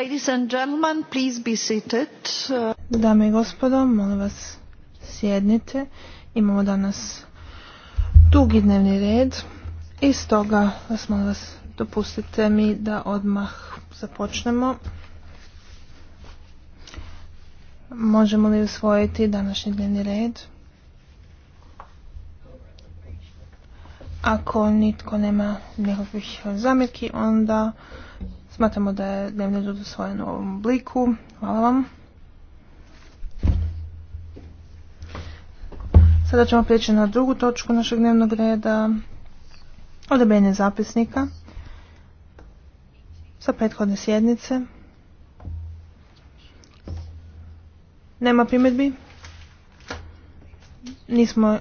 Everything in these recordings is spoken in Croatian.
Ladies and gentlemen, Dame i gospodo, molim vas sjednite. Imamo danas dugi dnevni red i stoga vas molim vas dopustite mi da odmah započnemo. Možemo li usvojiti današnji dnevni red? Ako nitko nema nekakvih zamjerki, onda Smatramo da je dnevni red usvojen u ovom obliku. Hvala vam. Sada ćemo prijeći na drugu točku našeg dnevnog reda. Odebenje zapisnika sa prethodne sjednice. Nema primjedbi. Nismo,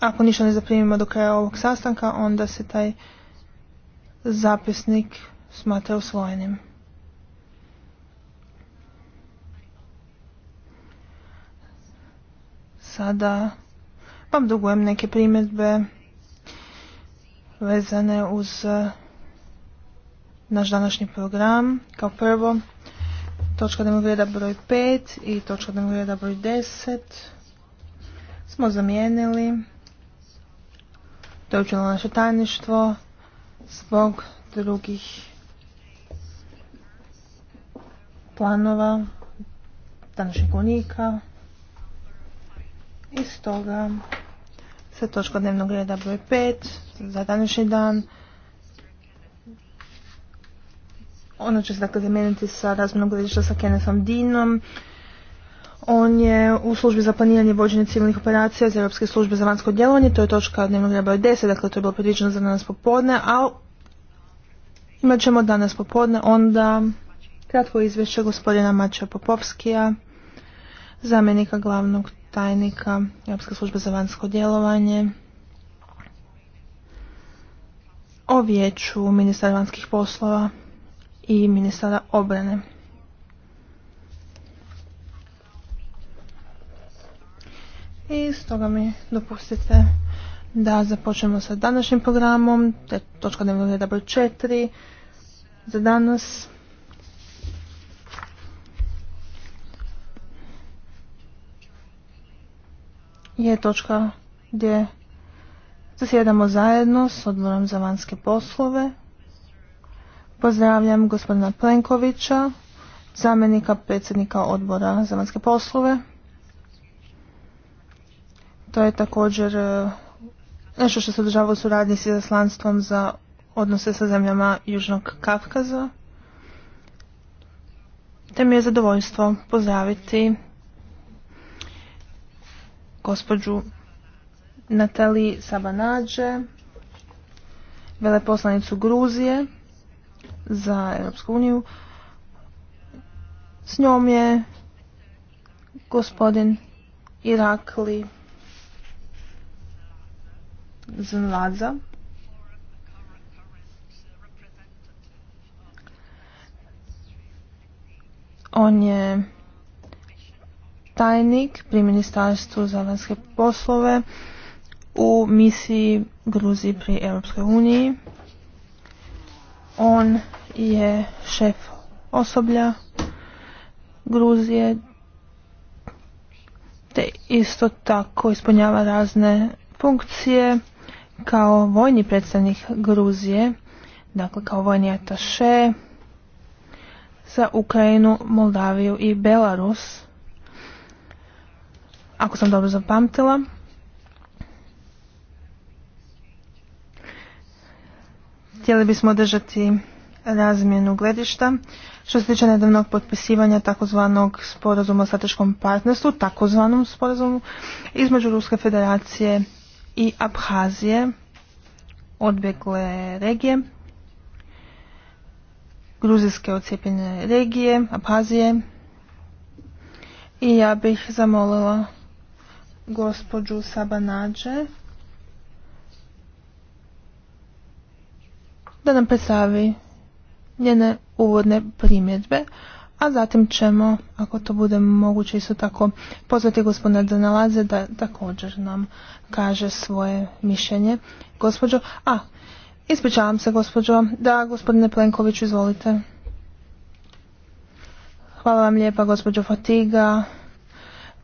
ako ništa ne zaprimimo do kraja ovog sastanka, onda se taj zapisnik smatra usvojenim. Sada vam dugujem neke primjedbe vezane uz eh, naš današnji program. Kao prvo, točka dnevnog broj 5 i točka dnevnog broj 10 smo zamijenili. To je naše tajništvo zbog drugih planova današnjeg unika i stoga se točka dnevnog reda broj 5 za današnji dan ono će se dakle zamijeniti sa mnogo godišta sa Kennethom Dinom on je u službi za planiranje vođenja civilnih operacija za Europske službe za vanjsko djelovanje. To je točka dnevnog reda broj 10, dakle to je bilo predviđeno za danas popodne, a imat ćemo danas popodne onda kratko izvješće gospodina Mača Popovskija, zamjenika glavnog tajnika Europske službe za vanjsko djelovanje o vijeću ministara vanjskih poslova i ministara obrane. I stoga mi dopustite da započnemo sa današnjim programom, je točka dnevnog reda broj 4 za danas. Je točka gdje zasjedamo zajedno s odborom za vanjske poslove. Pozdravljam gospodina Plenkovića, zamjenika predsjednika odbora za vanjske poslove. To je također e, nešto što se održava u suradnji s izaslanstvom za odnose sa zemljama Južnog Kafkaza. Te mi je zadovoljstvo pozdraviti gospođu Natali Sabanađe, veleposlanicu Gruzije za Europsku uniju. S njom je gospodin Irakli Zlaza on je tajnik pri ministarstvu za vanjske poslove u misiji Gruziji pri Europskoj uniji. On je šef osoblja Gruzije te isto tako ispunjava razne funkcije kao vojni predstavnik Gruzije, dakle kao vojni ataše za Ukrajinu, Moldaviju i Belarus, ako sam dobro zapamtila, htjeli bismo održati razmjenu gledišta. Što se tiče nedavnog potpisivanja takozvanog sporazuma o strateškom partnerstvu, takozvanom sporazumu između Ruske federacije i Abhazije, odbjegle regije, gruzijske ocijepljene regije, Abhazije. I ja bih zamolila gospođu Sabanađe da nam predstavi njene uvodne primjedbe a zatim ćemo, ako to bude moguće isto tako, pozvati gospodina da nalaze da također nam kaže svoje mišljenje. Gospođo, a, ispričavam se gospođo, da gospodine Plenković, izvolite. Hvala vam lijepa gospođo Fatiga,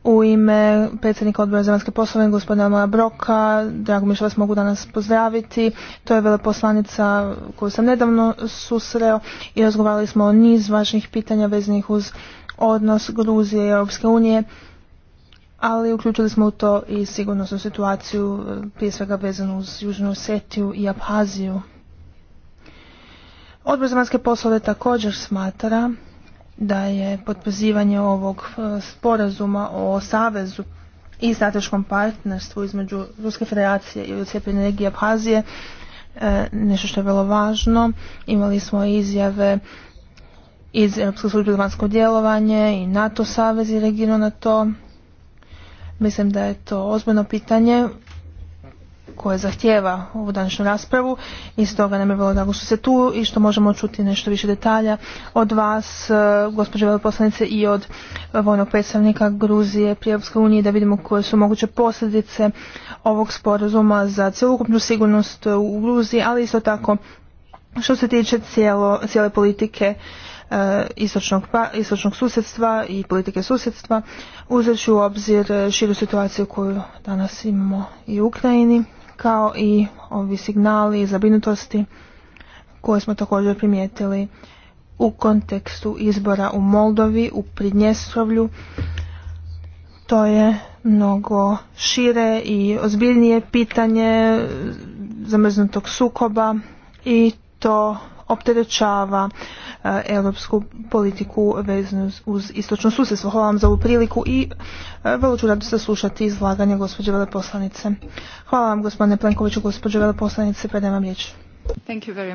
u ime predsjednika odbora za vanjske poslove, gospodina Moja Broka, drago mi što vas mogu danas pozdraviti. To je veleposlanica koju sam nedavno susreo i razgovarali smo o niz važnih pitanja vezanih uz odnos Gruzije i Europske unije, ali uključili smo u to i sigurnosnu situaciju, prije svega vezanu uz Južnu Osetiju i Abhaziju. Odbor za vanjske poslove također smatra da je potpozivanje ovog e, sporazuma o savezu i strateškom partnerstvu između Ruske federacije i Ruske energije Abhazije e, nešto što je vrlo važno. Imali smo izjave iz Europske službe za vanjsko djelovanje i NATO savez je na to. Mislim da je to ozbiljno pitanje koje zahtjeva ovu današnju raspravu i stoga nam je bilo drago što se tu i što možemo čuti nešto više detalja od vas, e, gospođe veleposlanice i od vojnog predstavnika Gruzije pri Europskoj uniji da vidimo koje su moguće posljedice ovog sporazuma za cjelokupnu sigurnost u Gruziji, ali isto tako što se tiče cijelo, cijele politike E, pa, istočnog, susjedstva i politike susjedstva uzeći u obzir e, širu situaciju koju danas imamo i u Ukrajini kao i ovi signali i zabrinutosti koje smo također primijetili u kontekstu izbora u Moldovi, u Pridnjestrovlju. To je mnogo šire i ozbiljnije pitanje zamrznutog sukoba i to opterećava e, europsku politiku veznu uz istočno susjedstvo. Hvala vam za ovu priliku i e, vrlo ću rado saslušati izlaganje gospođe veleposlanice. Hvala vam gospodine Plenkoviću, gospođe veleposlanice, predajem vam riječ. Thank you very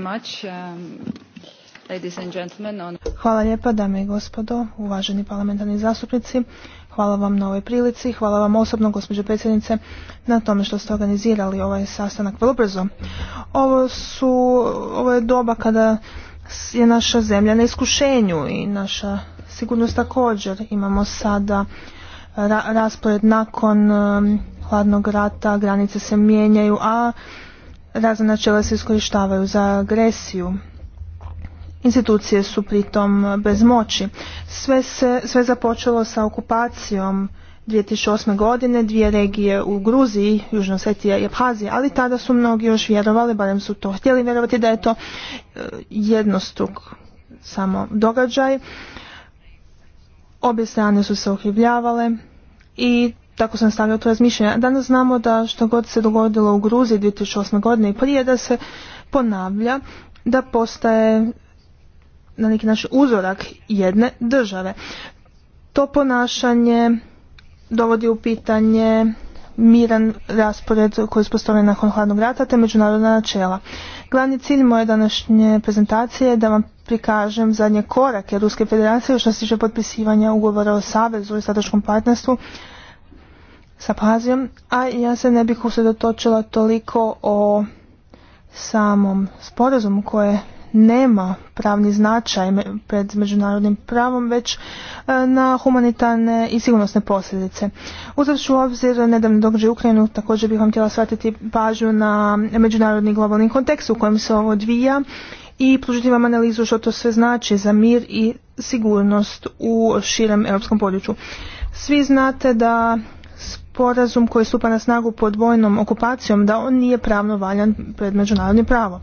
um, Hvala lijepa, dame i gospodo, uvaženi parlamentarni zastupnici. Hvala vam na ovoj prilici, hvala vam osobno, gospođo predsjednice, na tome što ste organizirali ovaj sastanak vrlo brzo. Ovo, su, ovo je doba kada je naša zemlja na iskušenju i naša sigurnost također. Imamo sada eh, ra raspored nakon eh, hladnog rata, granice se mijenjaju, a razne načela se iskorištavaju za agresiju Institucije su pritom bez moći. Sve, se, sve započelo sa okupacijom 2008. godine dvije regije u Gruziji, južno Osetija i Abhazija, ali tada su mnogi još vjerovali, barem su to htjeli vjerovati da je to e, jednostruk samo događaj. Obje strane su se okrivljavale i tako sam stavio to razmišljanje. Danas znamo da što god se dogodilo u Gruziji 2008. godine i prije da se ponavlja, da postaje na neki naš uzorak jedne države. To ponašanje dovodi u pitanje miran raspored koji je postavljen nakon hladnog rata te međunarodna načela. Glavni cilj moje današnje prezentacije je da vam prikažem zadnje korake Ruske federacije što se tiče potpisivanja ugovora o savezu i strateškom partnerstvu sa Pazijom, a ja se ne bih usredotočila toliko o samom sporazumu koje nema pravni značaj pred međunarodnim pravom, već e, na humanitarne i sigurnosne posljedice. Uzavši u obzir nedavno događaj Ukrajinu, također bih vam htjela shvatiti pažnju na međunarodni globalni kontekst u kojem se ovo odvija i pružiti vam analizu što to sve znači za mir i sigurnost u širem europskom području. Svi znate da sporazum koji stupa na snagu pod vojnom okupacijom da on nije pravno valjan pred međunarodnim pravom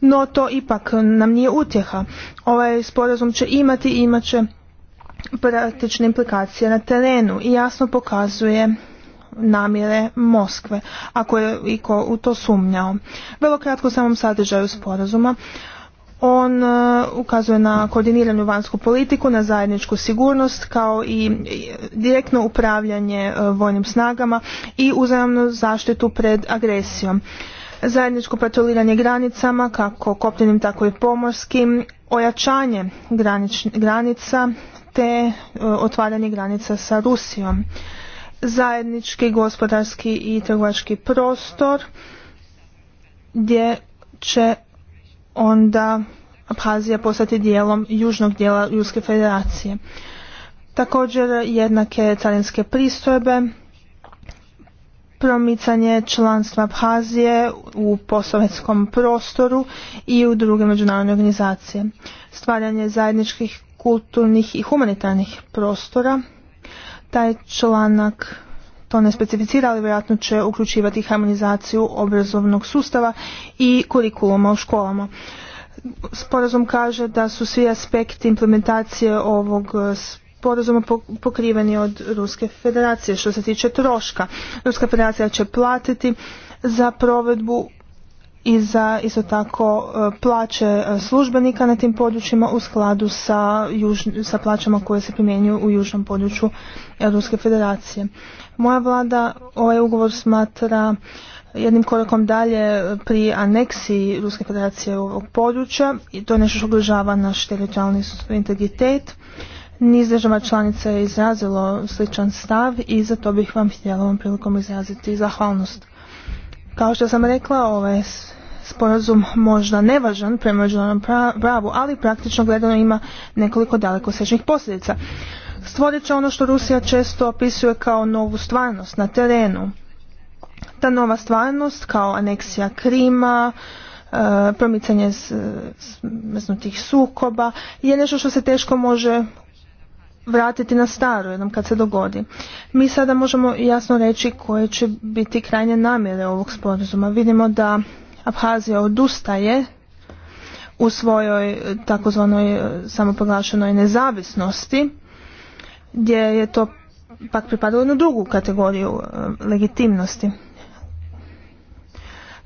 no to ipak nam nije utjeha. Ovaj sporazum će imati i imat će praktične implikacije na terenu i jasno pokazuje namjere Moskve, ako je iko u to sumnjao. Vrlo kratko u samom sadržaju sporazuma. On e, ukazuje na koordiniranu vanjsku politiku, na zajedničku sigurnost kao i e, direktno upravljanje e, vojnim snagama i uzajamnu zaštitu pred agresijom zajedničko patroliranje granicama, kako kopljenim tako i pomorskim, ojačanje granica te e, otvaranje granica sa Rusijom. Zajednički gospodarski i trgovački prostor gdje će onda Abhazija postati dijelom južnog dijela Ruske federacije. Također jednake carinske pristojbe, promicanje članstva Abhazije u posovetskom prostoru i u druge međunarodne organizacije, stvaranje zajedničkih kulturnih i humanitarnih prostora. Taj članak to ne specificira, ali vjerojatno će uključivati harmonizaciju obrazovnog sustava i kurikuluma u školama. Sporazum kaže da su svi aspekti implementacije ovog porezom pokriveni od Ruske federacije što se tiče troška. Ruska federacija će platiti za provedbu i za isto tako e, plaće e, službenika na tim područjima u skladu sa, sa plaćama koje se primjenjuju u južnom području e, Ruske federacije. Moja vlada ovaj ugovor smatra jednim korakom dalje pri aneksiji Ruske federacije ovog područja i to nešto što ugrožava naš teritorijalni integritet Niz država članica je izrazilo sličan stav i za to bih vam htjela ovom prilikom izraziti zahvalnost. Kao što sam rekla, ovaj sporazum možda nevažan prema međunarodnom pravu, ali praktično gledano ima nekoliko daleko sečnih posljedica. Stvorit će ono što Rusija često opisuje kao novu stvarnost na terenu. Ta nova stvarnost kao aneksija Krima, e, promicanje tih sukoba je nešto što se teško može vratiti na staro jednom kad se dogodi. Mi sada možemo jasno reći koje će biti krajnje namjere ovog sporazuma. Vidimo da Abhazija odustaje u svojoj takozvanoj e, samopoglašenoj nezavisnosti gdje je to pak pripadalo jednu drugu kategoriju e, legitimnosti.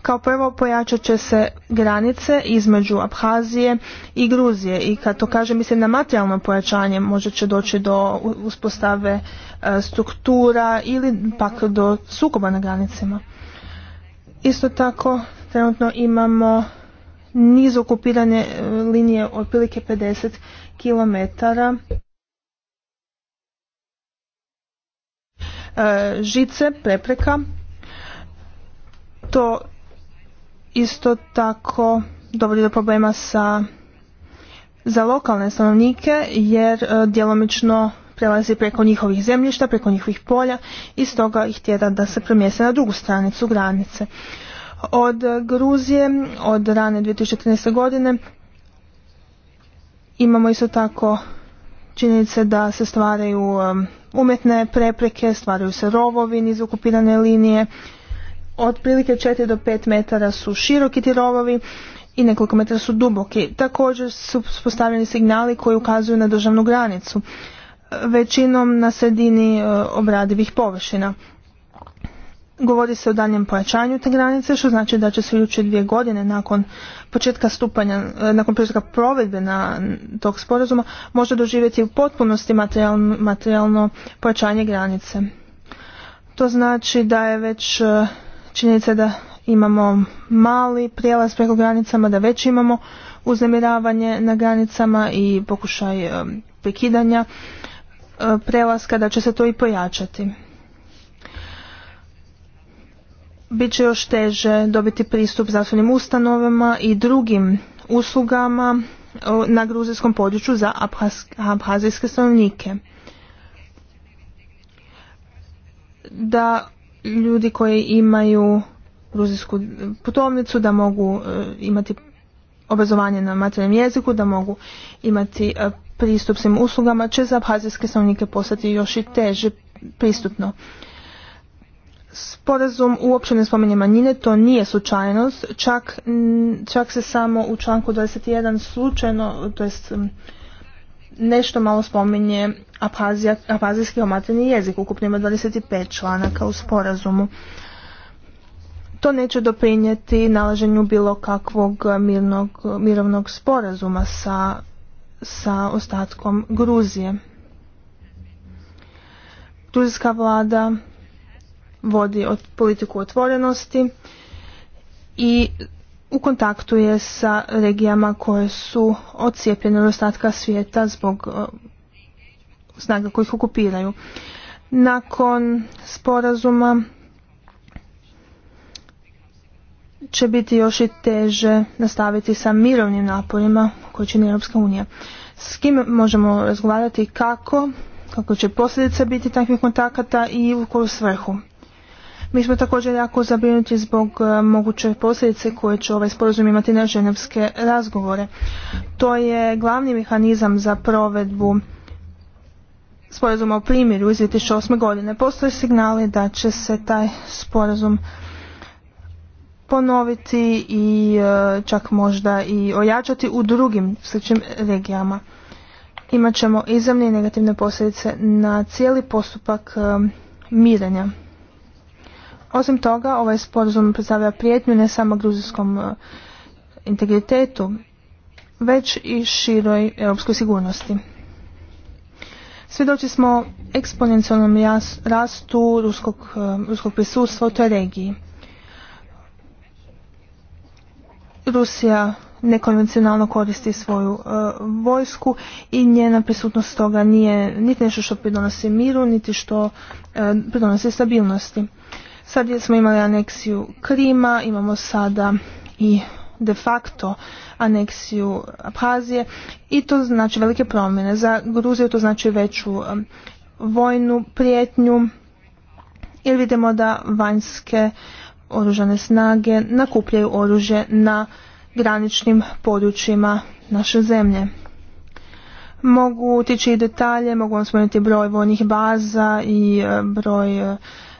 Kao prvo pojačat će se granice između Abhazije i Gruzije i kad to kažem mislim na materijalno pojačanje možda će doći do uspostave e, struktura ili pak do sukoba na granicama. Isto tako trenutno imamo niz okupirane e, linije otprilike 50 km e, žice, prepreka. To isto tako dovodi do problema sa za lokalne stanovnike jer e, djelomično prelazi preko njihovih zemljišta, preko njihovih polja i stoga ih tjera da se premjese na drugu stranicu granice. Od Gruzije, od rane 2013. godine imamo isto tako činjenice da se stvaraju e, umjetne prepreke, stvaraju se rovovi niz okupirane linije otprilike 4 do 5 metara su široki ti rovovi i nekoliko metara su duboki. Također su postavljeni signali koji ukazuju na državnu granicu, većinom na sredini e, obradivih površina. Govori se o daljem pojačanju te granice, što znači da će se iduće dvije godine nakon početka stupanja, e, nakon početka provedbe na tog sporazuma, možda doživjeti u potpunosti materijalno pojačanje granice. To znači da je već e, Činjenica da imamo mali prijelaz preko granicama, da već imamo uznemiravanje na granicama i pokušaj e, prekidanja e, prelaska, da će se to i pojačati. Biće još teže dobiti pristup zdravstvenim ustanovama i drugim uslugama e, na gruzijskom području za abhazijske stanovnike. Da ljudi koji imaju gruzijsku putovnicu da mogu e, imati obrazovanje na materijalnom jeziku, da mogu imati e, pristup svim uslugama, će za abhazijske stanovnike postati još i teže pristupno. Sporazum uopće ne spominje manjine, to nije slučajnost, čak, čak se samo u članku 21 slučajno, to jest nešto malo spominje apazijski abhazijski omatreni jezik. Ukupno ima 25 članaka u sporazumu. To neće doprinijeti nalaženju bilo kakvog mirnog, mirovnog sporazuma sa, sa ostatkom Gruzije. Gruzijska vlada vodi politiku otvorenosti i u kontaktu je sa regijama koje su odcijepljene od ostatka svijeta zbog e, snaga ih okupiraju. Nakon sporazuma će biti još i teže nastaviti sa mirovnim naporima koje čini Europska unija. S kim možemo razgovarati kako, kako će posljedice biti takvih kontakata i u koju svrhu. Mi smo također jako zabrinuti zbog e, moguće posljedice koje će ovaj sporazum imati na ženevske razgovore. To je glavni mehanizam za provedbu sporazuma o primjeru iz 2008. godine. Postoje signali da će se taj sporazum ponoviti i e, čak možda i ojačati u drugim sličnim regijama. Imaćemo izravne i negativne posljedice na cijeli postupak e, mirenja osim toga, ovaj sporazum predstavlja prijetnju ne samo gruzijskom e, integritetu, već i široj europskoj sigurnosti. Svjedoči smo eksponencijalnom rastu ruskog, e, ruskog prisustva u toj regiji. Rusija nekonvencionalno koristi svoju e, vojsku i njena prisutnost toga nije niti nešto što pridonosi miru, niti što uh, pridonosi stabilnosti. Sad smo imali aneksiju Krima, imamo sada i de facto aneksiju Abhazije i to znači velike promjene. Za Gruziju to znači veću vojnu prijetnju jer vidimo da vanjske oružane snage nakupljaju oružje na graničnim područjima naše zemlje. Mogu tići i detalje, mogu vam spomenuti broj vojnih baza i e, broj e,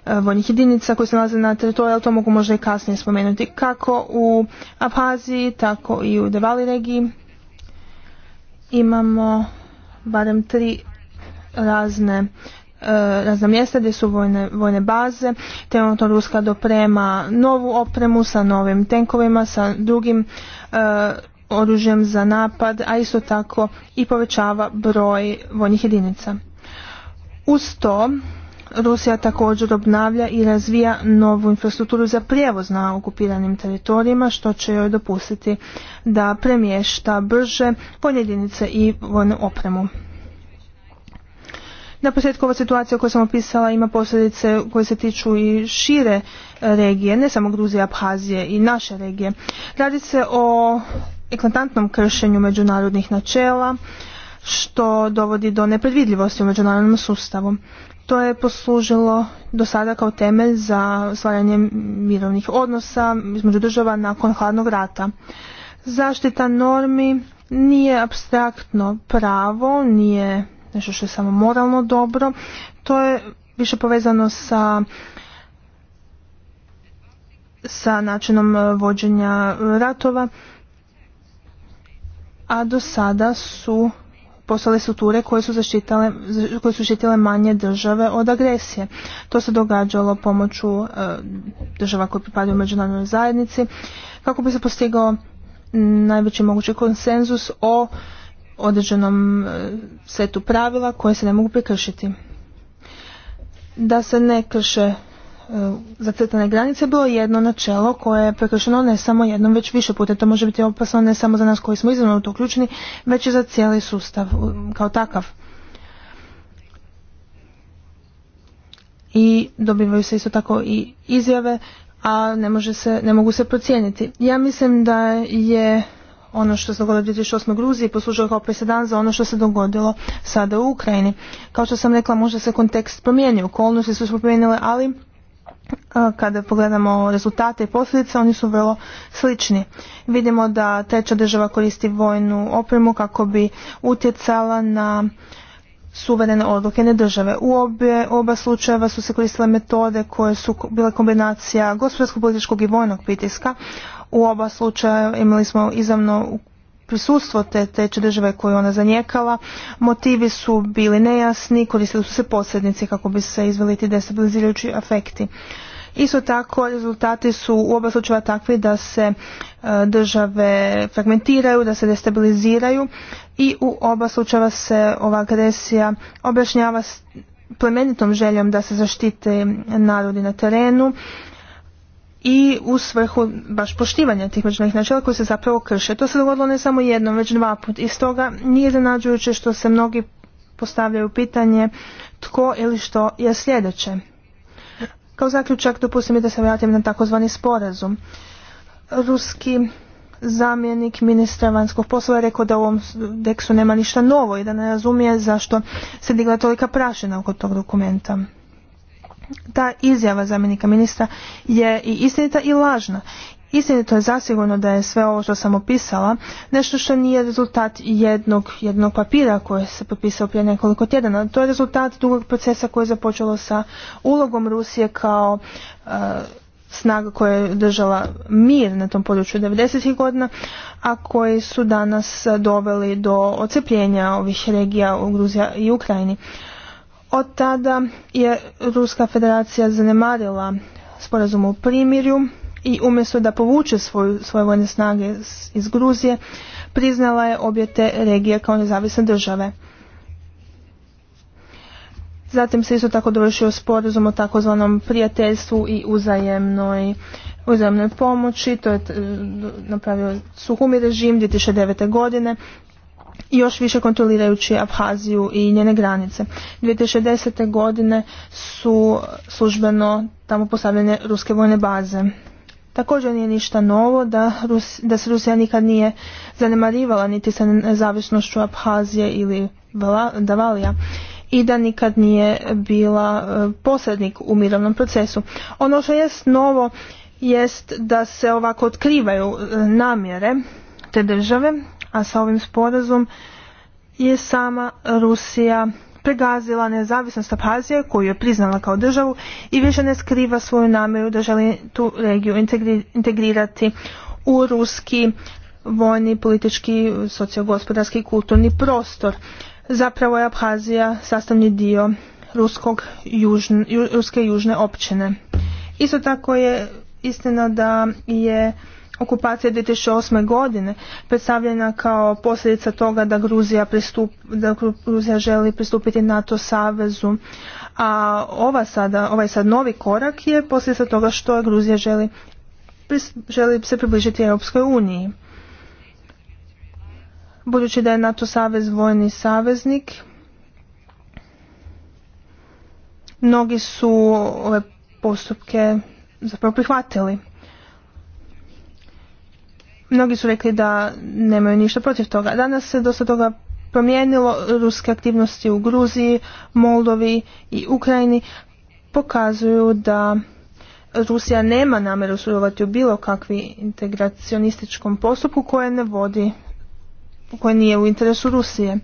Eh, vojnih jedinica koji se nalaze na teritoriju, ali to mogu možda i kasnije spomenuti, kako u Abhaziji, tako i u Devali regiji. Imamo barem tri razne eh, razna mjesta gdje su vojne, vojne baze. Trenutno Ruska doprema novu opremu sa novim tenkovima, sa drugim eh, oružjem za napad, a isto tako i povećava broj vojnih jedinica. Uz to Rusija također obnavlja i razvija novu infrastrukturu za prijevoz na okupiranim teritorijima, što će joj dopustiti da premješta brže ponjedinice i vojnu opremu. Na posljedku ova situacija koju sam opisala ima posljedice koje se tiču i šire regije, ne samo Gruzije, Abhazije i naše regije. Radi se o eklatantnom kršenju međunarodnih načela, što dovodi do nepredvidljivosti u međunarodnom sustavu. To je poslužilo do sada kao temelj za stvaranje mirovnih odnosa između država nakon hladnog rata. Zaštita normi nije abstraktno pravo, nije nešto što je samo moralno dobro, to je više povezano sa sa načinom vođenja ratova, a do sada su postale strukture koje su, zaštitale, koje su štitile manje države od agresije. To se događalo pomoću e, država koje pripadaju međunarodnoj zajednici kako bi se postigao najveći mogući konsenzus o određenom e, setu pravila koje se ne mogu prekršiti. Da se ne krše E, zacrtane granice bilo jedno načelo koje je prekršeno ne samo jednom, već više puta. To može biti opasno ne samo za nas koji smo izravno u to uključeni, već i za cijeli sustav kao takav. I dobivaju se isto tako i izjave, a ne, se, ne mogu se procijeniti. Ja mislim da je ono što se dogodilo 2008. Gruziji poslužilo kao presedan za ono što se dogodilo sada u Ukrajini. Kao što sam rekla, možda se kontekst promijenio, okolnosti su se promijenile, ali kada pogledamo rezultate i posljedice, oni su vrlo slični. Vidimo da treća država koristi vojnu opremu kako bi utjecala na suverene odluke ne države. U obje, oba slučajeva su se koristile metode koje su bile kombinacija gospodarskog, političkog i vojnog pritiska. U oba slučaja imali smo izravno prisustvo te treće države koju ona zanijekala. Motivi su bili nejasni, koristili su se posljednici kako bi se izveli ti destabilizirajući afekti. Isto tako rezultati su u oba slučaja takvi da se e, države fragmentiraju, da se destabiliziraju i u oba slučaja se ova agresija objašnjava plemenitom željom da se zaštite narodi na terenu i u svrhu baš poštivanja tih međunarodnih načela koji se zapravo krše. To se dogodilo ne samo jednom, već dva put. I stoga nije zanađujuće što se mnogi postavljaju pitanje tko ili što je sljedeće. Kao zaključak dopustite mi da se vratim na takozvani sporazum. Ruski zamjenik ministra vanjskog poslova je rekao da u ovom deksu nema ništa novo i da ne razumije zašto se digla tolika prašina oko tog dokumenta. Ta izjava zamjenika ministra je i istinita i lažna Istinito je zasigurno da je sve ovo što sam opisala nešto što nije rezultat jednog, jednog papira koje se potpisao prije nekoliko tjedana. To je rezultat dugog procesa koji je započelo sa ulogom Rusije kao eh, snaga koja je držala mir na tom području 90. godina, a koji su danas eh, doveli do ocepljenja ovih regija u Gruziji i Ukrajini. Od tada je Ruska federacija zanemarila sporazum u primirju i umjesto da povuče svoju, svoje vojne snage iz Gruzije, priznala je obje te regije kao nezavisne države. Zatim se isto tako dovršio sporazum o takozvanom prijateljstvu i uzajemnoj uzajemnoj pomoći, to je e, napravio Suhumi režim 2009. godine još više kontrolirajući Abhaziju i njene granice. 2010. godine su službeno tamo postavljene ruske vojne baze. Također nije ništa novo da, da se Rusija nikad nije zanemarivala niti sa nezavisnošću Abhazije ili Davalija i da nikad nije bila e, posrednik u mirovnom procesu. Ono što jest novo jest da se ovako otkrivaju e, namjere te države, a sa ovim sporazum je sama Rusija pregazila nezavisnost Abhazije koju je priznala kao državu i više ne skriva svoju namjeru da želi tu regiju integrirati u ruski vojni, politički, sociogospodarski i kulturni prostor. Zapravo je Abhazija sastavni dio ruskog ruske južne općine. Isto tako je istina da je okupacija 2008. godine predstavljena kao posljedica toga da Gruzija, pristup, da Gruzija želi pristupiti NATO savezu. A ova sada, ovaj sad novi korak je posljedica toga što Gruzija želi, želi se približiti Europskoj uniji. Budući da je NATO savez vojni saveznik, mnogi su ove postupke zapravo prihvatili. Mnogi su rekli da nemaju ništa protiv toga. Danas se dosta toga promijenilo. Ruske aktivnosti u Gruziji, Moldovi i Ukrajini pokazuju da Rusija nema namjeru sudjelovati u bilo kakvi integracionističkom postupku koje ne vodi, koje nije u interesu Rusije.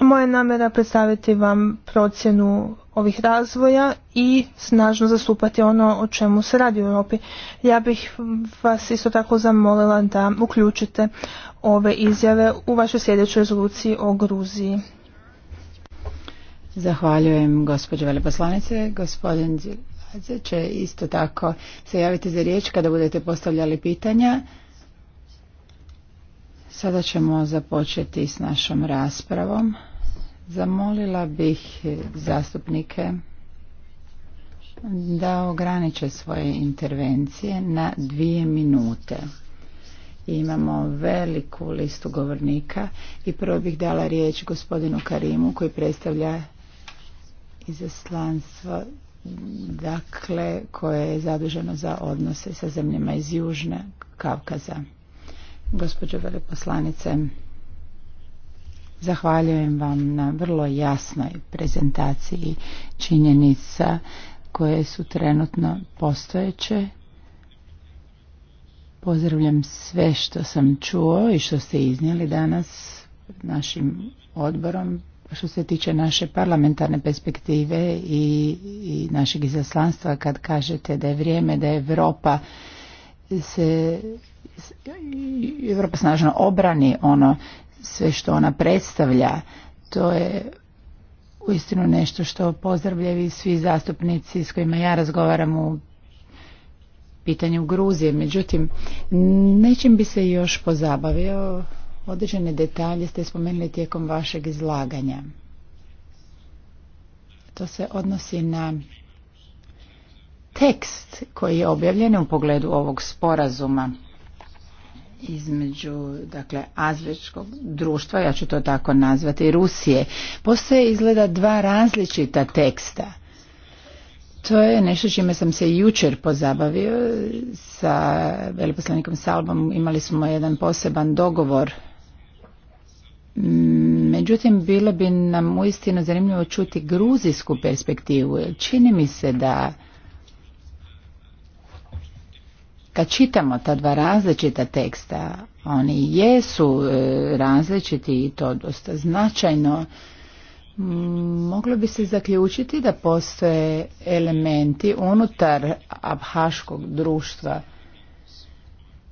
Moja namjera predstaviti vam procjenu ovih razvoja i snažno zastupati ono o čemu se radi u Europi. Ja bih vas isto tako zamolila da uključite ove izjave u vašoj sljedećoj rezoluciji o Gruziji. Zahvaljujem gospođo veleposlanice. Gospodin Zilaze će isto tako se javiti za riječ kada budete postavljali pitanja. Sada ćemo započeti s našom raspravom. Zamolila bih zastupnike da ograniče svoje intervencije na dvije minute. Imamo veliku listu govornika i prvo bih dala riječ gospodinu Karimu koji predstavlja izaslanstvo dakle koje je zaduženo za odnose sa zemljama iz Južne Kavkaza. Gospođo veleposlanice, Zahvaljujem vam na vrlo jasnoj prezentaciji činjenica koje su trenutno postojeće. Pozdravljam sve što sam čuo i što ste iznijeli danas našim odborom što se tiče naše parlamentarne perspektive i, našeg izaslanstva kad kažete da je vrijeme da Europa se Europa snažno obrani ono sve što ona predstavlja. To je uistinu nešto što pozdravljaju svi zastupnici s kojima ja razgovaram u pitanju Gruzije. Međutim, nečim bi se još pozabavio. Određene detalje ste spomenuli tijekom vašeg izlaganja. To se odnosi na tekst koji je objavljen u pogledu ovog sporazuma između dakle društva, ja ću to tako nazvati, Rusije. Postoje izgleda dva različita teksta. To je nešto čime sam se jučer pozabavio sa veliposlanikom Salbom. Imali smo jedan poseban dogovor. Međutim, bilo bi nam uistinu zanimljivo čuti gruzijsku perspektivu. Čini mi se da Kad čitamo ta dva različita teksta, oni jesu e, različiti i to dosta značajno, Moglo bi se zaključiti da postoje elementi unutar abhaškog društva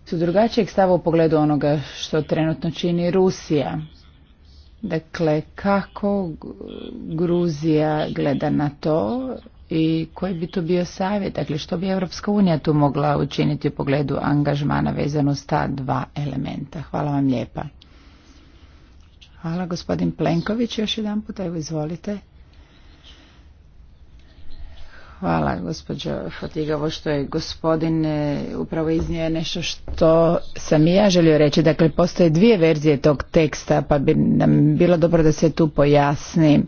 su drugačijeg stava u pogledu onoga što trenutno čini Rusija. Dakle, kako Gruzija gleda na to, i koji bi to bio savjet, dakle što bi Europska unija tu mogla učiniti u pogledu angažmana vezano s ta dva elementa. Hvala vam lijepa. Hvala gospodin Plenković još jedan puta, evo izvolite. Hvala gospođo Fotigavo što je gospodin e, upravo iznio nešto što sam i ja želio reći. Dakle, postoje dvije verzije tog teksta pa bi nam bilo dobro da se tu pojasni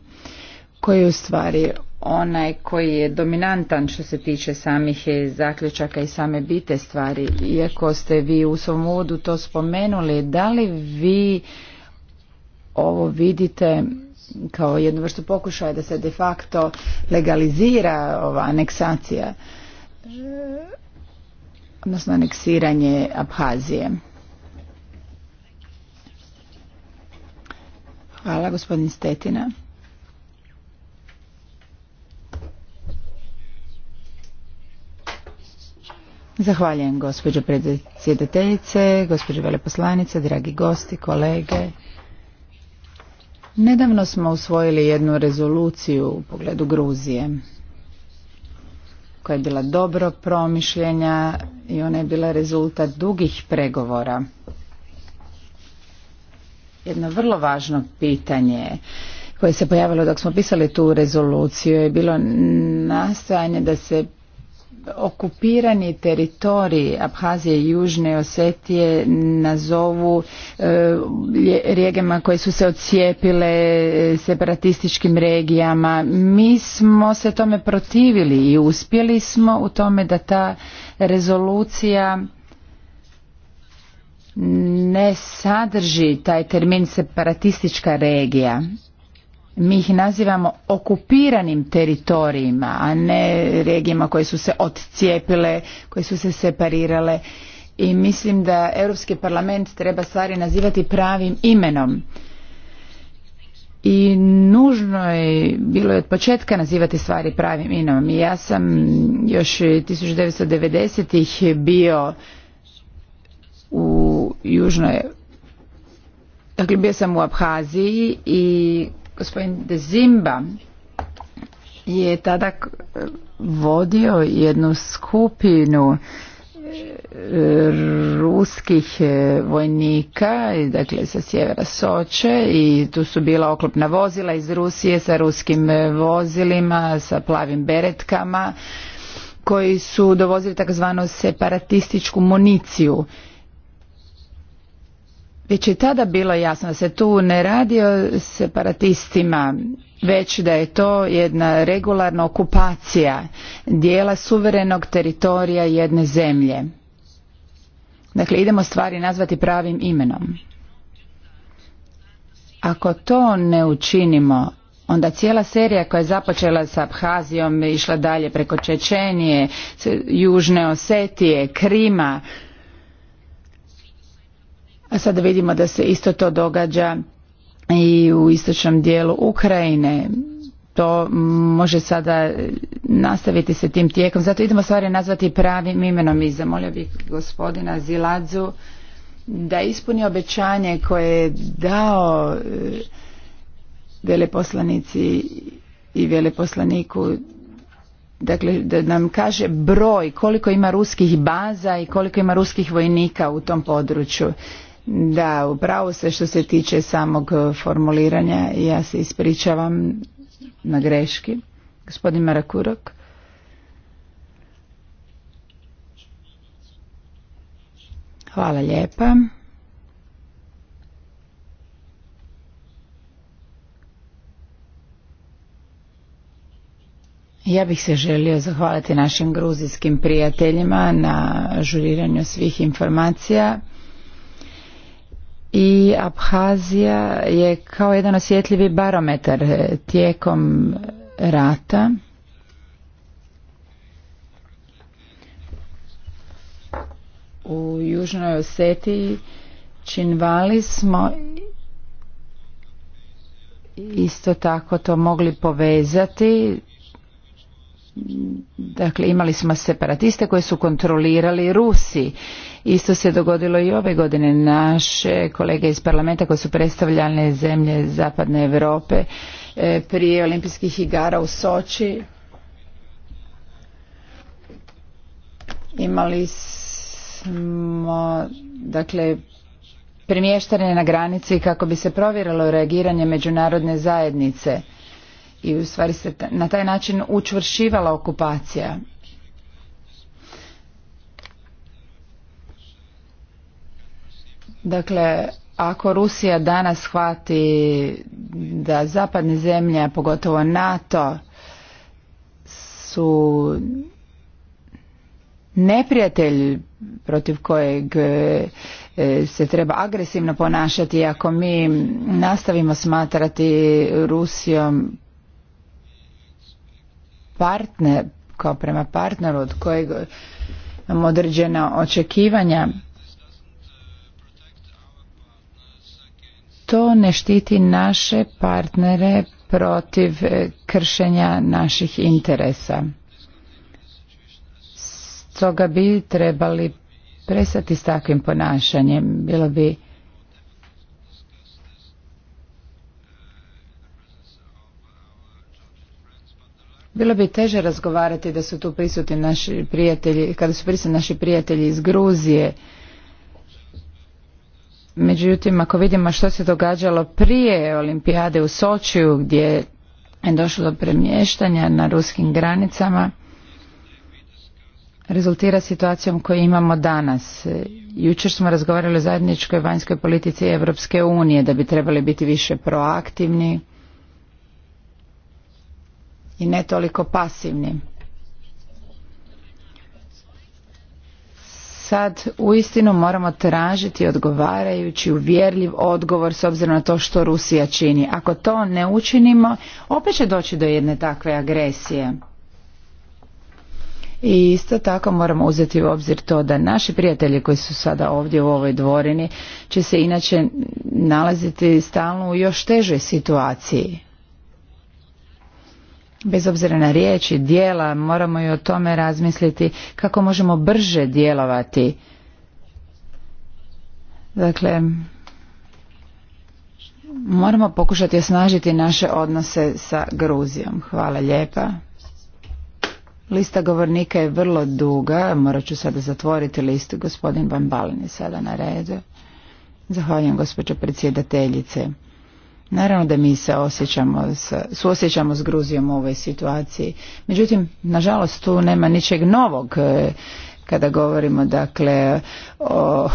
koji je u stvari onaj koji je dominantan što se tiče samih zaključaka i same bite stvari. Iako ste vi u svom uvodu to spomenuli, da li vi ovo vidite kao jednu vrstu pokušaja da se de facto legalizira ova aneksacija, odnosno aneksiranje Abhazije? Hvala gospodin Stetina. Zahvaljujem gospođo predsjedateljice, gospođo veleposlanice, dragi gosti, kolege. Nedavno smo usvojili jednu rezoluciju u pogledu Gruzije koja je bila dobro promišljenja i ona je bila rezultat dugih pregovora. Jedno vrlo važno pitanje koje se pojavilo dok smo pisali tu rezoluciju je bilo nastojanje da se okupirani teritoriji Abhazije i Južne Osetije nazovu e, regijama koje su se odcijepile eh, separatističkim regijama. Mi smo se tome protivili i uspjeli smo u tome da ta rezolucija ne sadrži taj termin separatistička regija mi ih nazivamo okupiranim teritorijima, a ne regijama koje su se odcijepile, koje su se separirale i mislim da Europski parlament treba stvari nazivati pravim imenom. I nužno je, bilo je od početka nazivati stvari pravim imenom. I ja sam još 1990-ih bio u Južnoj Dakle, bio sam u Abhaziji i Gospodin De Zimba je tada vodio jednu skupinu e, ruskih e, vojnika dakle sa sjevera Soče i tu su bila oklopna vozila iz Rusije sa ruskim e, vozilima sa plavim beretkama koji su dovozili takozvanu separatističku municiju već je tada bilo jasno da se tu ne radi o separatistima, već da je to jedna regularna okupacija dijela suverenog teritorija jedne zemlje. Dakle, idemo stvari nazvati pravim imenom. Ako to ne učinimo, onda cijela serija koja je započela sa Abhazijom, išla dalje preko Čečenije, Južne Osetije, Krima, a sada vidimo da se isto to događa i u istočnom dijelu Ukrajine. To može sada nastaviti se tim tijekom. Zato idemo stvari nazvati pravim imenom i zamolio bih gospodina Ziladzu da ispuni obećanje koje je dao eh, veleposlanici i veleposlaniku dakle da nam kaže broj koliko ima ruskih baza i koliko ima ruskih vojnika u tom području da, upravo se što se tiče samog e, formuliranja, ja se ispričavam na greški. Gospodin Marakurok. Hvala lijepa. Ja bih se želio zahvaliti našim gruzijskim prijateljima na žuriranju svih informacija i Abhazija je kao jedan osjetljivi barometar e, tijekom rata. U Južnoj Oseti činvali smo isto tako to mogli povezati dakle imali smo separatiste koji su kontrolirali Rusi Isto se dogodilo i ove godine. Naše kolege iz parlamenta koji su predstavljane zemlje Zapadne Europe e, prije olimpijskih igara u Soči imali smo dakle premještanje na granici kako bi se provjerilo reagiranje međunarodne zajednice i u stvari se na taj način učvršivala okupacija Dakle, ako Rusija danas shvati da zapadne zemlje, pogotovo NATO, su neprijatelj protiv kojeg e, se treba agresivno ponašati ako mi nastavimo smatrati Rusijom partner kao prema partneru od kojeg imamo određena očekivanja to ne štiti naše partnere protiv e, kršenja naših interesa. Stoga bi trebali presati s takvim ponašanjem. Bilo bi Bilo bi teže razgovarati da su tu prisutni naši prijatelji, kada su prisutni naši prijatelji iz Gruzije, Međutim, ako vidimo što se događalo prije olimpijade u Sočiju gdje je došlo do premještanja na ruskim granicama, rezultira situacijom koju imamo danas. Jučer smo razgovarali o zajedničkoj vanjskoj politici Europske unije da bi trebali biti više proaktivni i ne toliko pasivni. sad uistinu moramo tražiti odgovarajući uvjerljiv odgovor s obzirom na to što Rusija čini. Ako to ne učinimo, opet će doći do jedne takve agresije. I isto tako moramo uzeti u obzir to da naši prijatelji koji su sada ovdje u ovoj dvorini će se inače nalaziti stalno u još težoj situaciji bez obzira na riječi, dijela, moramo i o tome razmisliti kako možemo brže djelovati. Dakle, moramo pokušati osnažiti naše odnose sa Gruzijom. Hvala lijepa. Lista govornika je vrlo duga, morat ću sada zatvoriti listu. Gospodin Van je sada na redu. Zahvaljujem gospođo predsjedateljice. Naravno da mi se osjećamo, suosjećamo s Gruzijom u ovoj situaciji. Međutim, nažalost, tu nema ničeg novog e, kada govorimo dakle o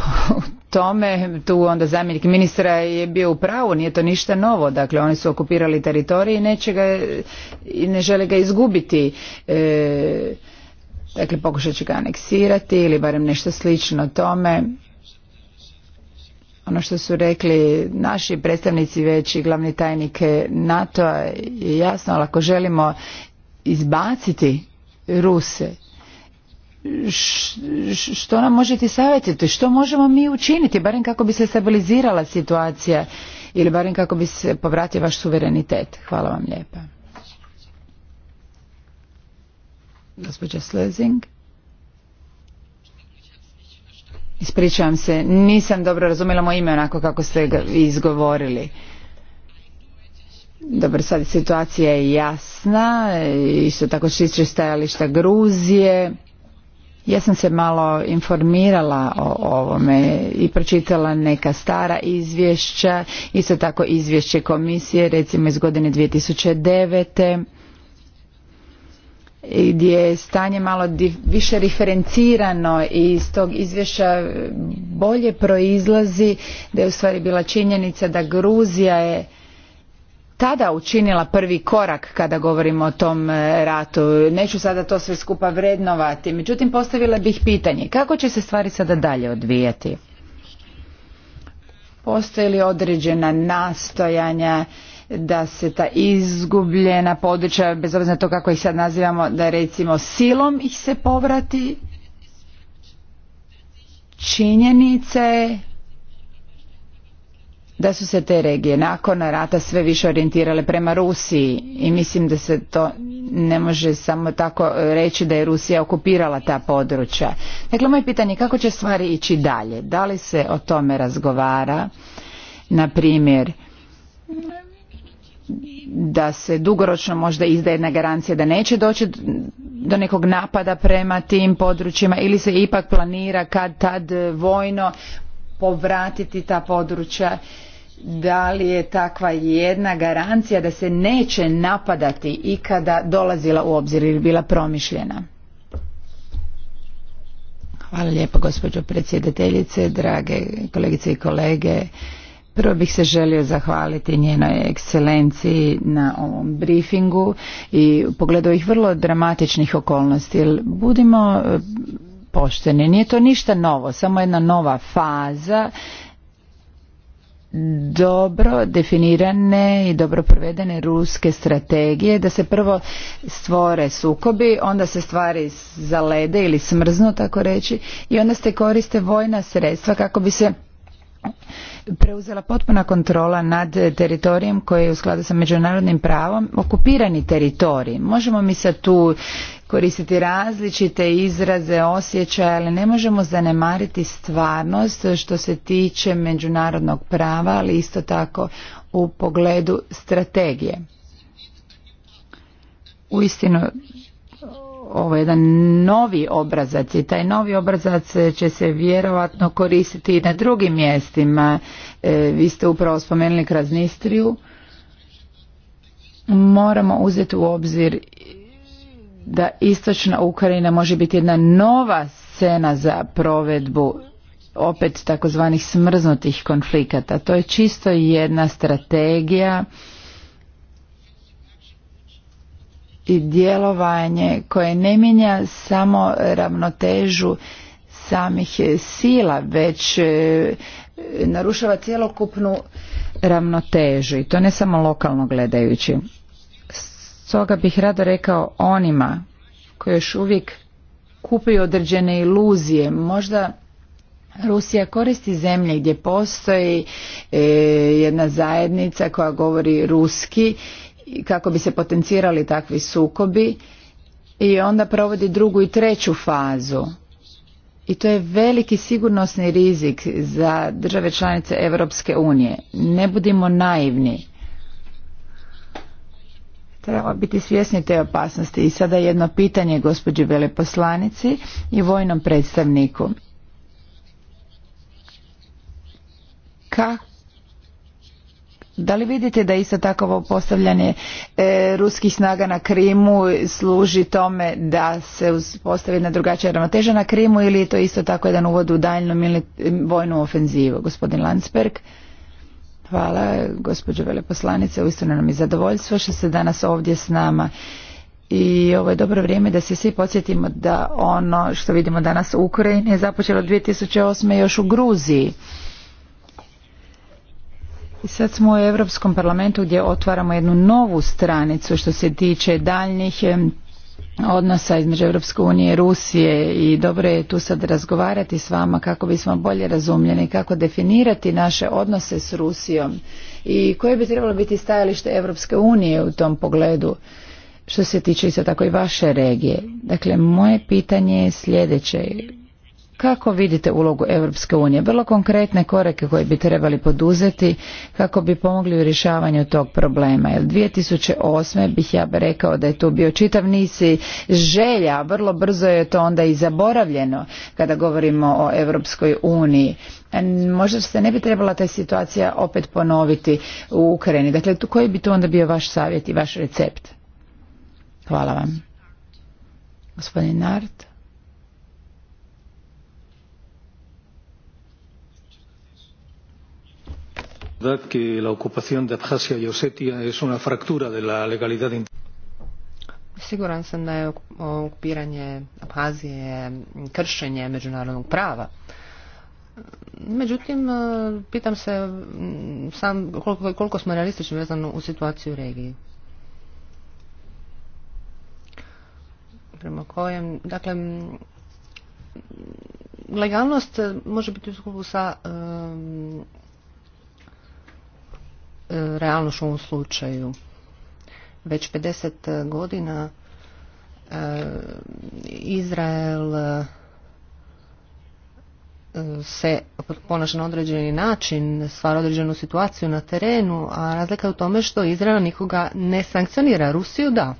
tome, tu onda zamjenik ministra je bio u pravu, nije to ništa novo, dakle oni su okupirali teritorij i neće ga, i ne žele ga izgubiti. E, dakle, pokušat će ga aneksirati ili barem nešto slično tome ono što su rekli naši predstavnici već i glavni tajnik NATO je jasno, ali ako želimo izbaciti Ruse, što nam možete savjetiti? Što možemo mi učiniti? Barem kako bi se stabilizirala situacija ili barem kako bi se povratio vaš suverenitet. Hvala vam lijepa. Gospođa Slezing. Ispričavam se, nisam dobro razumjela moje ime onako kako ste ga izgovorili. Dobro, sad situacija je jasna, isto tako šiče stajališta Gruzije. Ja sam se malo informirala o ovome i pročitala neka stara izvješća, isto tako izvješće komisije recimo iz godine 2009 gdje je stanje malo više referencirano i iz tog izvješća bolje proizlazi da je u stvari bila činjenica da Gruzija je tada učinila prvi korak kada govorimo o tom e, ratu. Neću sada to sve skupa vrednovati, međutim postavila bih pitanje kako će se stvari sada dalje odvijati? Postoje li određena nastojanja da se ta izgubljena područja, bez obzira na to kako ih sad nazivamo, da recimo silom ih se povrati. činjenice da su se te regije nakon rata sve više orijentirale prema Rusiji i mislim da se to ne može samo tako reći da je Rusija okupirala ta područja. Dakle, moje pitanje je kako će stvari ići dalje? Da li se o tome razgovara? Na primjer, da se dugoročno možda izda jedna garancija da neće doći do nekog napada prema tim područjima ili se ipak planira kad tad vojno povratiti ta područja da li je takva jedna garancija da se neće napadati ikada dolazila u obzir ili bila promišljena? Hvala lijepo gospođo predsjedateljice, drage kolegice i kolege. Prvo bih se želio zahvaliti njenoj ekscelenciji na ovom briefingu i pogledu ih vrlo dramatičnih okolnosti. budimo e, pošteni, nije to ništa novo, samo jedna nova faza dobro definirane i dobro provedene ruske strategije da se prvo stvore sukobi, onda se stvari zalede ili smrznu tako reći i onda se koriste vojna sredstva kako bi se preuzela potpuna kontrola nad teritorijem koji je u skladu sa međunarodnim pravom okupirani teritorij. Možemo mi sad tu koristiti različite izraze, osjećaje, ali ne možemo zanemariti stvarnost što se tiče međunarodnog prava, ali isto tako u pogledu strategije. istinu ovo jedan novi obrazac i taj novi obrazac će se vjerojatno koristiti i na drugim mjestima. E, vi ste upravo spomenuli Kraznistriju. Moramo uzeti u obzir da istočna Ukrajina može biti jedna nova scena za provedbu opet takozvanih smrznutih konflikata. To je čisto jedna strategija i djelovanje koje ne mijenja samo ravnotežu samih sila, već e, narušava cjelokupnu ravnotežu i to ne samo lokalno gledajući. Stoga bih rado rekao onima koji još uvijek kupuju određene iluzije, možda Rusija koristi zemlje gdje postoji e, jedna zajednica koja govori ruski kako bi se potencirali takvi sukobi i onda provodi drugu i treću fazu. I to je veliki sigurnosni rizik za države članice Europske unije. Ne budimo naivni. Treba biti svjesni te opasnosti. I sada jedno pitanje gospođi veleposlanici i vojnom predstavniku. Kako da li vidite da isto takovo postavljanje e, ruskih snaga na Krimu služi tome da se postavi na drugačija ravnoteža na Krimu ili je to isto tako jedan uvod u daljnu vojnu ofenzivu? Gospodin Landsberg. Hvala, gospođo veleposlanice. Uistinu nam je zadovoljstvo što ste danas ovdje s nama. I ovo je dobro vrijeme da se svi podsjetimo da ono što vidimo danas u Ukrajini je započelo 2008. još u Gruziji sad smo u Europskom parlamentu gdje otvaramo jednu novu stranicu što se tiče daljnjih odnosa između Europske unije i Rusije i dobro je tu sad razgovarati s vama kako bismo bolje razumljeni kako definirati naše odnose s Rusijom i koje bi trebalo biti stajalište Europske unije u tom pogledu što se tiče isto tako i vaše regije. Dakle, moje pitanje je sljedeće. Kako vidite ulogu Europske unije? Vrlo konkretne korake koje bi trebali poduzeti kako bi pomogli u rješavanju tog problema. Jer 2008. bih ja rekao da je tu bio čitav nisi želja, vrlo brzo je to onda i zaboravljeno kada govorimo o Europskoj uniji. Možda se ne bi trebala ta situacija opet ponoviti u Ukrajini. Dakle, koji bi to onda bio vaš savjet i vaš recept? Hvala vam. Gospodin Nart. verdad que la ocupación de Abjasia y Osetia es una fractura de la legalidad Siguran sam okupiranje Abhazije kršenje međunarodnog prava. Međutim, pitam se mm, sam koliko, koliko smo realistični vezano u situaciju u regiji. Prema kojem, dakle, mm, legalnost može biti u skupu sa E, realnoš u ovom slučaju. Već 50 godina e, Izrael e, se ponaša na određeni način, stvara određenu situaciju na terenu, a razlika je u tome što Izrael nikoga ne sankcionira, Rusiju da.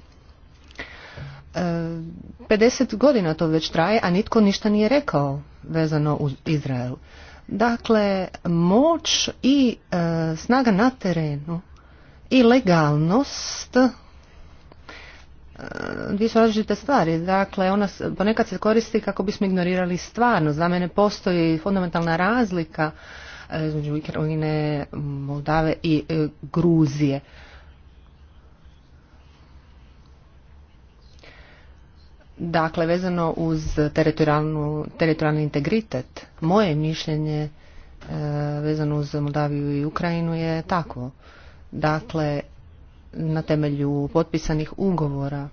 50 godina to već traje, a nitko ništa nije rekao vezano uz Izrael. Dakle, moć i e, snaga na terenu i legalnost e, dvije su različite stvari. Dakle, ona ponekad se koristi kako bismo ignorirali stvarno. Za mene postoji fundamentalna razlika e, između Ukrajine, Moldave i Gruzije. Dakle, vezano uz teritorijalni integritet, moje mišljenje e, vezano uz Moldaviju i Ukrajinu je takvo. Dakle, na temelju potpisanih ugovora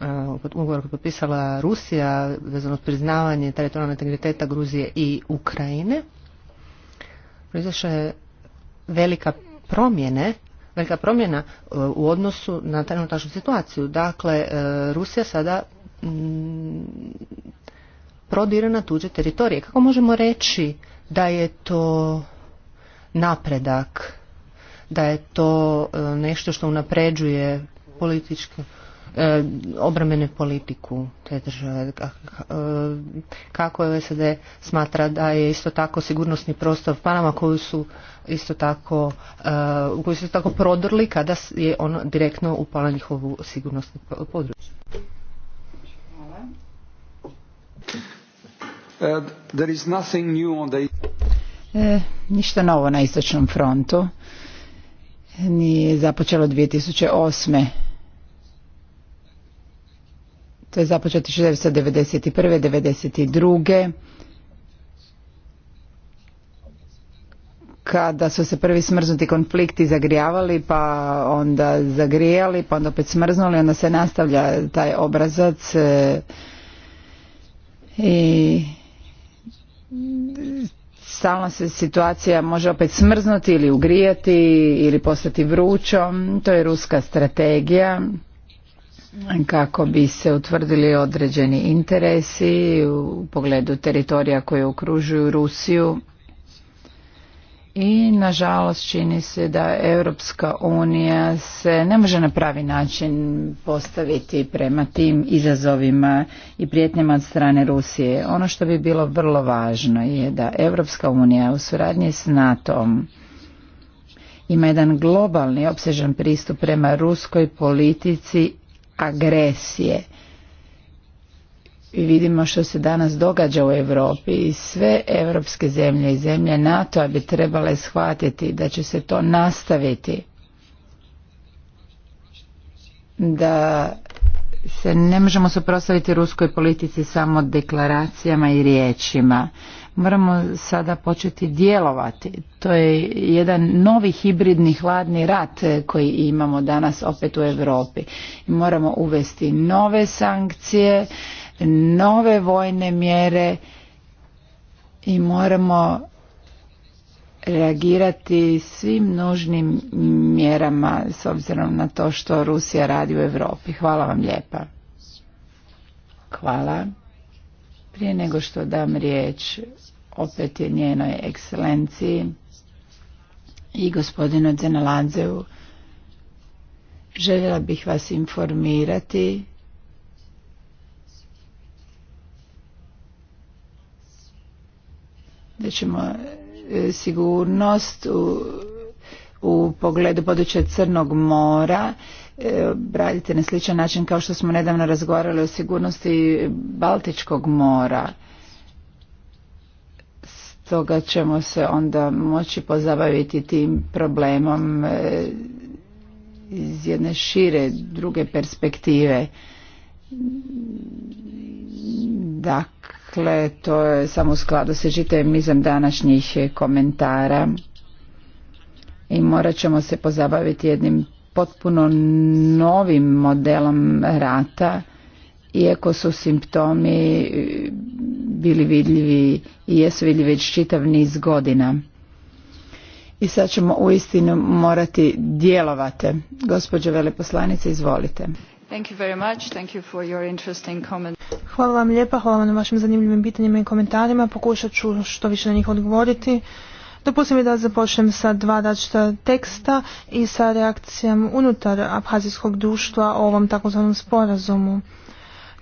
e, ugovor koji je potpisala Rusija vezano uz priznavanje teritorijalnog integriteta Gruzije i Ukrajine proizašle velika promjene velika promjena e, u odnosu na trenutačnu situaciju. Dakle, e, Rusija sada mm, prodire na tuđe teritorije. Kako možemo reći da je to napredak, da je to e, nešto što unapređuje političku e, politiku te države. E, kako SAD smatra da je isto tako sigurnosni prostor Panama koju su isto tako, e, su tako prodrli kada je ono direktno upala njihovu sigurnosnu područje. Uh, there is nothing new on the... E, ništa novo na istočnom frontu. Nije započelo 2008 to je započeto 1991. 1992. kada su se prvi smrznuti konflikti zagrijavali pa onda zagrijali pa onda opet smrznuli onda se nastavlja taj obrazac e, i stalno se situacija može opet smrznuti ili ugrijati ili postati vrućom to je ruska strategija kako bi se utvrdili određeni interesi u pogledu teritorija koje okružuju Rusiju i nažalost čini se da Europska unija se ne može na pravi način postaviti prema tim izazovima i prijetnjama od strane Rusije. Ono što bi bilo vrlo važno je da Europska unija u suradnji s nato ima jedan globalni opsežan pristup prema ruskoj politici agresije. I vidimo što se danas događa u Europi i sve europske zemlje i zemlje NATO bi trebale shvatiti da će se to nastaviti. Da se ne možemo suprotstaviti ruskoj politici samo deklaracijama i riječima moramo sada početi djelovati. To je jedan novi hibridni hladni rat koji imamo danas opet u Europi. Moramo uvesti nove sankcije, nove vojne mjere i moramo reagirati svim nužnim mjerama s obzirom na to što Rusija radi u Europi. Hvala vam lijepa. Hvala. Prije nego što dam riječ opet je njenoj ekscelenciji i gospodinu Dzenaladzevu. Željela bih vas informirati da ćemo e, sigurnost u, pogledu područja Crnog mora e, raditi na sličan način kao što smo nedavno razgovarali o sigurnosti Baltičkog mora toga ćemo se onda moći pozabaviti tim problemom e, iz jedne šire druge perspektive. Dakle, to je samo u skladu sa čitavim nizom današnjih komentara i morat ćemo se pozabaviti jednim potpuno novim modelom rata iako su simptomi bili vidljivi i jesu vidljivi već čitav niz godina. I sad ćemo uistinu morati djelovati. Gospođo veleposlanice, izvolite. Thank Hvala vam lijepa, hvala vam na vašim zanimljivim pitanjima i komentarima. Pokušat ću što više na njih odgovoriti. Dopustim mi da započnem sa dva računa teksta i sa reakcijom unutar abhazijskog društva o ovom takozvanom sporazumu.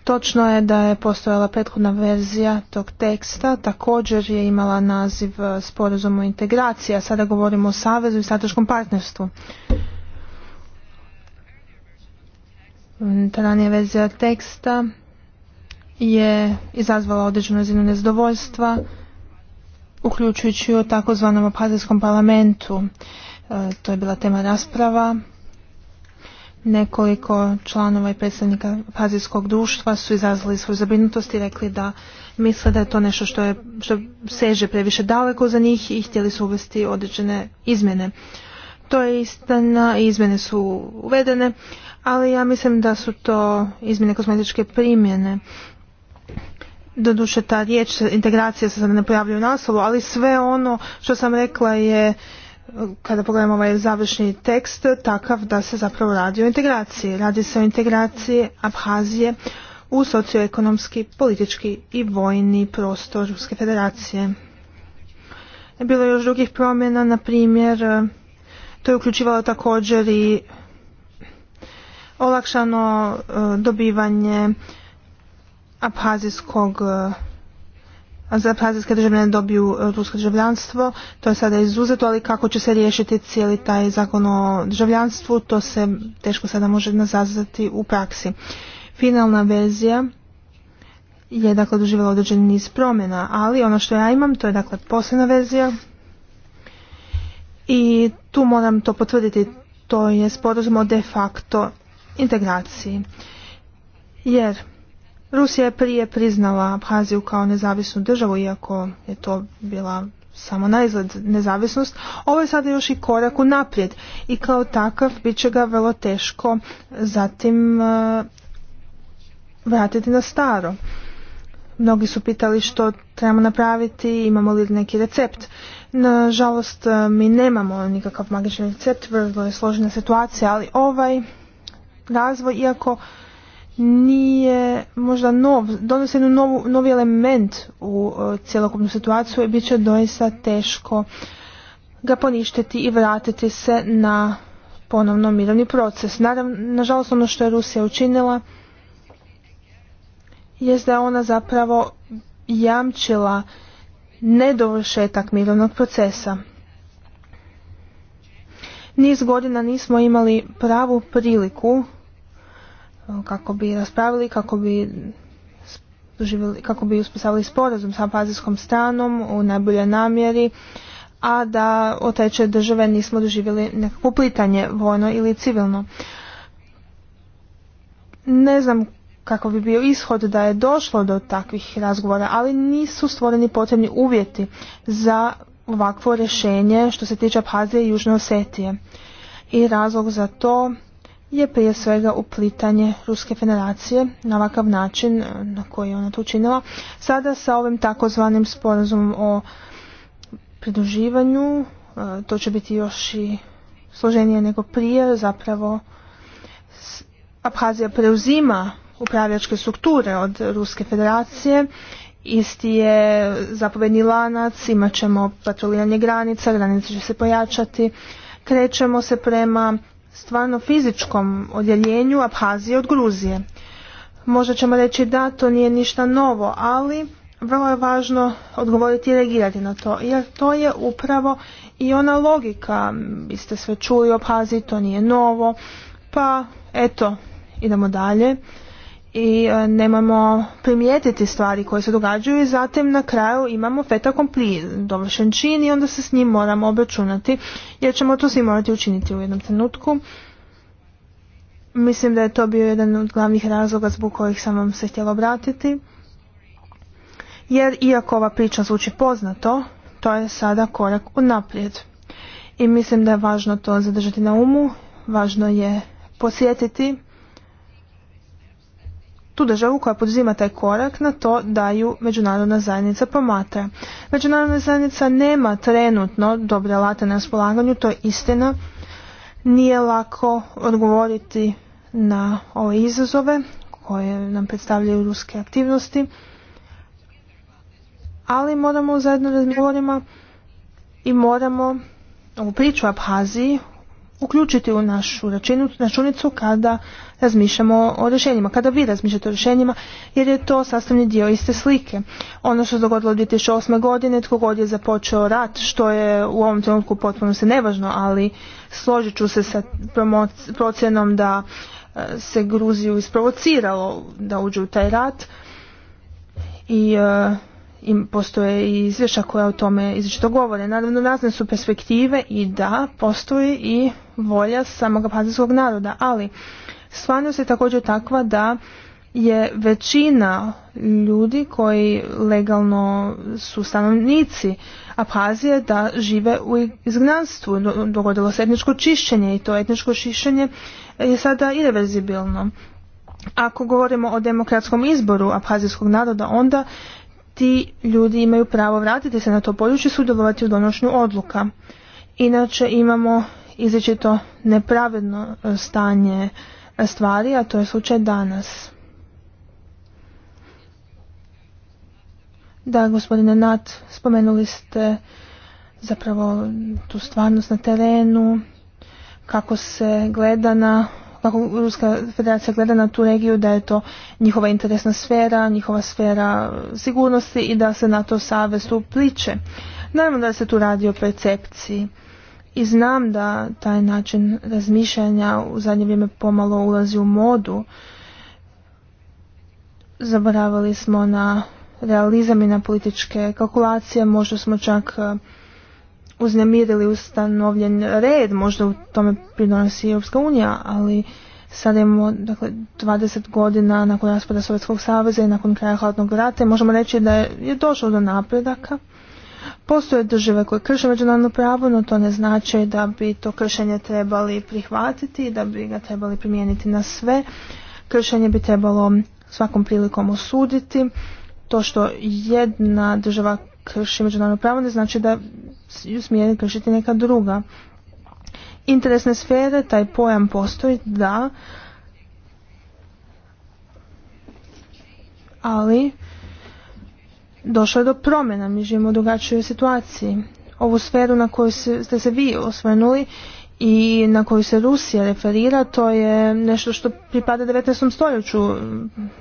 Točno je da je postojala prethodna verzija tog teksta, također je imala naziv e, sporazum o integraciji, a sada govorimo o savezu i strateškom partnerstvu. Ta ranija verzija teksta je izazvala određenu razinu nezadovoljstva, uključujući o takozvanom opazijskom parlamentu. E, to je bila tema rasprava Nekoliko članova i predstavnika Pazijskog društva su izrazili svoju zabrinutost i rekli da misle da je to nešto što, je, što seže previše daleko za njih i htjeli su uvesti određene izmjene. To je istina, izmjene su uvedene, ali ja mislim da su to izmjene kozmetičke primjene. Doduše ta riječ integracija se sada ne pojavlja u naslovu, ali sve ono što sam rekla je kada pogledamo ovaj završni tekst, takav da se zapravo radi o integraciji. Radi se o integraciji Abhazije u socioekonomski, politički i vojni prostor Ruske federacije. Bilo je još drugih promjena, na primjer, to je uključivalo također i olakšano e, dobivanje abhazijskog za prazijske državljane dobiju e, rusko državljanstvo. To je sada izuzeto, ali kako će se riješiti cijeli taj zakon o državljanstvu, to se teško sada može nazazati u praksi. Finalna verzija je dakle doživjela određeni niz promjena, ali ono što ja imam to je dakle posljedna verzija i tu moram to potvrditi, to je sporozum o de facto integraciji. Jer Rusija je prije priznala Abhaziju kao nezavisnu državu, iako je to bila samo na nezavisnost, ovo je sada još i korak u naprijed i kao takav bit će ga vrlo teško zatim e, vratiti na staro. Mnogi su pitali što trebamo napraviti, imamo li neki recept. Nažalost, e, mi nemamo nikakav magični recept, vrlo je složena situacija, ali ovaj razvoj, iako nije možda nov, donosi jednu novu, novi element u e, cjelokupnu situaciju i bit će doista teško ga poništiti i vratiti se na ponovno mirovni proces. Naravno, nažalost ono što je Rusija učinila je da je ona zapravo jamčila nedovršetak mirovnog procesa. Niz godina nismo imali pravu priliku kako bi raspravili, kako bi doživjeli, kako bi uspisali sporazum sa pazijskom stranom u najbolje namjeri, a da od treće države nismo doživjeli nekako pitanje vojno ili civilno. Ne znam kako bi bio ishod da je došlo do takvih razgovora, ali nisu stvoreni potrebni uvjeti za ovakvo rješenje što se tiče Abhazije i Južne Osetije. I razlog za to je prije svega uplitanje Ruske federacije na ovakav način e, na koji je ona to učinila. Sada sa ovim takozvanim sporazumom o pridruživanju e, to će biti još i složenije nego prije. Zapravo Abhazija preuzima upravljačke strukture od Ruske federacije isti je zapovedni lanac, imat ćemo patroliranje granica, granice će se pojačati, krećemo se prema stvarno fizičkom odjeljenju Abhazije od Gruzije. Možda ćemo reći da to nije ništa novo, ali vrlo je važno odgovoriti i reagirati na to, jer to je upravo i ona logika, Biste sve čuli o Abhaziji, to nije novo, pa eto, idemo dalje i e, nemojmo primijetiti stvari koje se događaju i zatim na kraju imamo feta kompli, dovršen čin i onda se s njim moramo obračunati jer ćemo to svi morati učiniti u jednom trenutku. Mislim da je to bio jedan od glavnih razloga zbog kojih sam vam se htjela obratiti. Jer iako ova priča zvuči poznato, to je sada korak unaprijed. I mislim da je važno to zadržati na umu, važno je posjetiti tu državu koja podzima taj korak na to da ju međunarodna zajednica promatra. Međunarodna zajednica nema trenutno dobre alate na raspolaganju, to je istina. Nije lako odgovoriti na ove izazove koje nam predstavljaju ruske aktivnosti, ali moramo zajedno razgovorima i moramo ovu priču o Abhaziji uključiti u našu računicu kada razmišljamo o rješenjima, kada vi razmišljate o rješenjima, jer je to sastavni dio iste slike. Ono što se dogodilo 2008. godine, tko god je započeo rat, što je u ovom trenutku potpuno se nevažno, ali složit ću se sa procjenom da e, se Gruziju isprovociralo da uđu u taj rat i e, postoje i izvješća koja o tome izričito govore. Naravno, razne su perspektive i da, postoji i volja samog apazijskog naroda, ali stvarnost je također takva da je većina ljudi koji legalno su stanovnici Abhazije da žive u izgnanstvu. Dogodilo se etničko čišćenje i to etničko čišćenje je sada irreverzibilno. Ako govorimo o demokratskom izboru abhazijskog naroda, onda ti ljudi imaju pravo vratiti se na to područje i sudjelovati u donošenju odluka. Inače imamo izričito nepravedno stanje stvari, a to je slučaj danas. Da, gospodine Nat, spomenuli ste zapravo tu stvarnost na terenu, kako se gleda na, kako Ruska federacija gleda na tu regiju, da je to njihova interesna sfera, njihova sfera sigurnosti i da se na to tu pliče. Naravno da se tu radi o percepciji. I znam da taj način razmišljanja u zadnje vrijeme pomalo ulazi u modu. Zaboravili smo na realizam i na političke kalkulacije, možda smo čak e, uznemirili ustanovljen red, možda u tome pridonosi Europska unija, ali sada imamo dakle, 20 godina nakon raspada Sovjetskog saveza i nakon kraja hladnog rata možemo reći da je došlo do napredaka Postoje države koje krše međunarodno pravo, no to ne znači da bi to kršenje trebali prihvatiti i da bi ga trebali primijeniti na sve. Kršenje bi trebalo svakom prilikom osuditi. To što jedna država krši međunarodno pravo ne znači da ju smijeni kršiti neka druga. Interesne sfere, taj pojam postoji, da, ali došlo je do promjena, mi živimo u drugačijoj situaciji. Ovu sferu na koju ste se vi osvrnuli i na koju se Rusija referira, to je nešto što pripada 19. stoljeću,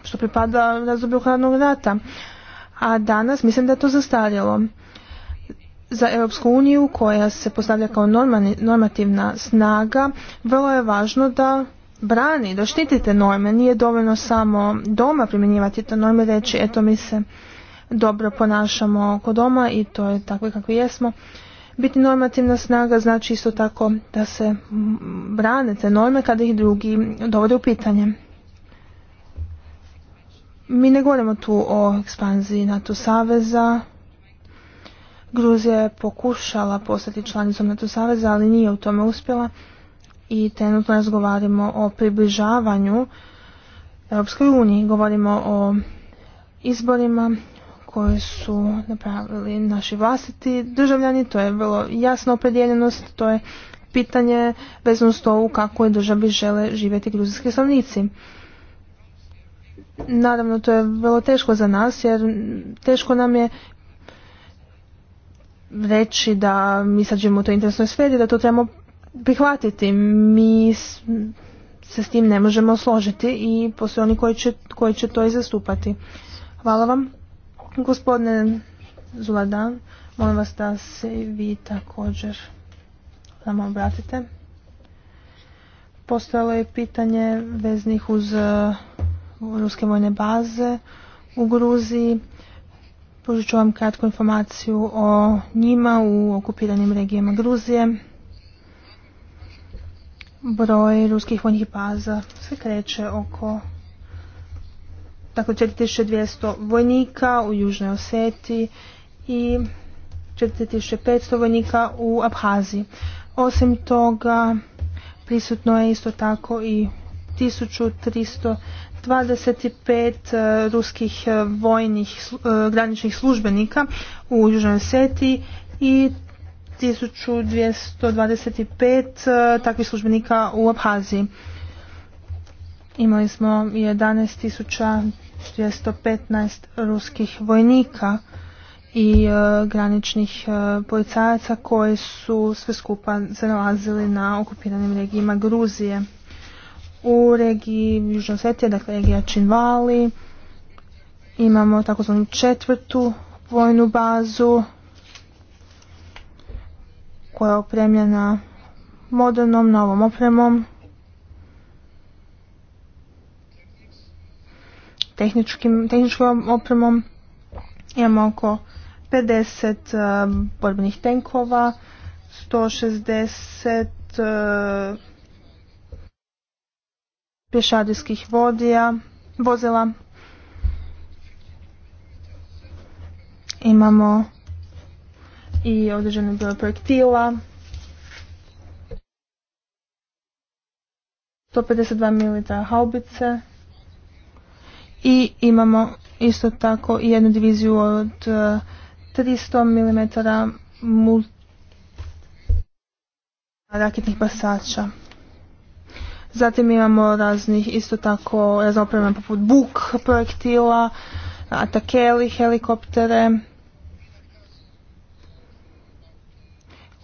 što pripada razdoblju hladnog rata. A danas mislim da je to zastarjalo. Za Europsku uniju koja se postavlja kao normativna snaga, vrlo je važno da brani, da štitite norme. Nije dovoljno samo doma primjenjivati te norme, reći eto mi se dobro ponašamo oko doma i to je takvi kakvi jesmo. Biti normativna snaga znači isto tako da se brane te norme kada ih drugi dovode u pitanje. Mi ne govorimo tu o ekspanziji NATO saveza. Gruzija je pokušala postati članicom NATO saveza, ali nije u tome uspjela. I trenutno razgovaramo o približavanju Europskoj uniji. Govorimo o izborima koje su napravili naši vlastiti državljani, to je vrlo jasna opredjeljenost, to je pitanje vezano s to u kakvoj državi žele živjeti gruzijski stanovnici. Naravno, to je vrlo teško za nas, jer teško nam je reći da mi sad živimo u toj interesnoj sferi, da to trebamo prihvatiti. Mi se s tim ne možemo složiti i postoje oni koji će, koji će to i zastupati. Hvala vam. Gospodine Zuladan, molim vas da se vi također nam obratite. Postojalo je pitanje veznih uz e, ruske vojne baze u Gruziji. Pružit ću vam kratku informaciju o njima u okupiranim regijama Gruzije. Broj ruskih vojnih baza se kreće oko dakle 4200 vojnika u Južnoj Oseti i 4500 vojnika u Abhaziji. Osim toga, prisutno je isto tako i 1325 e, ruskih e, vojnih e, graničnih službenika u Južnoj Oseti i 1225 takvih službenika u Abhaziji. Imali smo 11.000 215 ruskih vojnika i e, graničnih e, policajaca koji su sve skupa se na okupiranim regijima Gruzije. U regiji južno dakle regija Činvali, imamo takozvanu četvrtu vojnu bazu koja je opremljena modernom novom opremom tehničkom opremom. Imamo oko 50 e, borbenih tenkova, 160 e, pješadijskih vodija, vozila. Imamo i određene broj projektila. 152 mm haubice i imamo isto tako jednu diviziju od 300 e, mm raketnih basača. Zatim imamo raznih isto tako razne opreme poput buk projektila, atakeli, helikoptere.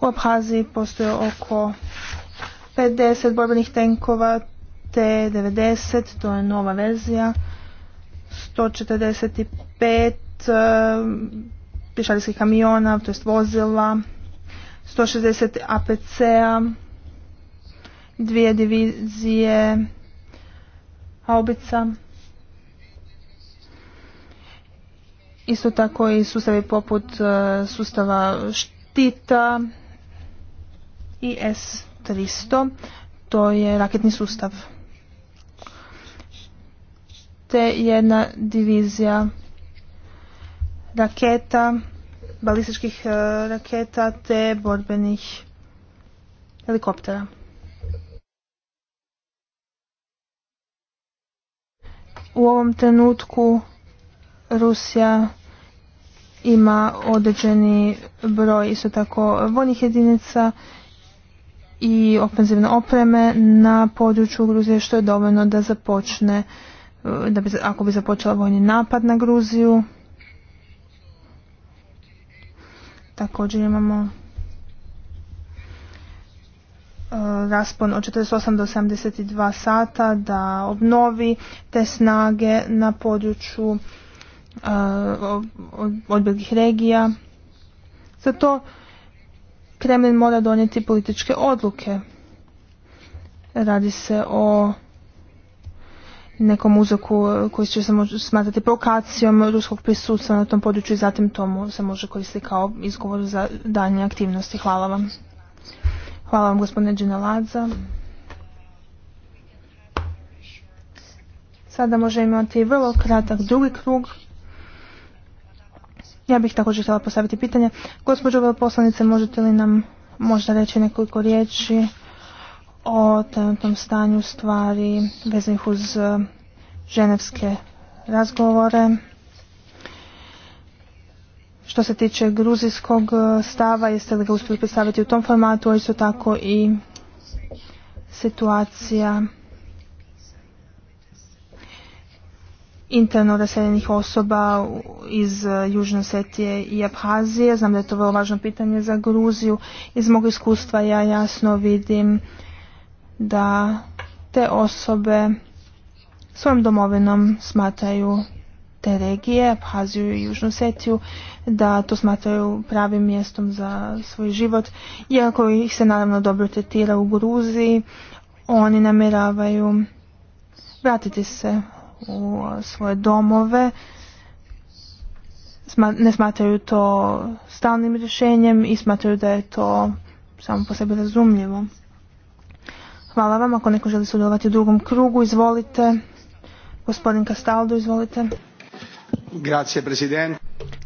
U Abhaziji postoje oko 50 borbenih tenkova T-90, to je nova verzija 145 pješadijskih kamiona, to jest vozila, 160 APC-a, dvije divizije haubica. Isto tako i sustavi poput e, sustava štita i S-300, to je raketni sustav te jedna divizija raketa, balističkih e, raketa te borbenih helikoptera. U ovom trenutku Rusija ima određeni broj isto tako vojnih jedinica i ofenzivne opreme na području Gruzije što je dovoljno da započne E, da bi, ako bi započela vojni napad na Gruziju. Također imamo e, raspon od 48 do 72 sata da obnovi te snage na području e, odbjegih regija. Zato Kremlin mora donijeti političke odluke. Radi se o nekom uzroku e, koji će se smatrati prokacijom ruskog prisutstva na tom području i zatim tomu se može koristiti kao izgovor za daljnje aktivnosti. Hvala vam. Hvala vam gospodine Đinaladza. Sada možemo imati vrlo kratak drugi krug. Ja bih također htjela postaviti pitanje. Gospođo poslanice, možete li nam možda reći nekoliko riječi o trenutnom stanju stvari vezanih uz e, ženevske razgovore. Što se tiče gruzijskog e, stava, jeste li ga uspjeli predstaviti u tom formatu, a isto tako i situacija interno raseljenih osoba iz e, Južne Osetije i Abhazije. Znam da je to vrlo važno pitanje za Gruziju. Iz mog iskustva ja jasno vidim da te osobe svojom domovinom smatraju te regije, Abhaziju i Južnu Setiju, da to smatraju pravim mjestom za svoj život. Iako ih se naravno dobro tretira u Gruziji, oni namjeravaju vratiti se u svoje domove, ne smatraju to stalnim rješenjem i smatraju da je to samo po sebi razumljivo. Hvala vam. Ako neko želi sudjelovati u drugom krugu, izvolite. Gospodin Castaldo, izvolite. Grazie, prezident.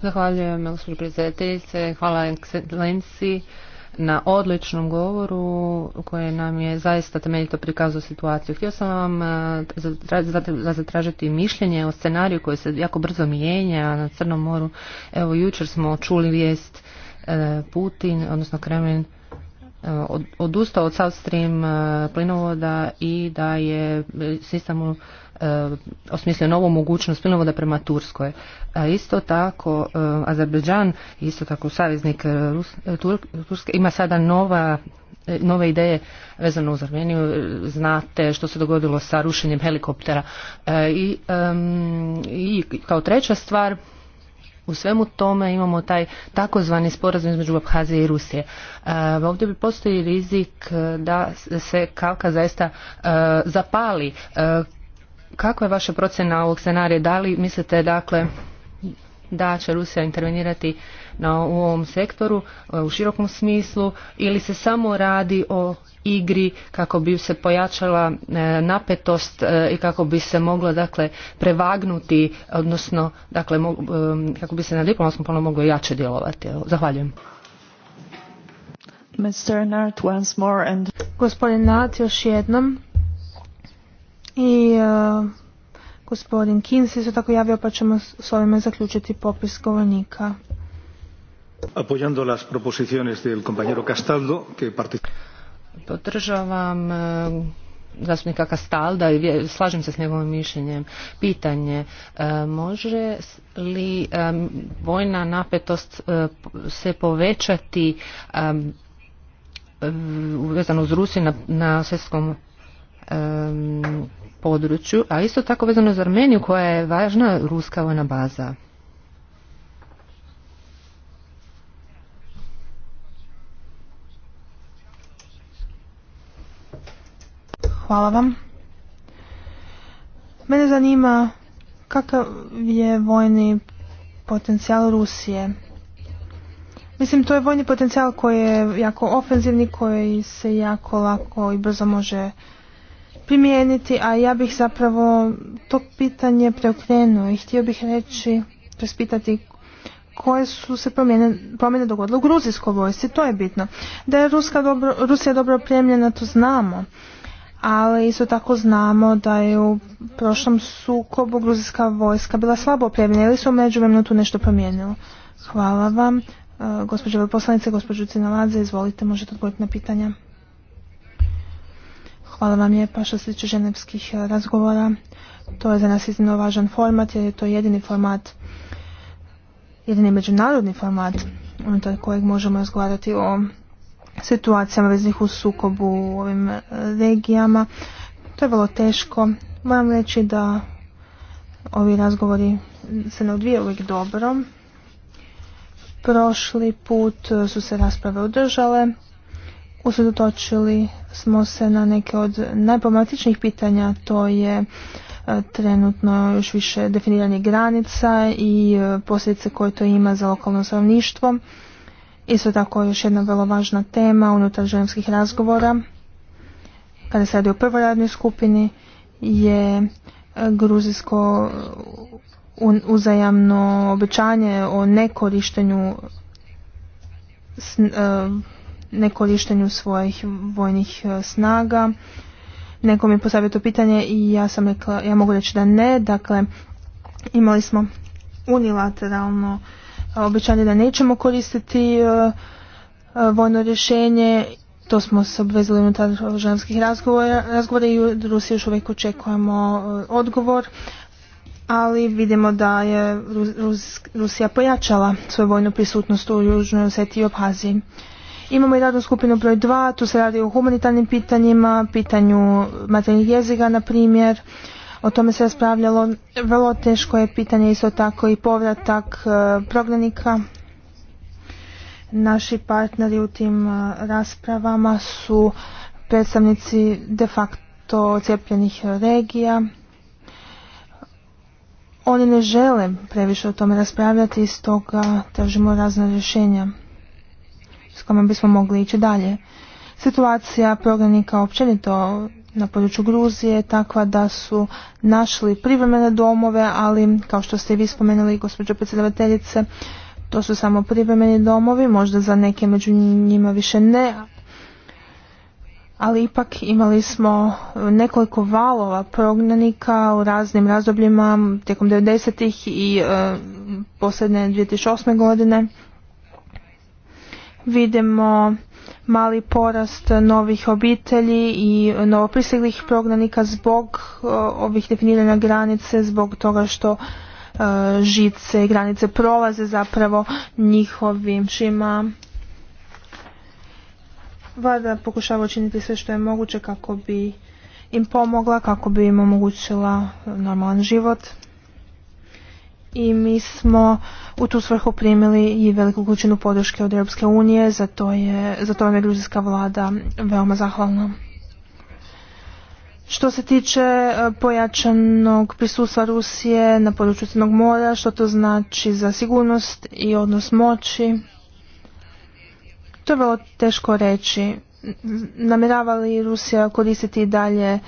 Zahvaljujem, gospođo predsjedateljice. Hvala, ekscelenciji na odličnom govoru koje nam je zaista temeljito prikazao situaciju. Htio sam vam eh, zatražiti mišljenje o scenariju koji se jako brzo mijenja na Crnom moru. Evo, jučer smo čuli vijest eh, Putin, odnosno Kremlin, odustao od South Stream e, plinovoda i da je e, sistemu e, osmislio novu mogućnost plinovoda prema Turskoj. isto tako Azerbejdžan, isto tako saveznik Turske, ima sada nova nove ideje vezano uz Armeniju. Znate što se dogodilo sa rušenjem helikoptera. I, i kao treća stvar, u svemu tome imamo taj takozvani sporazum između Abhazije i Rusije. E, ovdje bi postoji rizik e, da se Kalka zaista e, zapali. Kako je vaša procjena ovog scenarija? Da li mislite dakle da će Rusija intervenirati na u ovom sektoru e, u širokom smislu ili se samo radi o igri kako bi se pojačala e, napetost e, i kako bi se moglo dakle prevagnuti odnosno dakle kako bi se na diplomatskom planu moglo jače djelovati. Zahvaljujem. Mr. Nart, once more and... Gospodin Nart još jednom i gospodin Kins se tako javio pa ćemo s ovime zaključiti popis govornika. Podržavam eh, zastupnika Kastalda i slažem se s njegovim mišljenjem. Pitanje, eh, može li eh, vojna napetost se povećati vezano uz Rusiju na, na svjetskom području, a isto tako vezano uz Armeniju koja je važna ruska vojna baza? Hvala vam. Mene zanima kakav je vojni potencijal Rusije. Mislim, to je vojni potencijal koji je jako ofenzivni, koji se jako lako i brzo može primijeniti, a ja bih zapravo to pitanje preokrenuo i htio bih reći, prespitati koje su se promjene, promjene dogodile u gruzijskoj vojsci, to je bitno. Da je Ruska Rusija dobro opremljena, to znamo ali isto tako znamo da je u prošlom sukobu gruzijska vojska bila slabo opremljena ili su među tu nešto promijenilo. Hvala vam. E, gospođo veleposlanice, gospođo Cinaladze, izvolite, možete odgovoriti na pitanja. Hvala vam lijepa što se tiče ženevskih e, razgovora. To je za nas iznimno važan format jer je to jedini format, jedini međunarodni format unutar kojeg možemo razgovarati o situacijama veznih u sukobu u ovim e, regijama. To je vrlo teško. Moram reći da ovi razgovori se ne odvijaju uvijek dobro. Prošli put e, su se rasprave održale. Usredotočili smo se na neke od najproblematičnijih pitanja, to je e, trenutno još više definiranje granica i posljedice koje to ima za lokalno stanovništvo. Isto tako još jedna vrlo važna tema unutar ženskih razgovora kada se radi o prvoj radnoj skupini je e, gruzijsko uzajamno obećanje o nekorištenju e, nekorištenju svojih vojnih e, snaga. Neko mi je to pitanje i ja sam rekla, ja mogu reći da ne, dakle imali smo unilateralno obećanje da nećemo koristiti e, e, vojno rješenje. To smo se obvezali unutar ženskih razgovora, i u Rusiji još uvijek očekujemo e, odgovor. Ali vidimo da je Rusija pojačala svoju vojnu prisutnost u Južnoj Osetiji i Obhaziji. Imamo i radnu skupinu broj 2, tu se radi o humanitarnim pitanjima, pitanju materijalnih jezika, na primjer, o tome se raspravljalo. Vrlo teško je pitanje isto tako i povratak e, prognanika. Naši partneri u tim e, raspravama su predstavnici de facto cijepljenih regija. Oni ne žele previše o tome raspravljati i stoga tražimo razne rješenja s kojima bismo mogli ići dalje. Situacija prognanika općenito na području Gruzije takva da su našli privremene domove, ali kao što ste i vi spomenuli, gospođo predsjedavateljice, to su samo privremeni domovi, možda za neke među njima više ne, ali ipak imali smo e, nekoliko valova prognanika u raznim razdobljima tijekom 90-ih i e, posljedne 2008. godine. Vidimo mali porast novih obitelji i novopriseglih prognanika zbog e, ovih definiranja granice, zbog toga što e, žice i granice prolaze zapravo njihovim šima. Vlada pokušava učiniti sve što je moguće kako bi im pomogla, kako bi im omogućila normalan život i mi smo u tu svrhu primili i veliku kućinu podrške od Europske unije, zato je, zato je gruzijska vlada veoma zahvalna. Što se tiče e, pojačanog prisustva Rusije na području Crnog mora, što to znači za sigurnost i odnos moći, to je vrlo teško reći. Namjerava li Rusija koristiti dalje e,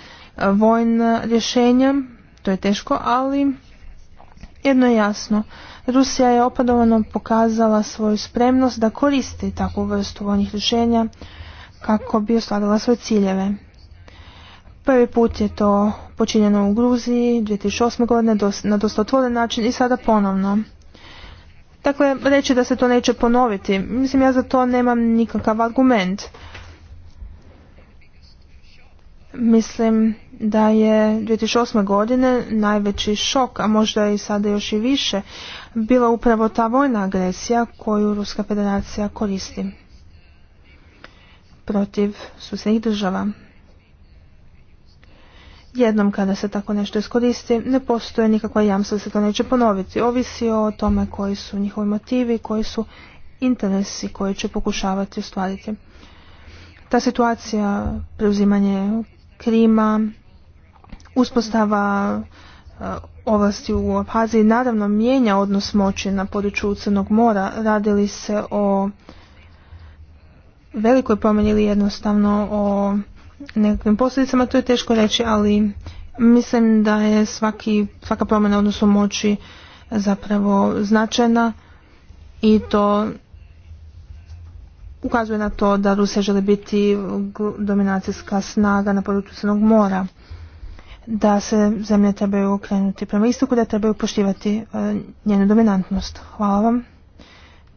vojna rješenja, to je teško, ali jedno je jasno, Rusija je opadovano pokazala svoju spremnost da koristi takvu vrstu vojnih rješenja kako bi ostvarila svoje ciljeve. Prvi put je to počinjeno u Gruziji 2008. godine na dosta otvoren način i sada ponovno. Dakle, reći da se to neće ponoviti, mislim ja za to nemam nikakav argument. Mislim da je 2008. godine najveći šok, a možda i sada još i više, bila upravo ta vojna agresija koju Ruska federacija koristi protiv susjednih država. Jednom kada se tako nešto iskoristi, ne postoje nikakva jamstva da se to neće ponoviti. Ovisi o tome koji su njihovi motivi, koji su interesi koji će pokušavati ostvariti. Ta situacija, preuzimanje Krima, uspostava e, ovlasti u Abhaziji naravno mijenja odnos moći na području Crnog mora. Radili se o velikoj promjeni ili jednostavno o nekakvim posljedicama, to je teško reći, ali mislim da je svaki, svaka promjena odnosu moći zapravo značajna i to ukazuje na to da Rusija želi biti dominacijska snaga na području Crnog mora, da se zemlje trebaju okrenuti prema istoku, da trebaju poštivati e, njenu dominantnost. Hvala vam,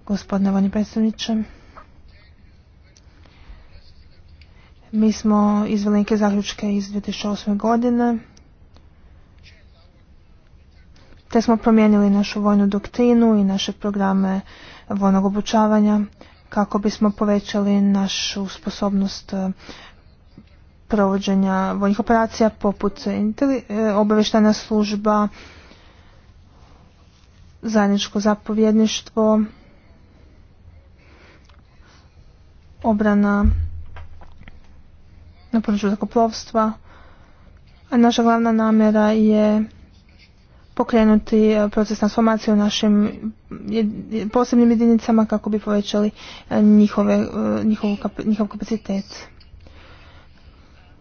gospodine vojni predstavniče. Mi smo iz velike zaključke iz 2008. godine, te smo promijenili našu vojnu doktrinu i naše programe vojnog obučavanja kako bismo povećali našu sposobnost e, provođenja vojnih operacija poput e, obavještajna služba, zajedničko zapovjedništvo, obrana na području zakoplovstva. A naša glavna namjera je pokrenuti e, proces transformacije u našim posebnim jedinicama kako bi povećali e, njihove, e, njihov, njihov kapacitet.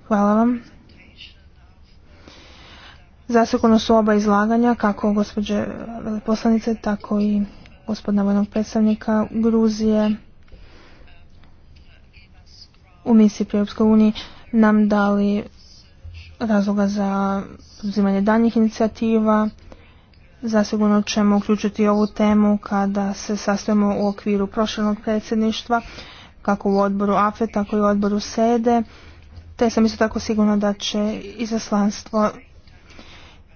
Hvala vam. Zasekljeno su oba izlaganja, kako gospođe veleposlanice, tako i gospodina vojnog predstavnika Gruzije u misiji pri Europskoj uniji nam dali razloga za uzimanje danjih inicijativa, Zasigurno ćemo uključiti ovu temu kada se sastavimo u okviru prošlenog predsjedništva, kako u odboru AFE, tako i u odboru SEDE, e, te sam isto tako sigurno da će izaslanstvo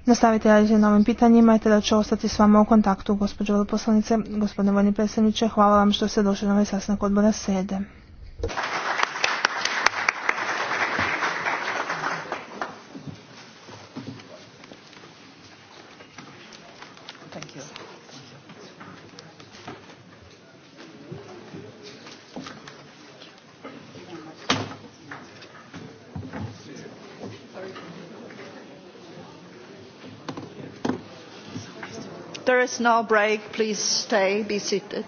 nastaviti raditi na ovim pitanjima te da će ostati s vama u kontaktu, gospođo veleposlanice, gospodine vojni predsjedniče. Hvala vam što ste došli na ovaj sastanak odbora SEDE. there is break please stay be seated.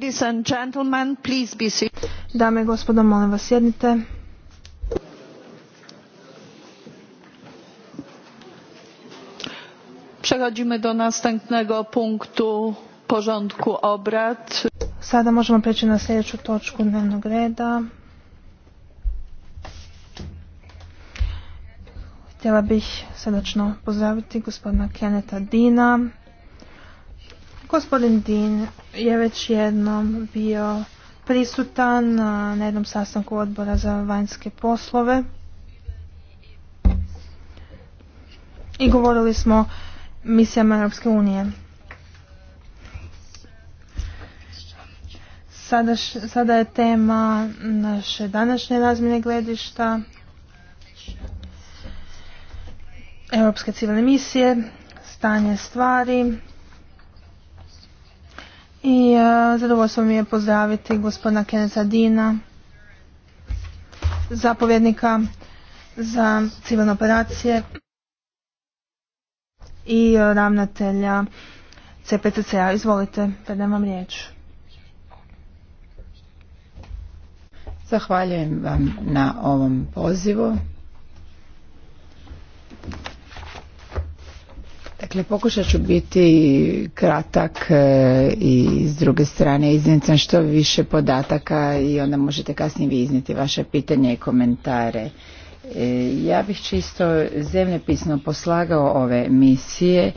Ladies and gentlemen, please be seated. Dame i gospodo, molim vas sjednite. Przechodzimy do następnego punktu porządku obrad. Sada možemo preći na sljedeću točku dnevnog reda. Htjela bih srdačno pozdraviti gospodina Keneta Dina, Gospodin Din je već jednom bio prisutan na jednom sastanku odbora za vanjske poslove i govorili smo o misijama Europske unije. Sada, sada je tema naše današnje razmjene gledišta Europske civilne misije, stanje stvari, i uh, zadovoljstvo mi je pozdraviti gospodina Kenesa Dina, zapovjednika za civilne operacije i uh, ravnatelja CPTC-a. Izvolite, predajem vam riječ. Zahvaljujem vam na ovom pozivu. Dakle, pokušat ću biti kratak e, i s druge strane iznijet što više podataka i onda možete kasnije vi iznijeti vaše pitanje i komentare. E, ja bih čisto zemljepisno poslagao ove misije.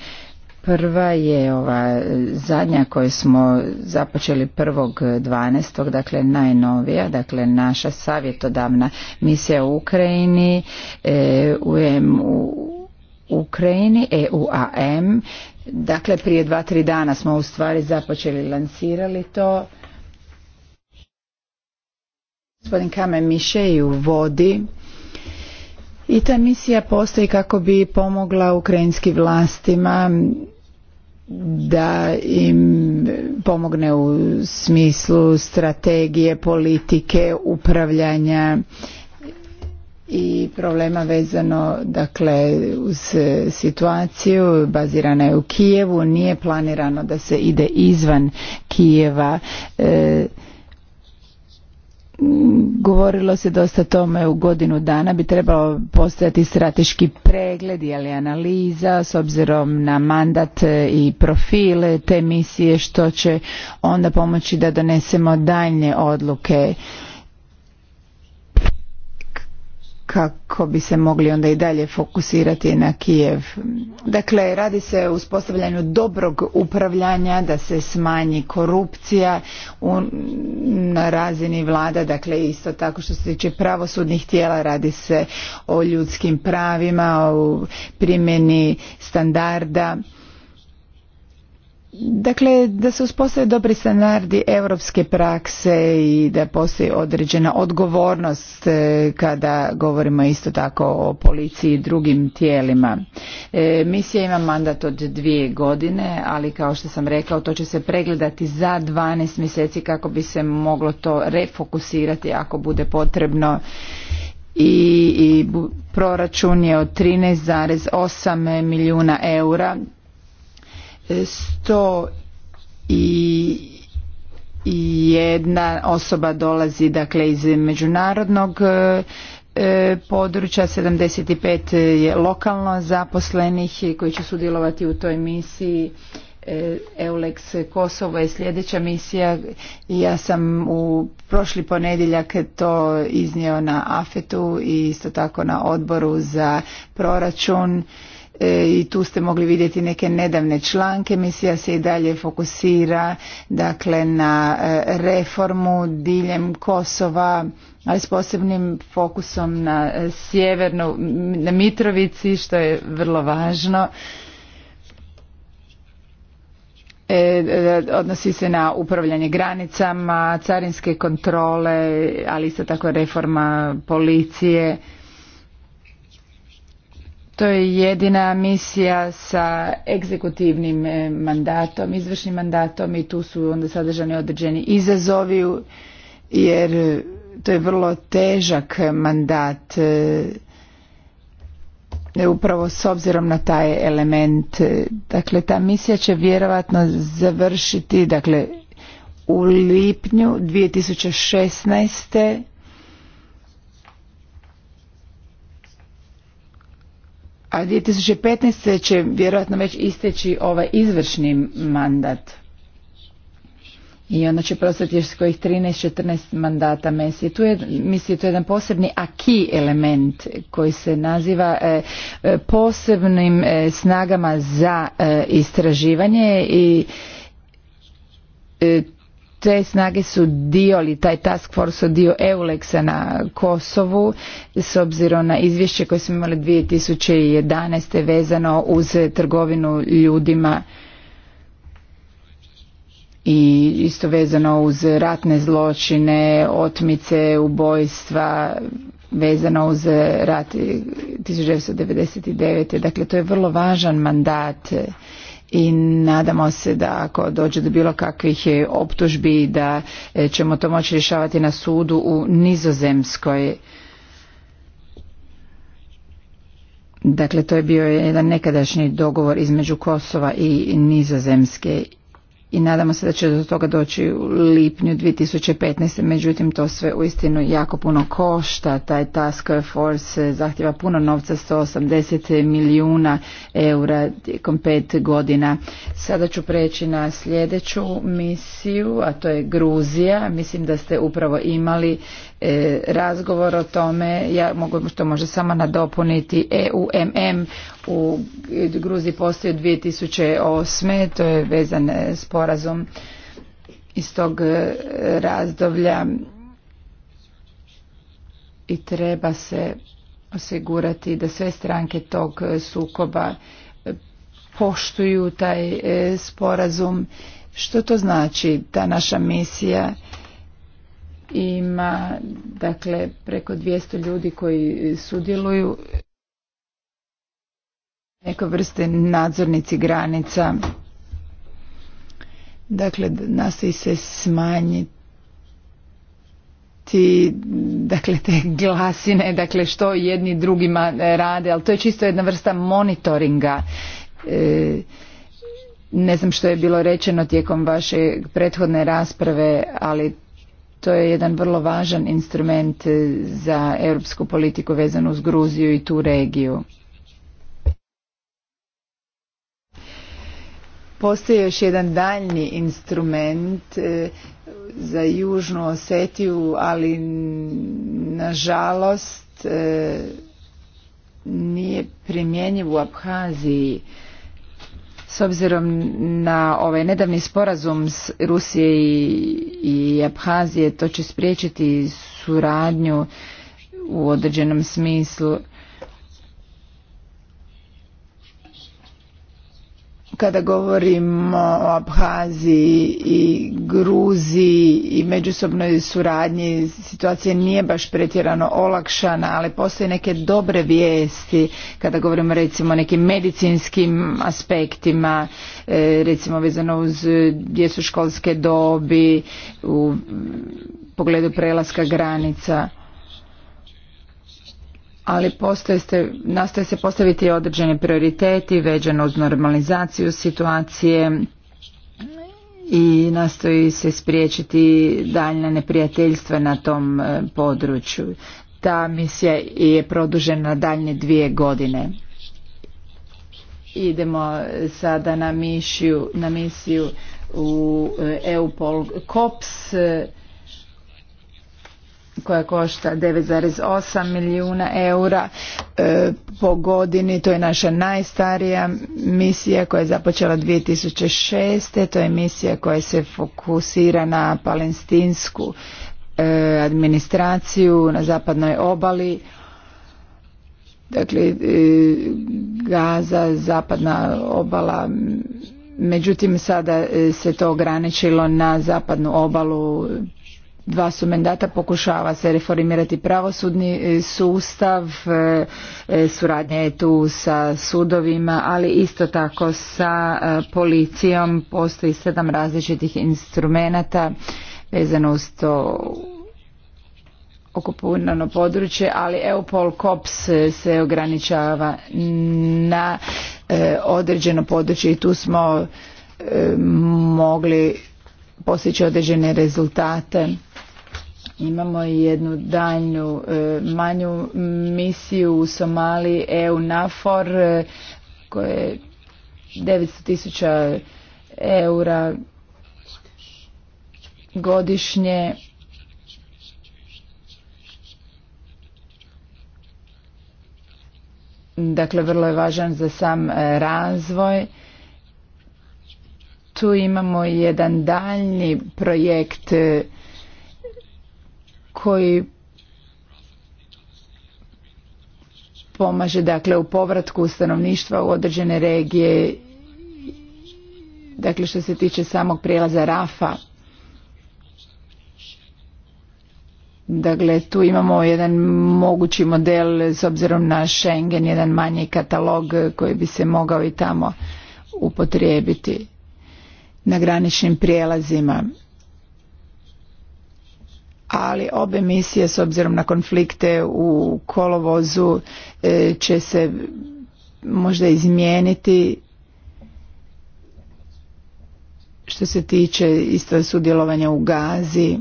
Prva je ova zadnja koju smo započeli 1.12. dakle najnovija, dakle naša savjetodavna misija u Ukrajini, e, u Ukrajini, EUAM. Dakle, prije dva, tri dana smo u stvari započeli, lansirali to. Gospodin Kame Mišeju vodi i ta misija postoji kako bi pomogla ukrajinskim vlastima da im pomogne u smislu strategije, politike, upravljanja i problema vezano dakle uz situaciju bazirana je u Kijevu nije planirano da se ide izvan Kijeva e, govorilo se dosta tome u godinu dana bi trebao postojati strateški pregled ili analiza s obzirom na mandat i profile te misije što će onda pomoći da donesemo daljnje odluke kako bi se mogli onda i dalje fokusirati na Kijev. Dakle, radi se o uspostavljanju dobrog upravljanja, da se smanji korupcija na razini vlada, dakle isto tako što se tiče pravosudnih tijela, radi se o ljudskim pravima, o primjeni standarda Dakle, da se uspostave dobri standardi europske prakse i da postoji određena odgovornost e, kada govorimo isto tako o policiji i drugim tijelima. E, misija ima mandat od dvije godine, ali kao što sam rekla, to će se pregledati za 12 mjeseci kako bi se moglo to refokusirati ako bude potrebno i, i proračun je od 13,8 milijuna eura 100 i jedna osoba dolazi dakle iz međunarodnog e, e, područja, 75 je lokalno zaposlenih koji će sudjelovati u toj misiji. E, Eulex Kosovo je sljedeća misija. Ja sam u prošli ponedjeljak to iznio na AFET-u i isto tako na odboru za proračun E, i tu ste mogli vidjeti neke nedavne članke. Misija se i dalje fokusira dakle na e, reformu diljem Kosova, ali s posebnim fokusom na e, sjevernu, na Mitrovici što je vrlo važno. E, odnosi se na upravljanje granicama, carinske kontrole, ali isto tako reforma policije. To je jedina misija sa egzekutivnim e, mandatom, izvršnim mandatom i tu su onda sadržani određeni izazovi jer e, to je vrlo težak mandat e, upravo s obzirom na taj element. Dakle, ta misija će vjerojatno završiti dakle, u lipnju 2016. a 2015. će vjerojatno već isteći ovaj izvršni mandat. I onda će prostati još s kojih 13-14 mandata Mesije. Tu je, misli, to je jedan posebni aki element koji se naziva e, e, posebnim e, snagama za istraživanje i te snage su dio li taj task force dio Eulexa na Kosovu s obzirom na izvješće koje smo imali 2011. vezano uz trgovinu ljudima i isto vezano uz ratne zločine, otmice, ubojstva, vezano uz rat 1999. Dakle, to je vrlo važan mandat i nadamo se da ako dođe do bilo kakvih e, optužbi da e, ćemo to moći rješavati na sudu u nizozemskoj. Dakle, to je bio jedan nekadašnji dogovor između Kosova i nizozemske i nadamo se da će do toga doći u lipnju 2015. Međutim, to sve uistinu jako puno košta. Taj task force zahtjeva puno novca, 180 milijuna eura tijekom pet godina. Sada ću preći na sljedeću misiju, a to je Gruzija. Mislim da ste upravo imali E, razgovor o tome, ja mogu što može samo nadopuniti EUMM u Gruzi postoji od 2008. to je vezan e, sporazum iz tog e, razdoblja i treba se osigurati da sve stranke tog sukoba poštuju taj sporazum. Što to znači? Da naša misija ima dakle preko 200 ljudi koji sudjeluju neka vrste nadzornici granica. Dakle, nastoji se smanjiti ti, dakle, te glasine, dakle, što jedni drugima rade, ali to je čisto jedna vrsta monitoringa. E, ne znam što je bilo rečeno tijekom vaše prethodne rasprave, ali to je jedan vrlo važan instrument e, za europsku politiku vezanu uz Gruziju i tu regiju. Postoji još jedan daljni instrument e, za Južnu Osetiju, ali nažalost e, nije primjenjiv u Abhaziji. S obzirom na ovaj nedavni sporazum s Rusije i, i Abhazije, to će spriječiti suradnju u određenom smislu kada govorimo o Abhaziji i Gruziji i međusobnoj suradnji, situacija nije baš pretjerano olakšana, ali postoje neke dobre vijesti kada govorimo recimo o nekim medicinskim aspektima, e, recimo vezano uz djecu školske dobi, u pogledu prelaska granica ali nastoje se postaviti određeni prioriteti veđano uz normalizaciju situacije i nastoji se spriječiti daljne neprijateljstva na tom e, području. Ta misija je produžena daljne dvije godine. Idemo sada na misiju, na misiju u e, EUPOL COPS koja košta 9,8 milijuna eura e, po godini. To je naša najstarija misija koja je započela 2006. To je misija koja se fokusira na palestinsku e, administraciju na zapadnoj obali. Dakle, e, Gaza, zapadna obala, međutim sada se to ograničilo na zapadnu obalu dva su mandata pokušava se reformirati pravosudni e, sustav e, e, suradnja je tu sa sudovima ali isto tako sa policijom postoji sedam različitih instrumenata vezano uz to okupunano područje ali EUPOL kops se ograničava na određeno područje i tu smo mogli postići određene rezultate Imamo i jednu daljnu, e, manju misiju u Somaliji EU NAFOR e, koja je 900.000 eura godišnje dakle vrlo je važan za sam e, razvoj tu imamo jedan daljni projekt koji pomaže dakle u povratku stanovništva u određene regije dakle što se tiče samog prijelaza Rafa Dakle, tu imamo jedan mogući model s obzirom na Schengen, jedan manji katalog koji bi se mogao i tamo upotrijebiti na graničnim prijelazima ali obe misije s obzirom na konflikte u kolovozu e, će se možda izmijeniti što se tiče isto sudjelovanja u Gazi.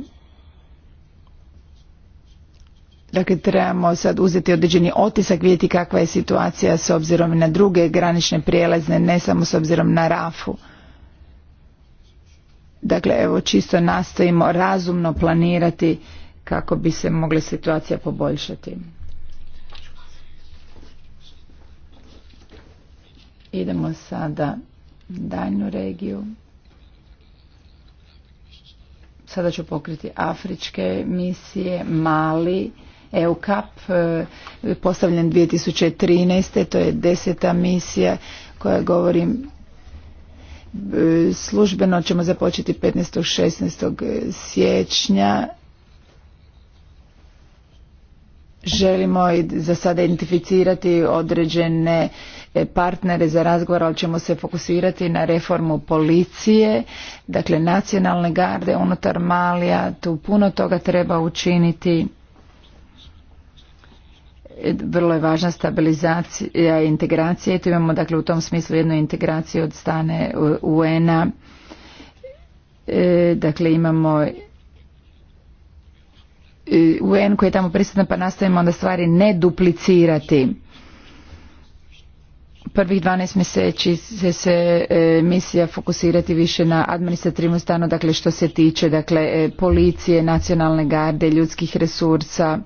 Dakle, trebamo sad uzeti određeni otisak, vidjeti kakva je situacija s obzirom na druge granične prijelazne, ne samo s obzirom na Rafu. Dakle, evo čisto nastojimo razumno planirati kako bi se mogla situacija poboljšati. Idemo sada daljnu regiju. Sada ću pokriti afričke misije, Mali, EUCAP, e, postavljen 2013. To je deseta misija koja govorim E, službeno ćemo započeti 15. 16. siječnja želimo i za sada identificirati određene e, partnere za razgovor, ali ćemo se fokusirati na reformu policije, dakle nacionalne garde unutar Malija, tu puno toga treba učiniti vrlo je važna stabilizacija i integracija tu imamo dakle u tom smislu jednu integraciju od stane UN-a e, dakle imamo e, UN koji je tamo prisutan pa nastavimo onda stvari ne duplicirati prvih 12 mjeseci će se e, misija fokusirati više na administrativnu stanu dakle što se tiče dakle e, policije, nacionalne garde, ljudskih resursa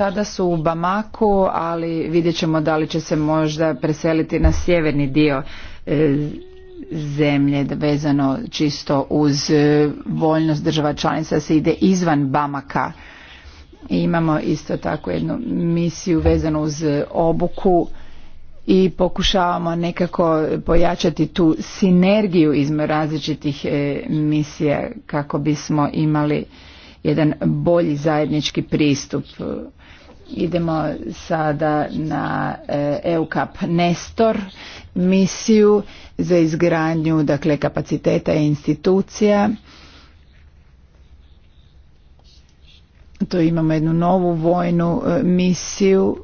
Sada su u Bamaku, ali vidjet ćemo da li će se možda preseliti na sjeverni dio e, zemlje vezano čisto uz e, voljnost država članica se ide izvan Bamaka. Imamo isto tako jednu misiju vezanu uz obuku i pokušavamo nekako pojačati tu sinergiju između različitih e, misija kako bismo imali jedan bolji zajednički pristup Idemo sada na e, EUCAP Nestor misiju za izgradnju dakle, kapaciteta i institucija. To imamo jednu novu vojnu e, misiju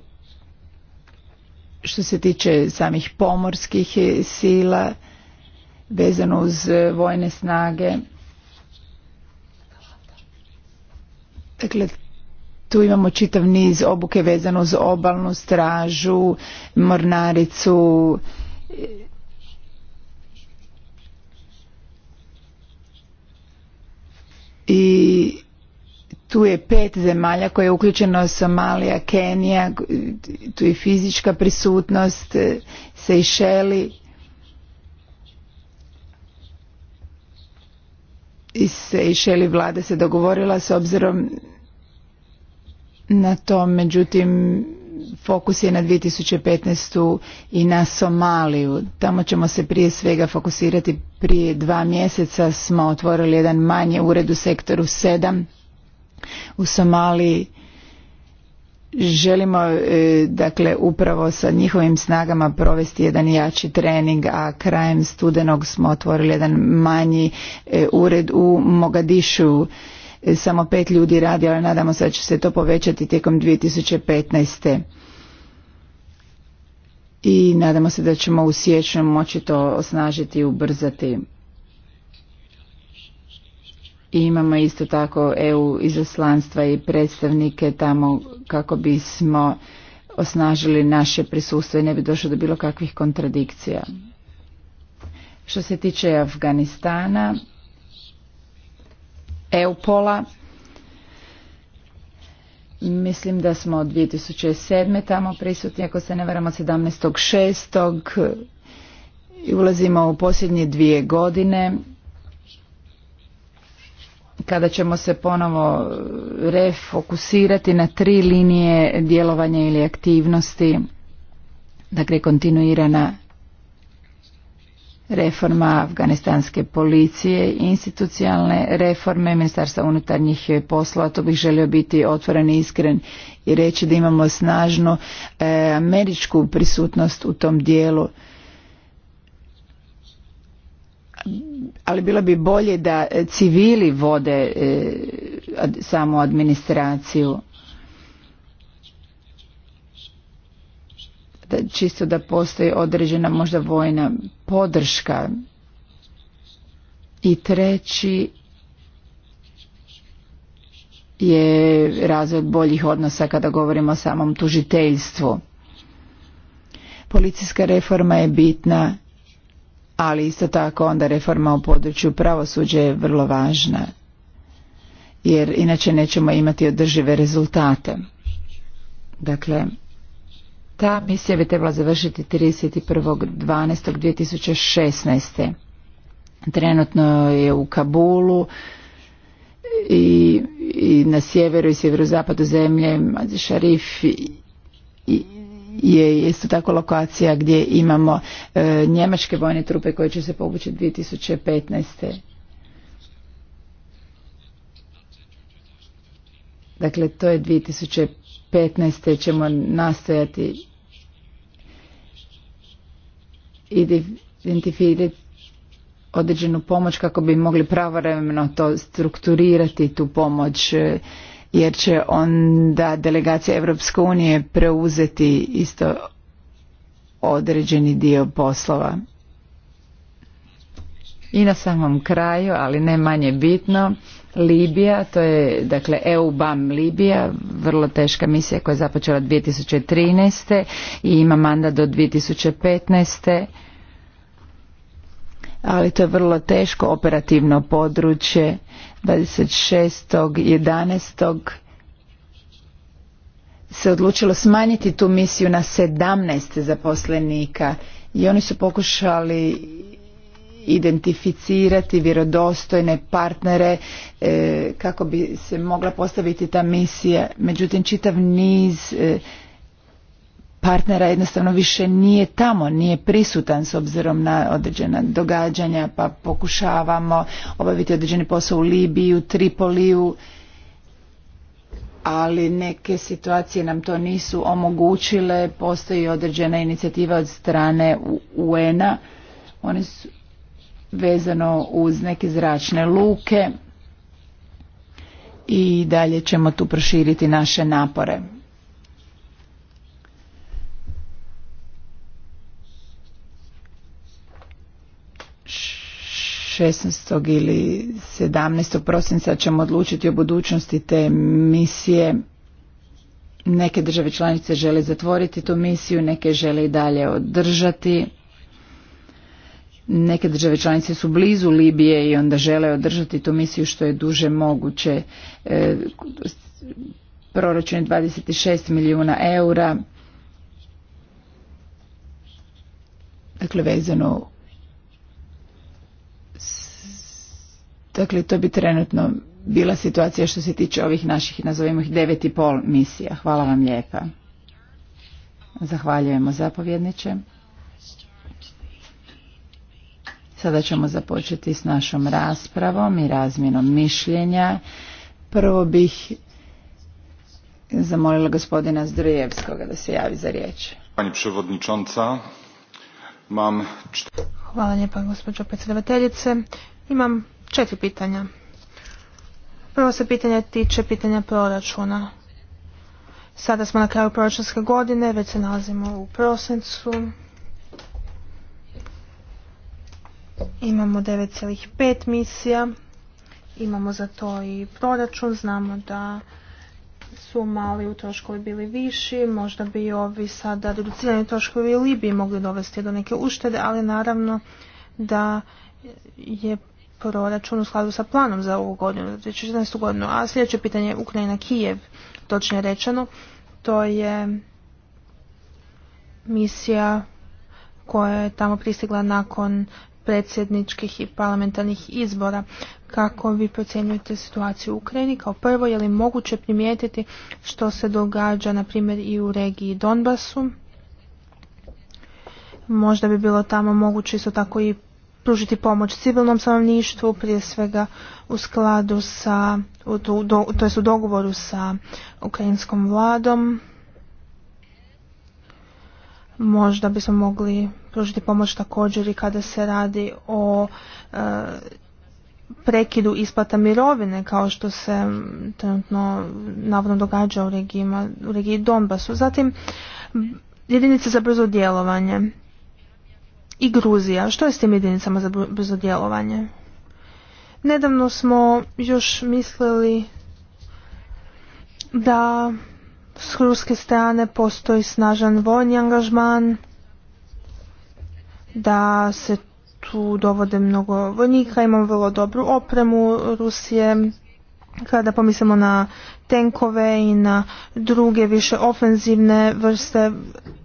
što se tiče samih pomorskih e, sila vezano uz vojne snage. Dakle, tu imamo čitav niz obuke vezano uz obalnu stražu, mornaricu, i tu je pet zemalja koje je uključeno Somalija, Kenija, tu je fizička prisutnost, Sejšeli i išeli vlada se dogovorila s obzirom na to, međutim fokus je na 2015. i na Somaliju. Tamo ćemo se prije svega fokusirati. Prije dva mjeseca smo otvorili jedan manji ured u sektoru 7 u Somaliji. Želimo e, dakle upravo sa njihovim snagama provesti jedan jači trening, a krajem studenog smo otvorili jedan manji e, ured u Mogadišu samo pet ljudi radi, ali nadamo se da će se to povećati tijekom 2015. I nadamo se da ćemo u siječnju moći to osnažiti i ubrzati. I imamo isto tako EU izaslanstva i predstavnike tamo kako bismo osnažili naše prisustvo i ne bi došlo do bilo kakvih kontradikcija. Što se tiče Afganistana, Eupola. Mislim da smo od 2007. tamo prisutni, ako se ne varamo 17.6. i ulazimo u posljednje dvije godine kada ćemo se ponovo refokusirati na tri linije djelovanja ili aktivnosti, dakle kontinuirana reforma afganistanske policije, institucionalne reforme ministarstva unutarnjih poslova, to bih želio biti otvoren i iskren i reći da imamo snažnu e, američku prisutnost u tom dijelu. Ali bilo bi bolje da civili vode e, samu administraciju. čisto da postoji određena možda vojna podrška. I treći je razvoj boljih odnosa kada govorimo o samom tužiteljstvu. Policijska reforma je bitna, ali isto tako onda reforma u području pravosuđa je vrlo važna, jer inače nećemo imati održive rezultate. Dakle, ta misija bi trebala završiti 31.12.2016. Trenutno je u Kabulu i, na sjeveru i sjeverozapadu zemlje Mazi Šarif i, je isto tako lokacija gdje imamo e, njemačke vojne trupe koje će se povući 2015. Dakle, to je 2015. 15. ćemo nastojati identifirati određenu pomoć kako bi mogli pravovremeno to strukturirati tu pomoć jer će onda delegacija Europske unije preuzeti isto određeni dio poslova. I na samom kraju, ali ne manje bitno, Libija, to je dakle EUBAM Libija, vrlo teška misija koja je započela 2013. i ima mandat do 2015. Ali to je vrlo teško operativno područje 11. se odlučilo smanjiti tu misiju na 17 zaposlenika i oni su pokušali identificirati vjerodostojne partnere e, kako bi se mogla postaviti ta misija. Međutim, čitav niz e, partnera jednostavno više nije tamo, nije prisutan s obzirom na određena događanja, pa pokušavamo obaviti određeni posao u Libiju, Tripoliju, ali neke situacije nam to nisu omogućile, postoji određena inicijativa od strane UN-a, one su vezano uz neke zračne luke i dalje ćemo tu proširiti naše napore. šesnaest ili sedamnaest prosinca ćemo odlučiti o budućnosti te misije. Neke države članice žele zatvoriti tu misiju, neke žele i dalje održati. Neke države članice su blizu Libije i onda žele održati tu misiju što je duže moguće. E, proračun je 26 milijuna eura. Dakle, vezano Dakle, to bi trenutno bila situacija što se tiče ovih naših, nazovimo ih, devet i pol misija. Hvala vam lijepa. Zahvaljujemo zapovjedniče. Sada ćemo započeti s našom raspravom i razmjenom mišljenja. Prvo bih zamolila gospodina Zdrujevskoga da se javi za riječ. Pani mam... Hvala lijepa gospođo predsjedavateljice. Imam četiri pitanja. Prvo se pitanje tiče pitanja proračuna. Sada smo na kraju proračunske godine, već se nalazimo u prosincu. Imamo 9,5 misija, imamo za to i proračun, znamo da su mali troškovi bili viši, možda bi ovi sada reducirani troškovi u Libiji mogli dovesti do neke uštede, ali naravno da je proračun u skladu sa planom za ovu godinu, za 2014. godinu. A sljedeće pitanje je Ukrajina-Kijev, točnije rečeno. To je misija koja je tamo pristigla nakon predsjedničkih i parlamentarnih izbora. Kako vi procjenjujete situaciju u Ukrajini? Kao prvo, je li moguće primijetiti što se događa, na primjer, i u regiji Donbasu? Možda bi bilo tamo moguće isto tako i pružiti pomoć civilnom stanovništvu, prije svega u skladu sa, to u dogovoru sa ukrajinskom vladom. Možda bismo mogli pružiti pomoć također i kada se radi o e, prekidu isplata mirovine kao što se trenutno navodno događa u, u regiji Donbasu. Zatim jedinice za brzo djelovanje i Gruzija. Što je s tim jedinicama za brzo djelovanje? Nedavno smo još mislili da s ruske strane postoji snažan vojni angažman, da se tu dovode mnogo vojnika, imamo vrlo dobru opremu Rusije. Kada pomislimo na tenkove i na druge više ofenzivne vrste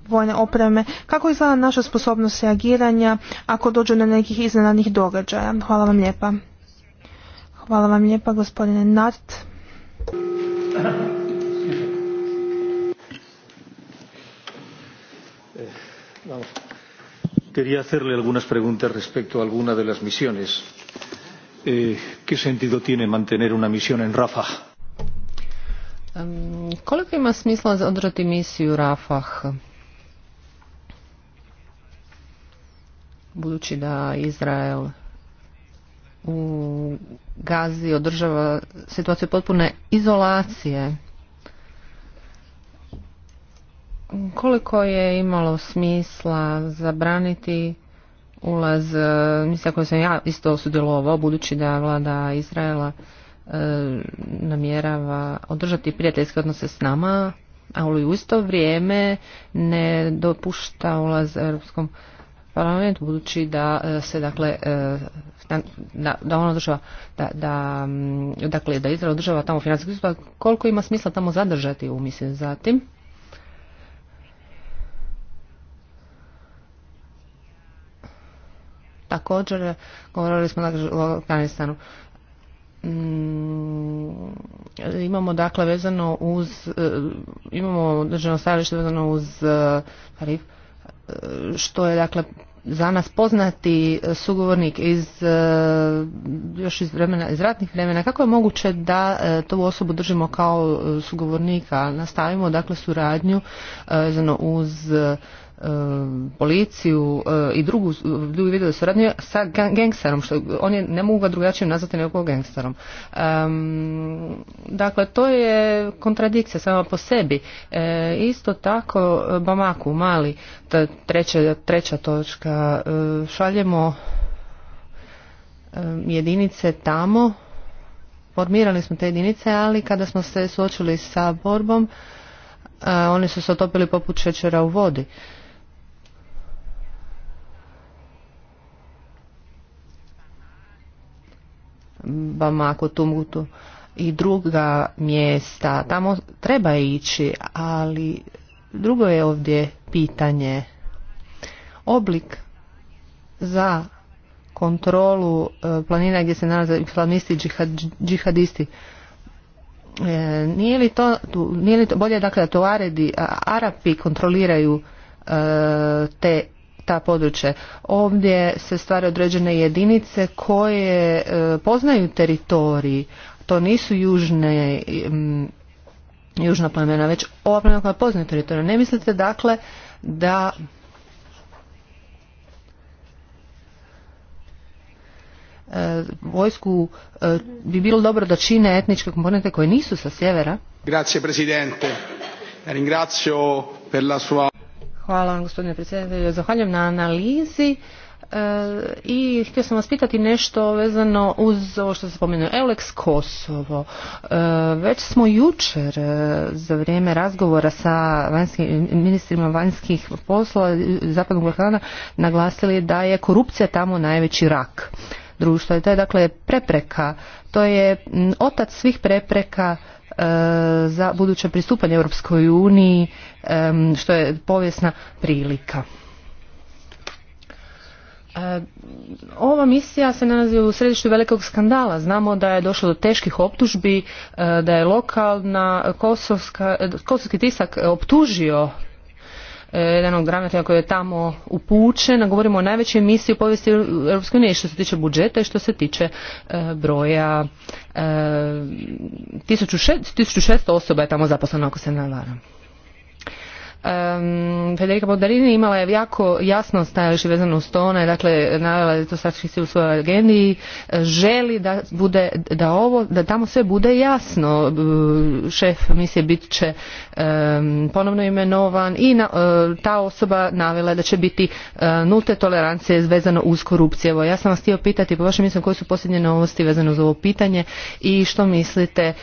vojne opreme, kako izgleda naša sposobnost reagiranja ako dođe na nekih iznenadnih događaja? Hvala vam lijepa. Hvala vam lijepa gospodine Nart. Vamos. Quería hacerle algunas preguntas respecto a alguna de las misiones. Eh, ¿Qué sentido tiene mantener una misión en Rafah? koliko ima smisla održati misiju Rafah? Budući da Izrael u Gazi održava situaciju potpune izolacije koliko je imalo smisla zabraniti ulaz, e, mislim koji sam ja isto sudjelovao, budući da vlada Izraela e, namjerava održati prijateljske odnose s nama, ali u isto vrijeme ne dopušta ulaz Europskom parlamentu, budući da e, se dakle da, da ona država da, da, dakle da Izrael održava tamo financijski koliko ima smisla tamo zadržati u mislim zatim Također, govorili smo dakle, o Afganistanu. Mm, imamo dakle vezano uz e, imamo državno stajalište vezano uz e, Arif, e, što je dakle za nas poznati sugovornik iz još iz vremena iz ratnih vremena kako je moguće da tu osobu držimo kao sugovornika nastavimo dakle suradnju vezano uz E, policiju e, i drugu drugi su suradnju sa gangsterom što on ne mogu ga drugačije nazvati nego gangsterom dakle to je kontradikcija sama po sebi e, isto tako Bamaku mali treća, treća točka šaljemo jedinice tamo formirali smo te jedinice ali kada smo se suočili sa borbom oni su se otopili poput šećera u vodi Bamako, Tumutu i druga mjesta. Tamo treba ići, ali drugo je ovdje pitanje. Oblik za kontrolu e, planina gdje se nalaze islamisti i džihadisti. E, nije li to, nije bolje dakle da to aredi, a Arapi kontroliraju e, te ta područja. Ovdje se stvara određene jedinice koje e, poznaju teritorij, to nisu južne južna plemena, već ova plemena koja poznaju teritorij. Ne mislite dakle da e, vojsku e, bi bilo dobro da čine etničke komponente koje nisu sa sjevera? Grazie Presidente. Ringrazio per la sua Hvala vam gospodine predsjedatelju. Zahvaljujem na analizi e, i htio sam vas pitati nešto vezano uz ovo što se spomenuo Eulex Kosovo e, već smo jučer e, za vrijeme razgovora sa ministrima vanjskih poslova Zapadnog Balkana naglasili da je korupcija tamo najveći rak društva i to je dakle prepreka to je otac svih prepreka E, za buduće pristupanje Europskoj uniji e, što je povijesna prilika. E, ova misija se nalazi u središtu velikog skandala. Znamo da je došlo do teških optužbi, da je lokalna kosovski tisak optužio E, jedan od ravnatelja koji je tamo upućen. Govorimo o najvećoj emisiji u povijesti Europske unije što se tiče budžeta i što se tiče e, broja 1600 e, osoba je tamo zaposleno ako se ne varam. Um, Federica Bodarini imala je jako jasno stajalište vezano uz tone, dakle navela je to strateški u svojoj agendi e, želi da bude, da ovo, da tamo sve bude jasno. E, šef misije bit će ponovno imenovan i e, ta osoba navela je da će biti nulte tolerancije vezano uz korupciju. ja sam vas htio pitati, po vašem mislim koje su posljednje novosti vezano uz ovo pitanje i što mislite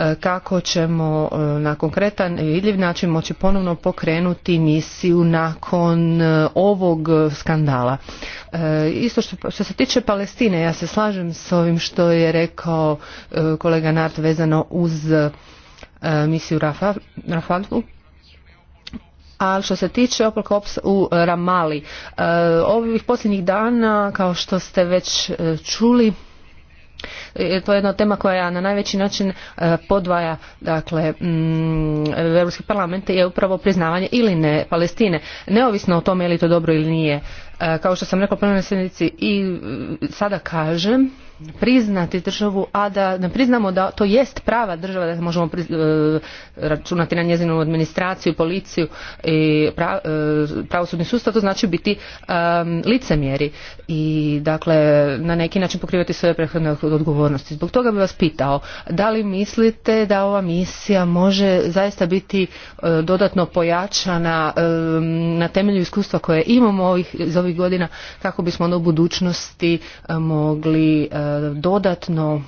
E, kako ćemo e, na konkretan i vidljiv način moći ponovno pokrenuti misiju nakon e, ovog skandala. Isto što, se tiče Palestine, ja se slažem s ovim što je rekao kolega Nart vezano uz misiju Rafa, A što se tiče u Ramali, ovih posljednjih dana, kao što ste već čuli, E, to je jedna tema koja na najveći način e, podvaja dakle mm, Europski parlament je upravo priznavanje ili ne Palestine neovisno o tome je li to dobro ili nije e, kao što sam rekla u prvenoj sjednici i sada kažem priznati državu, a da ne priznamo da to jest prava država, da možemo e, računati na njezinu administraciju, policiju i e, pravosudni sustav, to znači biti licemjeri i dakle na neki način pokrivati svoje prethodne odgovornosti. Zbog toga bi vas pitao, da li mislite da ova misija može zaista biti e, dodatno pojačana na temelju iskustva koje imamo iz ovih godina kako bismo onda u budućnosti mogli dodatno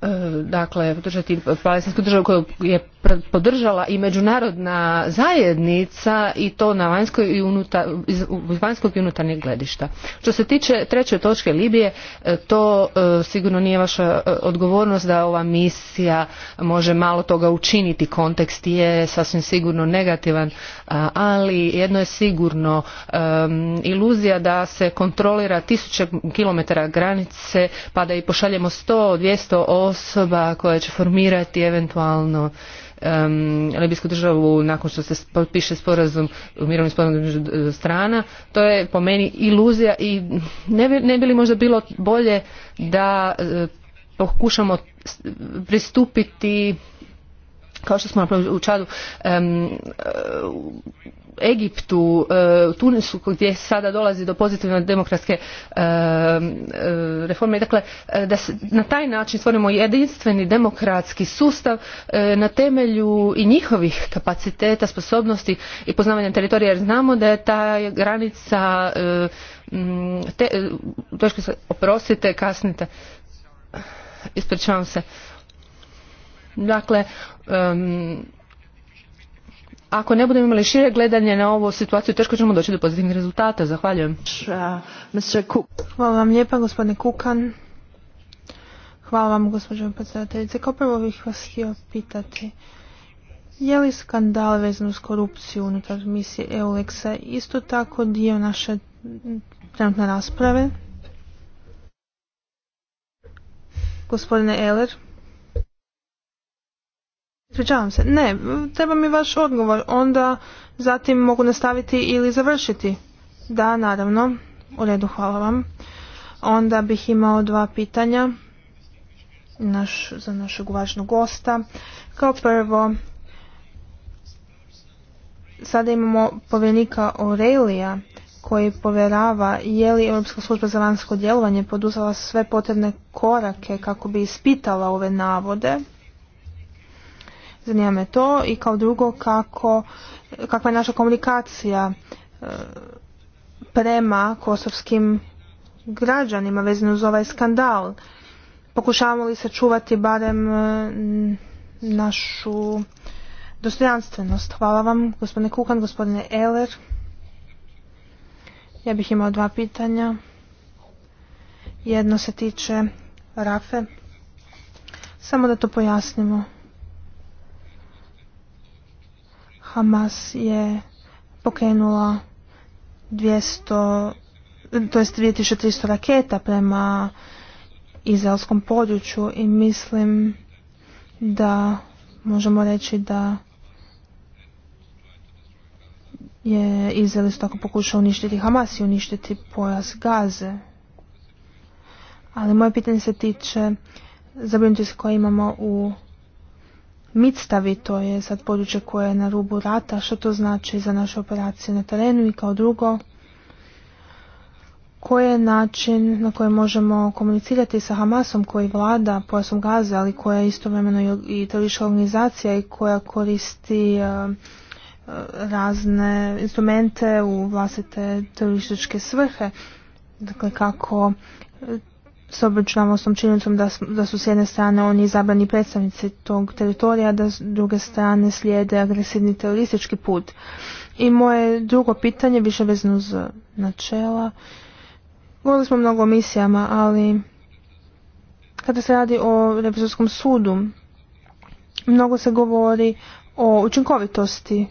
e, dakle podržati palestinsku državu koju je podržala i međunarodna zajednica i to na vanjskoj i iz vanjskog i unutarnjeg gledišta. Što se tiče treće točke Libije, e, to e, sigurno nije vaša e, odgovornost da ova misija može malo toga učiniti. Kontekst je sasvim sigurno negativan, ali jedno je sigurno iluzija da se kontrolira tisuće kilometara granice pa da i pošaljemo sto, 200 osoba koje će formirati eventualno Libijsku državu nakon što se potpiše sporazum u mirovni sporazum e, strana, to je po meni iluzija i ne bi, ne bi li možda bilo bolje da e, pokušamo pristupiti kao što smo napravili u Čadu e, Egiptu, e, Tunisu gdje sada dolazi do pozitivne demokratske e, e, reforme. Dakle, da se na taj način stvorimo jedinstveni demokratski sustav na temelju i njihovih kapaciteta, sposobnosti i poznavanja teritorija jer znamo da je ta granica te, teško se oprostite, kasnite. Ispričavam se. Dakle, ako ne budemo imali šire gledanje na ovu situaciju, teško ćemo doći do pozitivnih rezultata. Zahvaljujem. Hvala vam lijepa, gospodine Kukan. Hvala vam, gospođo predsjedateljice. Kao prvo bih vas htio pitati, je li skandal vezan uz korupciju unutar misije Eulexa isto tako dio naše trenutne rasprave? Gospodine eler Ispričavam se. Ne, treba mi vaš odgovor. Onda zatim mogu nastaviti ili završiti. Da, naravno. U redu, hvala vam. Onda bih imao dva pitanja naš, za našeg važnog gosta. Kao prvo, sada imamo povjerenika Aurelija koji povjerava je li Europska služba za vanjsko djelovanje poduzela sve potrebne korake kako bi ispitala ove navode Zanima me to i kao drugo kako, kakva je naša komunikacija e, prema kosovskim građanima vezano uz ovaj skandal. Pokušavamo li sačuvati barem e, našu dostojanstvenost. Hvala vam, gospodine Kukan, gospodine Eler. Ja bih imao dva pitanja. Jedno se tiče Rafe. Samo da to pojasnimo. Hamas je pokrenula 200, to jest 2300 raketa prema izraelskom području i mislim da možemo reći da je Izrael isto tako pokušao uništiti Hamas i uništiti pojas Gaze. Ali moje pitanje se tiče zabrinutosti koje imamo u Mitstavi, to je sad područje koje je na rubu rata, što to znači za naše operacije na terenu i kao drugo, koji je način na koji možemo komunicirati sa Hamasom koji vlada pojasom gaze, ali koja je istovremeno i teroristička organizacija i koja koristi e, e, razne instrumente u vlastite terorističke svrhe. Dakle, kako se obračunamo s tom činjenicom da, da su s jedne strane oni izabrani predstavnici tog teritorija, da s druge strane slijede agresivni teroristički put. I moje drugo pitanje, više vezano uz načela, govorili smo mnogo o misijama, ali kada se radi o revizorskom sudu, mnogo se govori o učinkovitosti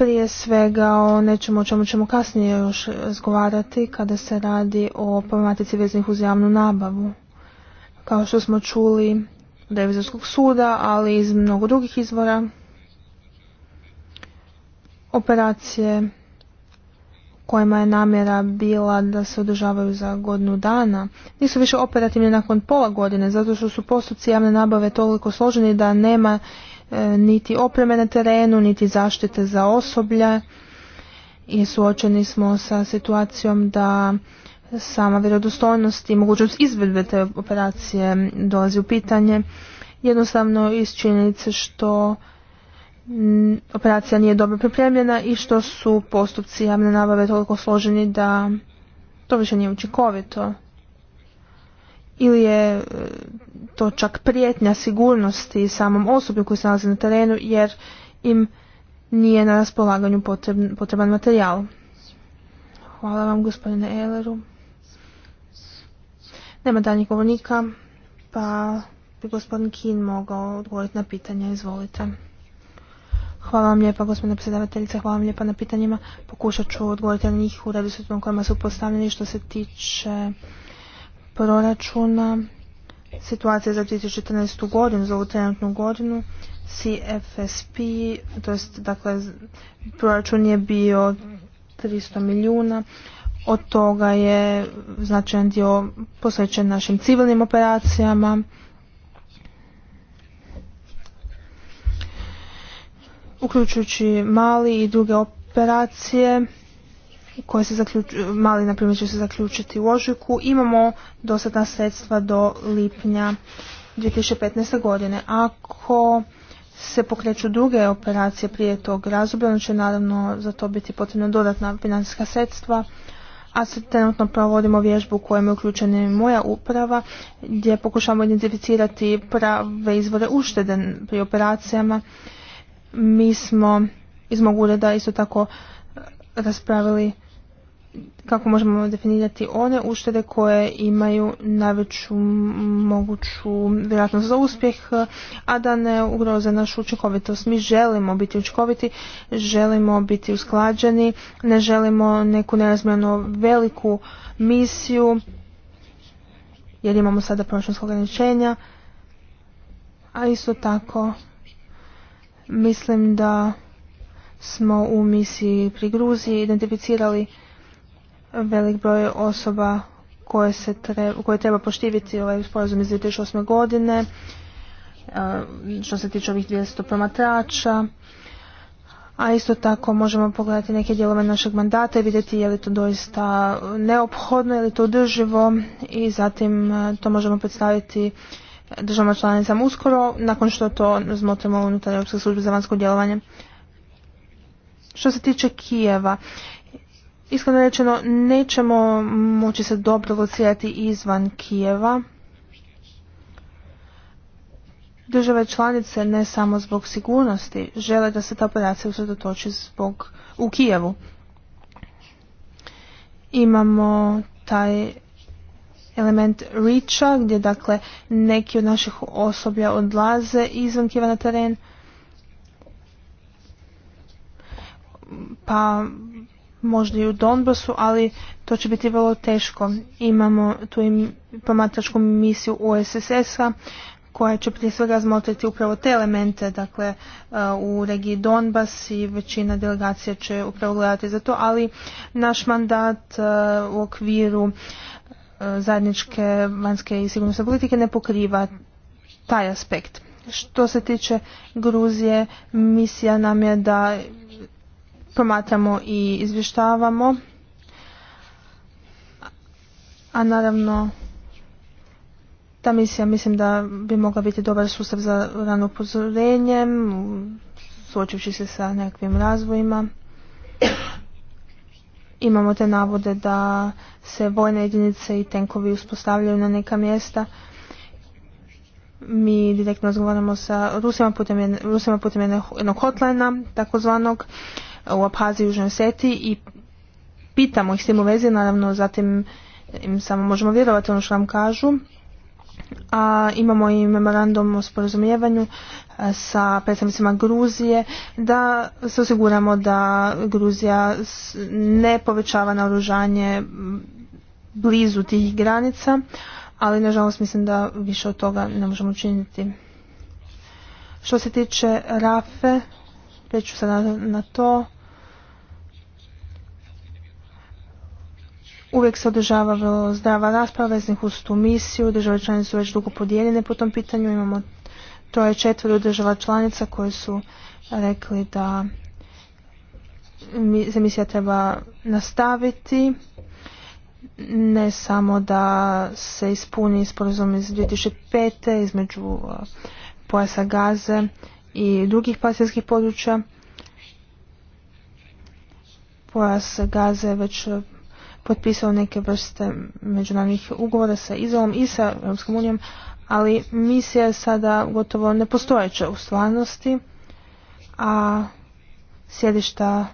prije svega o nečemu o čemu ćemo kasnije još razgovarati kada se radi o problematici vezanih uz javnu nabavu. Kao što smo čuli revizorskog suda, ali iz mnogo drugih izvora, operacije kojima je namjera bila da se održavaju za godinu dana, nisu više operativne nakon pola godine, zato što su postupci javne nabave toliko složeni da nema E, niti opreme na terenu, niti zaštite za osoblje i suočeni smo sa situacijom da sama vjerodostojnost i mogućnost izvedbe te operacije dolazi u pitanje jednostavno iz činjenice što operacija nije dobro pripremljena i što su postupci javne nabave toliko složeni da to više nije učinkovito ili je e, to čak prijetnja sigurnosti samom osoblju koji se nalazi na terenu jer im nije na raspolaganju potreban materijal. Hvala vam gospodine Eleru. Nema daljnjih govornika, pa bi gospodin Kin mogao odgovoriti na pitanja. Izvolite. Hvala vam lijepa gospodine predsjedavateljice, hvala vam lijepa na pitanjima. Pokušat ću odgovoriti na njih u redu kojima su postavljeni što se tiče proračuna situacija za 2014. godinu, za ovu trenutnu godinu, CFSP, to dakle, proračun je bio 300 milijuna, od toga je značajan dio posvećen našim civilnim operacijama. Uključujući mali i druge operacije, koje se zaključuju, mali na primjer će se zaključiti u ožujku, imamo dosadna sredstva do lipnja 2015. godine. Ako se pokreću druge operacije prije tog razdoblja, onda će naravno za to biti potrebno dodatna financijska sredstva, a se trenutno provodimo vježbu u kojem je uključena moja uprava, gdje pokušamo identificirati prave izvore uštede pri operacijama. Mi smo iz mog ureda isto tako eh, raspravili kako možemo definirati one uštede koje imaju najveću moguću vjerojatnost za uspjeh, a da ne ugroze našu učinkovitost. Mi želimo biti učinkoviti, želimo biti usklađeni, ne želimo neku nerazmjerno veliku misiju, jer imamo sada proračunska ograničenja, a isto tako mislim da smo u misiji pri Gruziji identificirali velik broj osoba koje, se treba, koje treba poštiviti ovaj sporazum iz 2008. godine, e, što se tiče ovih 200 promatrača, a isto tako možemo pogledati neke dijelove našeg mandata i vidjeti je li to doista neophodno, je li to održivo i zatim e, to možemo predstaviti državama članicama uskoro, nakon što to razmotrimo unutar Europske službe za vanjsko djelovanje. Što se tiče Kijeva, Iskreno rečeno, nećemo moći se dobro locirati izvan Kijeva. Države članice ne samo zbog sigurnosti žele da se ta operacija usredotoči zbog u Kijevu. Imamo taj element riča gdje dakle neki od naših osoblja odlaze izvan Kijeva na teren. Pa možda i u Donbasu, ali to će biti vrlo teško. Imamo tu i promatračku misiju OSSS-a koja će prije svega razmotriti upravo te elemente, dakle uh, u regiji Donbas i većina delegacija će upravo gledati za to, ali naš mandat uh, u okviru uh, zajedničke vanjske i sigurnosne politike ne pokriva taj aspekt. Što se tiče Gruzije, misija nam je da promatramo i izvještavamo. A naravno, ta misija mislim da bi mogla biti dobar sustav za rano upozorenje, suočujući se sa nekakvim razvojima. Imamo te navode da se vojne jedinice i tenkovi uspostavljaju na neka mjesta. Mi direktno razgovaramo sa Rusima putem, Rusima putem jednog hotlina, takozvanog u Abhaziji i i pitamo ih s tim u vezi, naravno zatim im samo možemo vjerovati ono što vam kažu. A imamo i memorandum o sporazumijevanju e, sa predstavnicima Gruzije da se osiguramo da Gruzija ne povećava naoružanje blizu tih granica, ali nažalost mislim da više od toga ne možemo učiniti. Što se tiče Rafe, reću sada na to, Uvijek se održava zdrava rasprava veznih uz tu misiju. Države članice su već dugo podijeljene po tom pitanju. Imamo to je država članica koje su rekli da se misija treba nastaviti ne samo da se ispuni sporazum iz 2005. između uh, pojasa Gaze i drugih pasijskih područja. Pojas Gaze već potpisao neke vrste međunarodnih ugovora sa Izraelom i sa Europskom unijom, ali misija je sada gotovo nepostojeća u stvarnosti, a sjedišta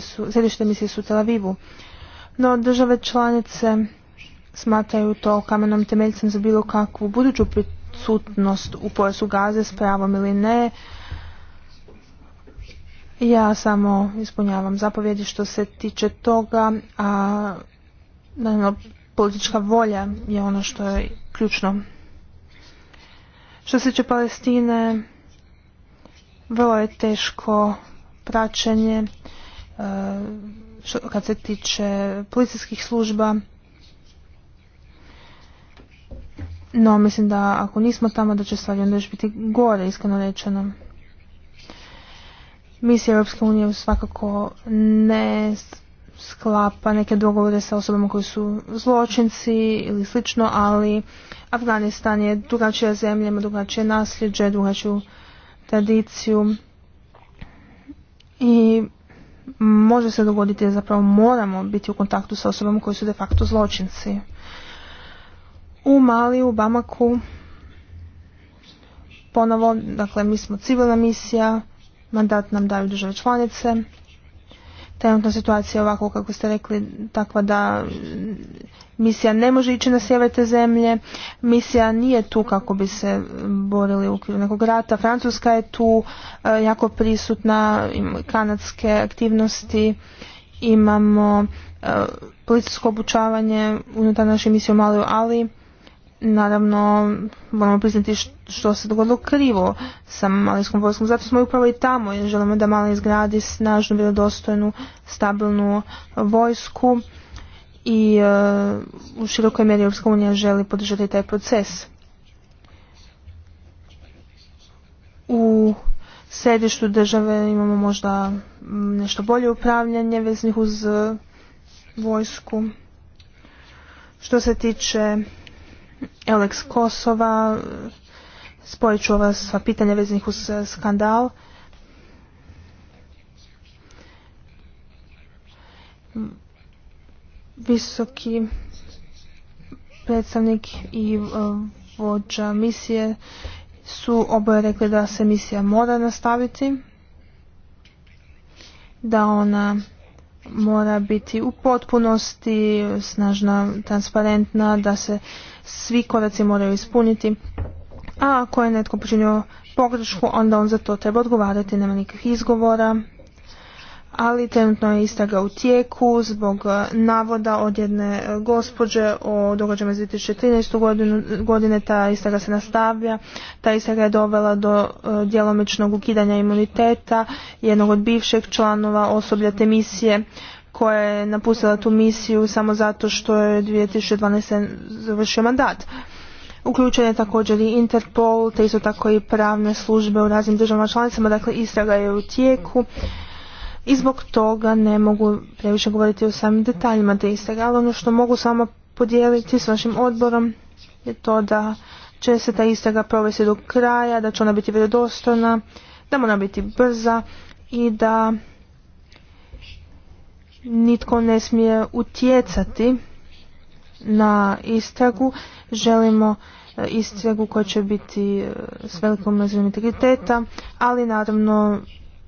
su, sjedište misije su u Tel Avivu. No države članice smatraju to kamenom temeljcem za bilo kakvu buduću prisutnost u pojasu gaze s pravom ili ne. Ja samo ispunjavam zapovjedi što se tiče toga, a Naravno, politička volja je ono što je ključno. Što se tiče Palestine, vrlo je teško praćenje e, kad se tiče policijskih služba. No, mislim da ako nismo tamo, da će stvari onda još biti gore, iskreno rečeno. Misija Europske unije svakako ne sklapa neke dogovore sa osobama koji su zločinci ili slično, ali Afganistan je drugačija zemlja, ima drugačije nasljeđe, drugačiju tradiciju i može se dogoditi da zapravo moramo biti u kontaktu sa osobama koji su de facto zločinci. U Mali, u Bamaku, ponovo, dakle, mi smo civilna misija, mandat nam daju države članice, trenutna situacija ovako kako ste rekli takva da misija ne može ići na sjever te zemlje, misija nije tu kako bi se borili u okviru nekog rata, Francuska je tu e, jako prisutna, kanadske aktivnosti, imamo e, policijsko obučavanje unutar naše misije u Maliju, ali naravno moramo priznati što se dogodilo krivo sa Malijskom vojskom. Zato smo upravo i tamo jer želimo da Malija izgradi snažnu, vjerodostojnu, stabilnu vojsku i e, u širokoj mjeri Europska unija želi podržati taj proces. U središtu države imamo možda nešto bolje upravljanje veznih uz e, vojsku. Što se tiče Elex Kosova, spojit ću ova sva pitanja vezanih uz eh, skandal. Visoki predstavnik i eh, vođa misije su oboje rekli da se misija mora nastaviti, da ona mora biti u potpunosti snažna, transparentna, da se svi koraci moraju ispuniti, a ako je netko počinio pogrešku, onda on za to treba odgovarati, nema nikakvih izgovora. Ali trenutno je istraga u tijeku zbog e, navoda od jedne e, gospođe o događajima iz 2013. Godinu, godine. Ta istraga se nastavlja. Ta istraga je dovela do e, djelomičnog ukidanja imuniteta jednog od bivšeg članova osoblja te misije koja je napustila tu misiju samo zato što je 2012. završio mandat. Uključen je također i Interpol, te isto tako i pravne službe u raznim državama članicama, dakle istraga je u tijeku i zbog toga ne mogu previše govoriti o samim detaljima te istrage, ali ono što mogu samo podijeliti s vašim odborom je to da će se ta istraga provesti do kraja, da će ona biti vjerodostojna, da mora biti brza i da nitko ne smije utjecati na istragu. Želimo e, istragu koja će biti e, s velikom razinom integriteta, ali naravno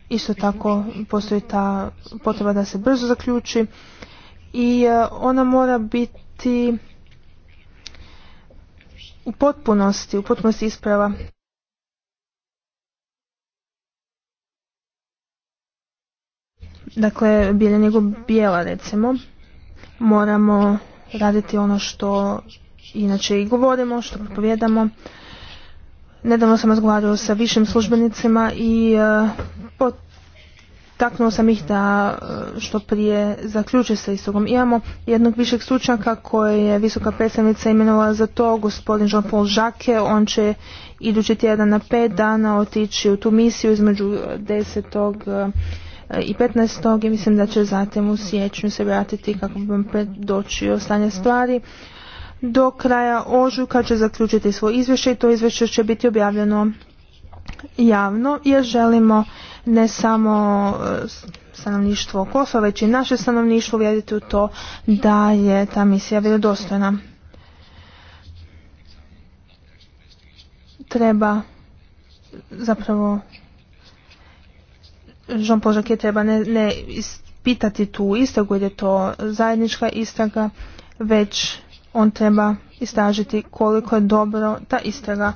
isto tako postoji ta potreba da se brzo zaključi i e, ona mora biti u potpunosti, u potpunosti isprava Dakle, bilje nego bijela recimo. Moramo raditi ono što inače i govorimo, što propovjedamo. Nedavno sam razgovarala sa višim službenicima i uh, sam ih da e, što prije zaključe sa istogom. Imamo jednog višeg stručnjaka koje je visoka predstavnica imenovala za to, gospodin Jean-Paul Jacques, on će idući tjedan na pet dana otići u tu misiju između 10 i 15. i mislim da će zatim u siječnju se vratiti kako bi vam predočio stanje stvari. Do kraja ožujka će zaključiti svoj izvješće i to izvješće će biti objavljeno javno jer želimo ne samo e, stanovništvo Kosova, već i naše stanovništvo uvjeriti u to da je ta misija vjerodostojna. Treba zapravo Jean-Paul Jacquet treba ne, ne pitati tu istragu jer je to zajednička istraga, već on treba istražiti koliko je dobro ta istraga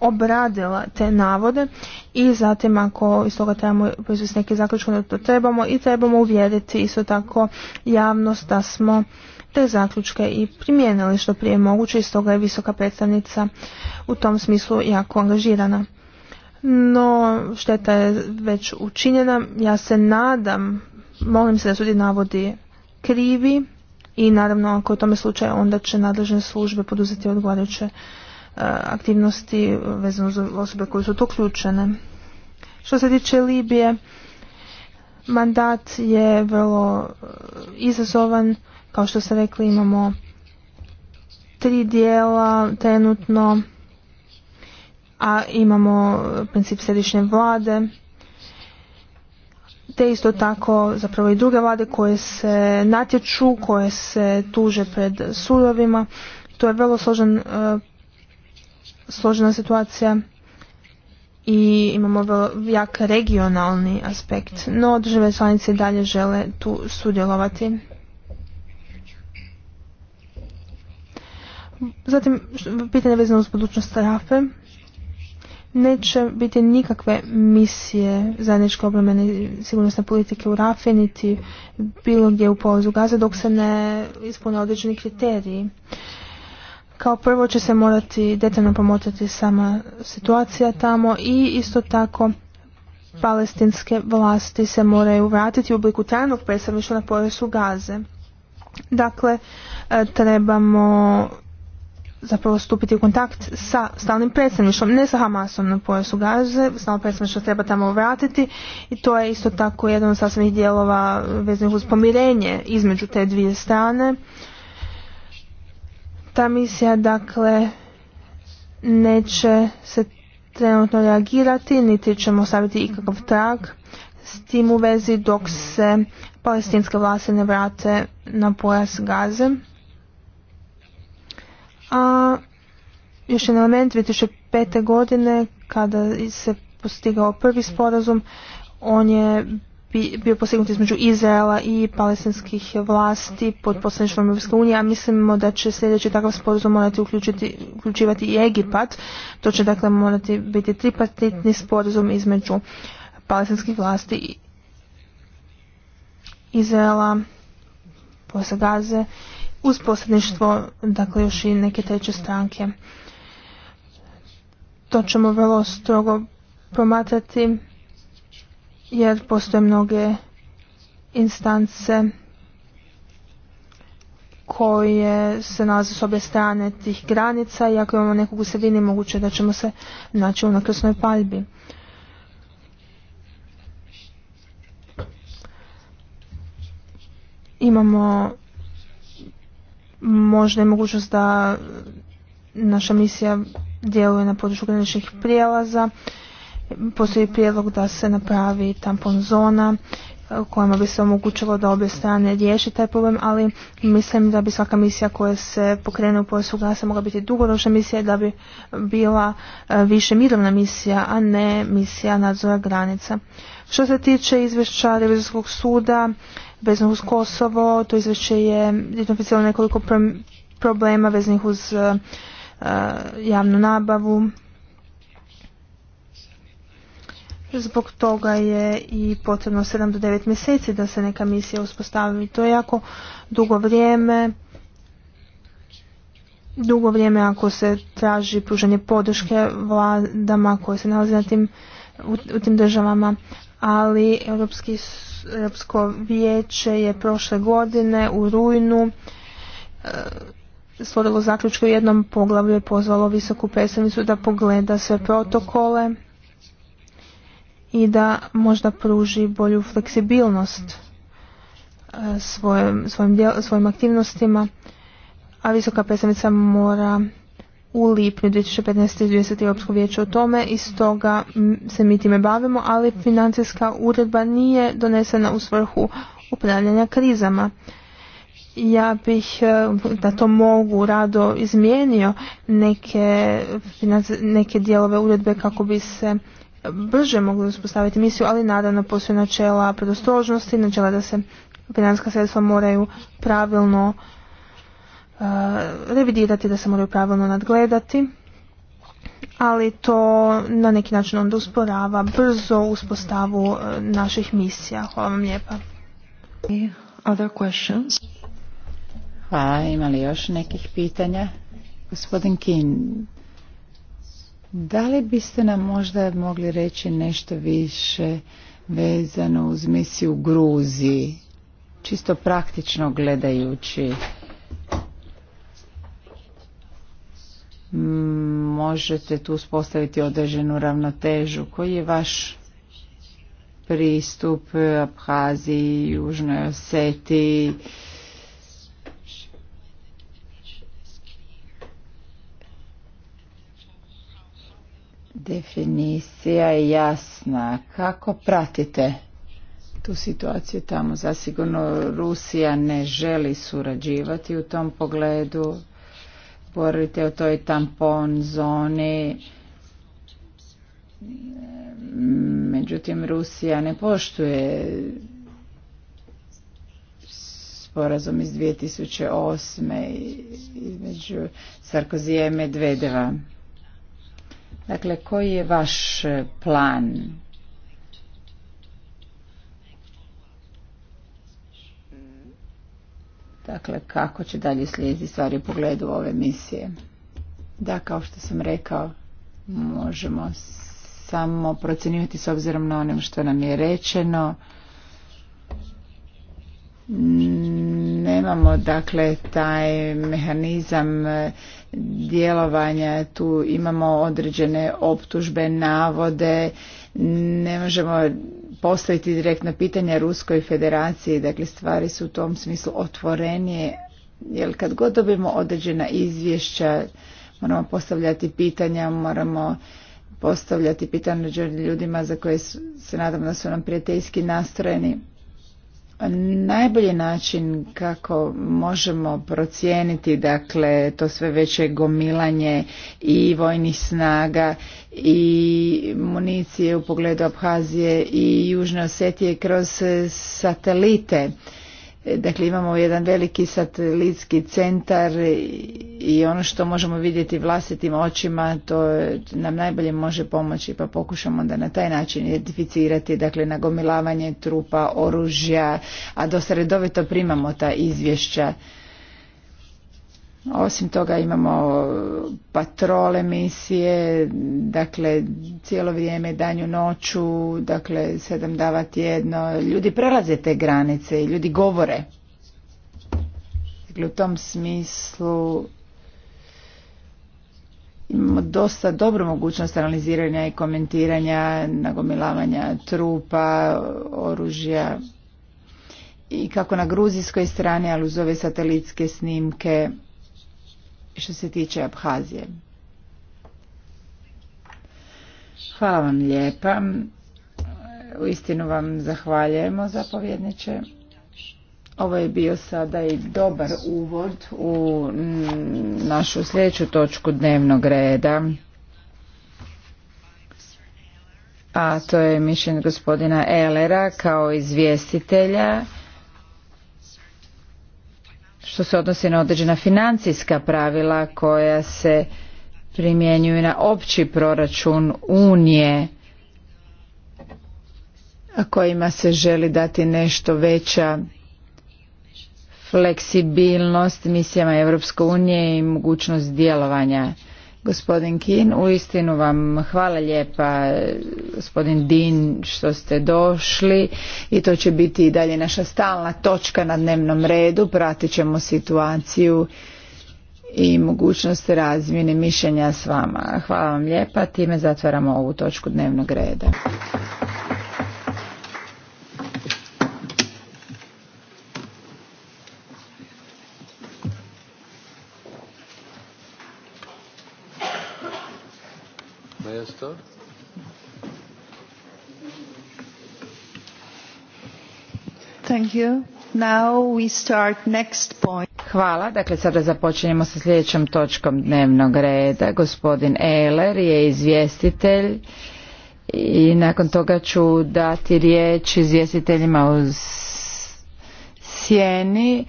obradila te navode i zatim ako iz toga trebamo proizvesti neke zaključke da to trebamo i trebamo uvjeriti isto tako javnost da smo te zaključke i primijenili što prije moguće i stoga je visoka predstavnica u tom smislu jako angažirana no šteta je već učinjena. Ja se nadam, molim se da su navodi krivi i naravno ako je tome slučaj onda će nadležne službe poduzeti odgovarajuće e, aktivnosti vezano za osobe koje su to uključene. Što se tiče Libije, mandat je vrlo e, izazovan. Kao što ste rekli imamo tri dijela trenutno a imamo princip središnje vlade, te isto tako zapravo i druge vlade koje se natječu, koje se tuže pred sudovima. To je vrlo složen, e, složena situacija i imamo vrlo jak regionalni aspekt, no države članice dalje žele tu sudjelovati. Zatim, pitanje vezano uz budućnost Rafe neće biti nikakve misije zajedničke obrambene sigurnosne politike u Rafi niti bilo gdje u polozu Gaza dok se ne ispune određeni kriteriji. Kao prvo će se morati detaljno pomotrati sama situacija tamo i isto tako palestinske vlasti se moraju vratiti u obliku trajnog predstavništva na pojasu Gaze. Dakle, e, trebamo zapravo stupiti u kontakt sa stalnim predstavništvom, ne sa Hamasom na pojasu Gaze, stalno predstavništvo treba tamo vratiti i to je isto tako jedan od sasvih dijelova vezanih uz pomirenje između te dvije strane. Ta misija dakle neće se trenutno reagirati, niti ćemo staviti ikakav trag s tim u vezi dok se palestinske vlasti ne vrate na pojas Gaze. A još jedan element 2005. godine kada se postigao prvi sporazum, on je bio postignut između Izraela i palestinskih vlasti pod posljedničnom Europske unije, a mislimo da će sljedeći takav sporazum morati uključivati i Egipat. To će dakle morati biti tripartitni sporazum između palestinskih vlasti i Izraela, posle Gaze uz posredništvo dakle još i neke treće stranke. To ćemo vrlo strogo promatrati jer postoje mnoge instance koje se nalaze s obje strane tih granica i ako imamo nekog u sredini moguće da ćemo se naći u nakrsnoj paljbi. Imamo možda je mogućnost da naša misija djeluje na području graničnih prijelaza. Postoji prijedlog da se napravi tampon zona e, kojima bi se omogućilo da obje strane riješi taj problem, ali mislim da bi svaka misija koja se pokrene u pojasu glasa mogla biti dugoročna misija da bi bila e, više mirovna misija, a ne misija nadzora granica. Što se tiče izvješća Revizorskog suda, vezano uz Kosovo. To izvješće je identificiralo nekoliko problema veznih uz e, e, javnu nabavu. Zbog toga je i potrebno 7 do 9 mjeseci da se neka misija uspostavi. To je jako dugo vrijeme. Dugo vrijeme ako se traži pružanje podrške vladama koje se nalaze u, u tim državama. Ali Europski Europsko vijeće je prošle godine u rujnu e, stvorilo zaključku u jednom poglavlju je pozvalo visoku predstavnicu da pogleda sve protokole i da možda pruži bolju fleksibilnost e, svojim, svojim aktivnostima, a visoka predstavnica mora u lipnju 2015. izvijestiti Europsko vijeće o tome i stoga se mi time bavimo, ali financijska uredba nije donesena u svrhu upravljanja krizama. Ja bih da e, to mogu rado izmijenio neke, neke dijelove uredbe kako bi se brže mogli uspostaviti misiju, ali naravno postoje načela predostrožnosti, načela da se financijska sredstva moraju pravilno E, revidirati, da se moraju pravilno nadgledati, ali to na neki način onda usporava brzo uspostavu e, naših misija. Hvala vam lijepa. Hvala, ima li još nekih pitanja? Gospodin Kin, da li biste nam možda mogli reći nešto više vezano uz misiju Gruziji? Čisto praktično gledajući možete tu uspostaviti određenu ravnotežu. Koji je vaš pristup Abhaziji, Južnoj Oseti? Definicija je jasna. Kako pratite tu situaciju tamo? Zasigurno Rusija ne želi surađivati u tom pogledu govorite o toj tampon zoni međutim Rusija ne poštuje sporazum iz 2008. između Sarkozije i Medvedeva. Dakle, koji je vaš plan dakle kako će dalje slijediti stvari u pogledu ove misije. Da, kao što sam rekao, možemo samo procjenjivati s obzirom na onim što nam je rečeno. Nemamo dakle taj mehanizam djelovanja, tu imamo određene optužbe, navode, ne možemo postaviti direktno pitanja Ruskoj federaciji, dakle stvari su u tom smislu otvorenije, jer kad god dobijemo određena izvješća, moramo postavljati pitanja, moramo postavljati pitanja ljudima za koje se nadam da su nam prijateljski nastrojeni. Najbolji način kako možemo procijeniti dakle to sve veće gomilanje i vojnih snaga i municije u pogledu Abhazije i Južne Osetije kroz satelite E, dakle, imamo jedan veliki satelitski centar i ono što možemo vidjeti vlastitim očima, to nam najbolje može pomoći, pa pokušamo da na taj način identificirati, dakle, nagomilavanje trupa, oružja, a dosta redovito primamo ta izvješća osim toga imamo patrole misije, dakle cijelo vrijeme danju noću, dakle sedam dava tjedno. Ljudi prelaze te granice i ljudi govore. Dakle u tom smislu imamo dosta dobru mogućnost analiziranja i komentiranja, nagomilavanja trupa, oružja i kako na gruzijskoj strani, ali uz ove satelitske snimke što se tiče Abhazije. Hvala vam lijepa. istinu vam zahvaljujemo, zapovjedniče. Ovo je bio sada i dobar uvod u mm, našu sljedeću točku dnevnog reda. A to je mišljenje gospodina Elera kao izvjestitelja što se odnosi na određena financijska pravila koja se primjenjuju na opći proračun Unije a kojima se želi dati nešto veća fleksibilnost misijama Europske unije i mogućnost djelovanja. Gospodin Kin, u vam hvala lijepa gospodin Din što ste došli i to će biti i dalje naša stalna točka na dnevnom redu. Pratit ćemo situaciju i mogućnost razmjene mišljenja s vama. Hvala vam lijepa, time zatvaramo ovu točku dnevnog reda. mjesto. Thank you. Now we start next point. Hvala. Dakle, sada započinjemo sa sljedećom točkom dnevnog reda. Gospodin Ehler je izvjestitelj i nakon toga ću dati riječ izvjestiteljima u sjeni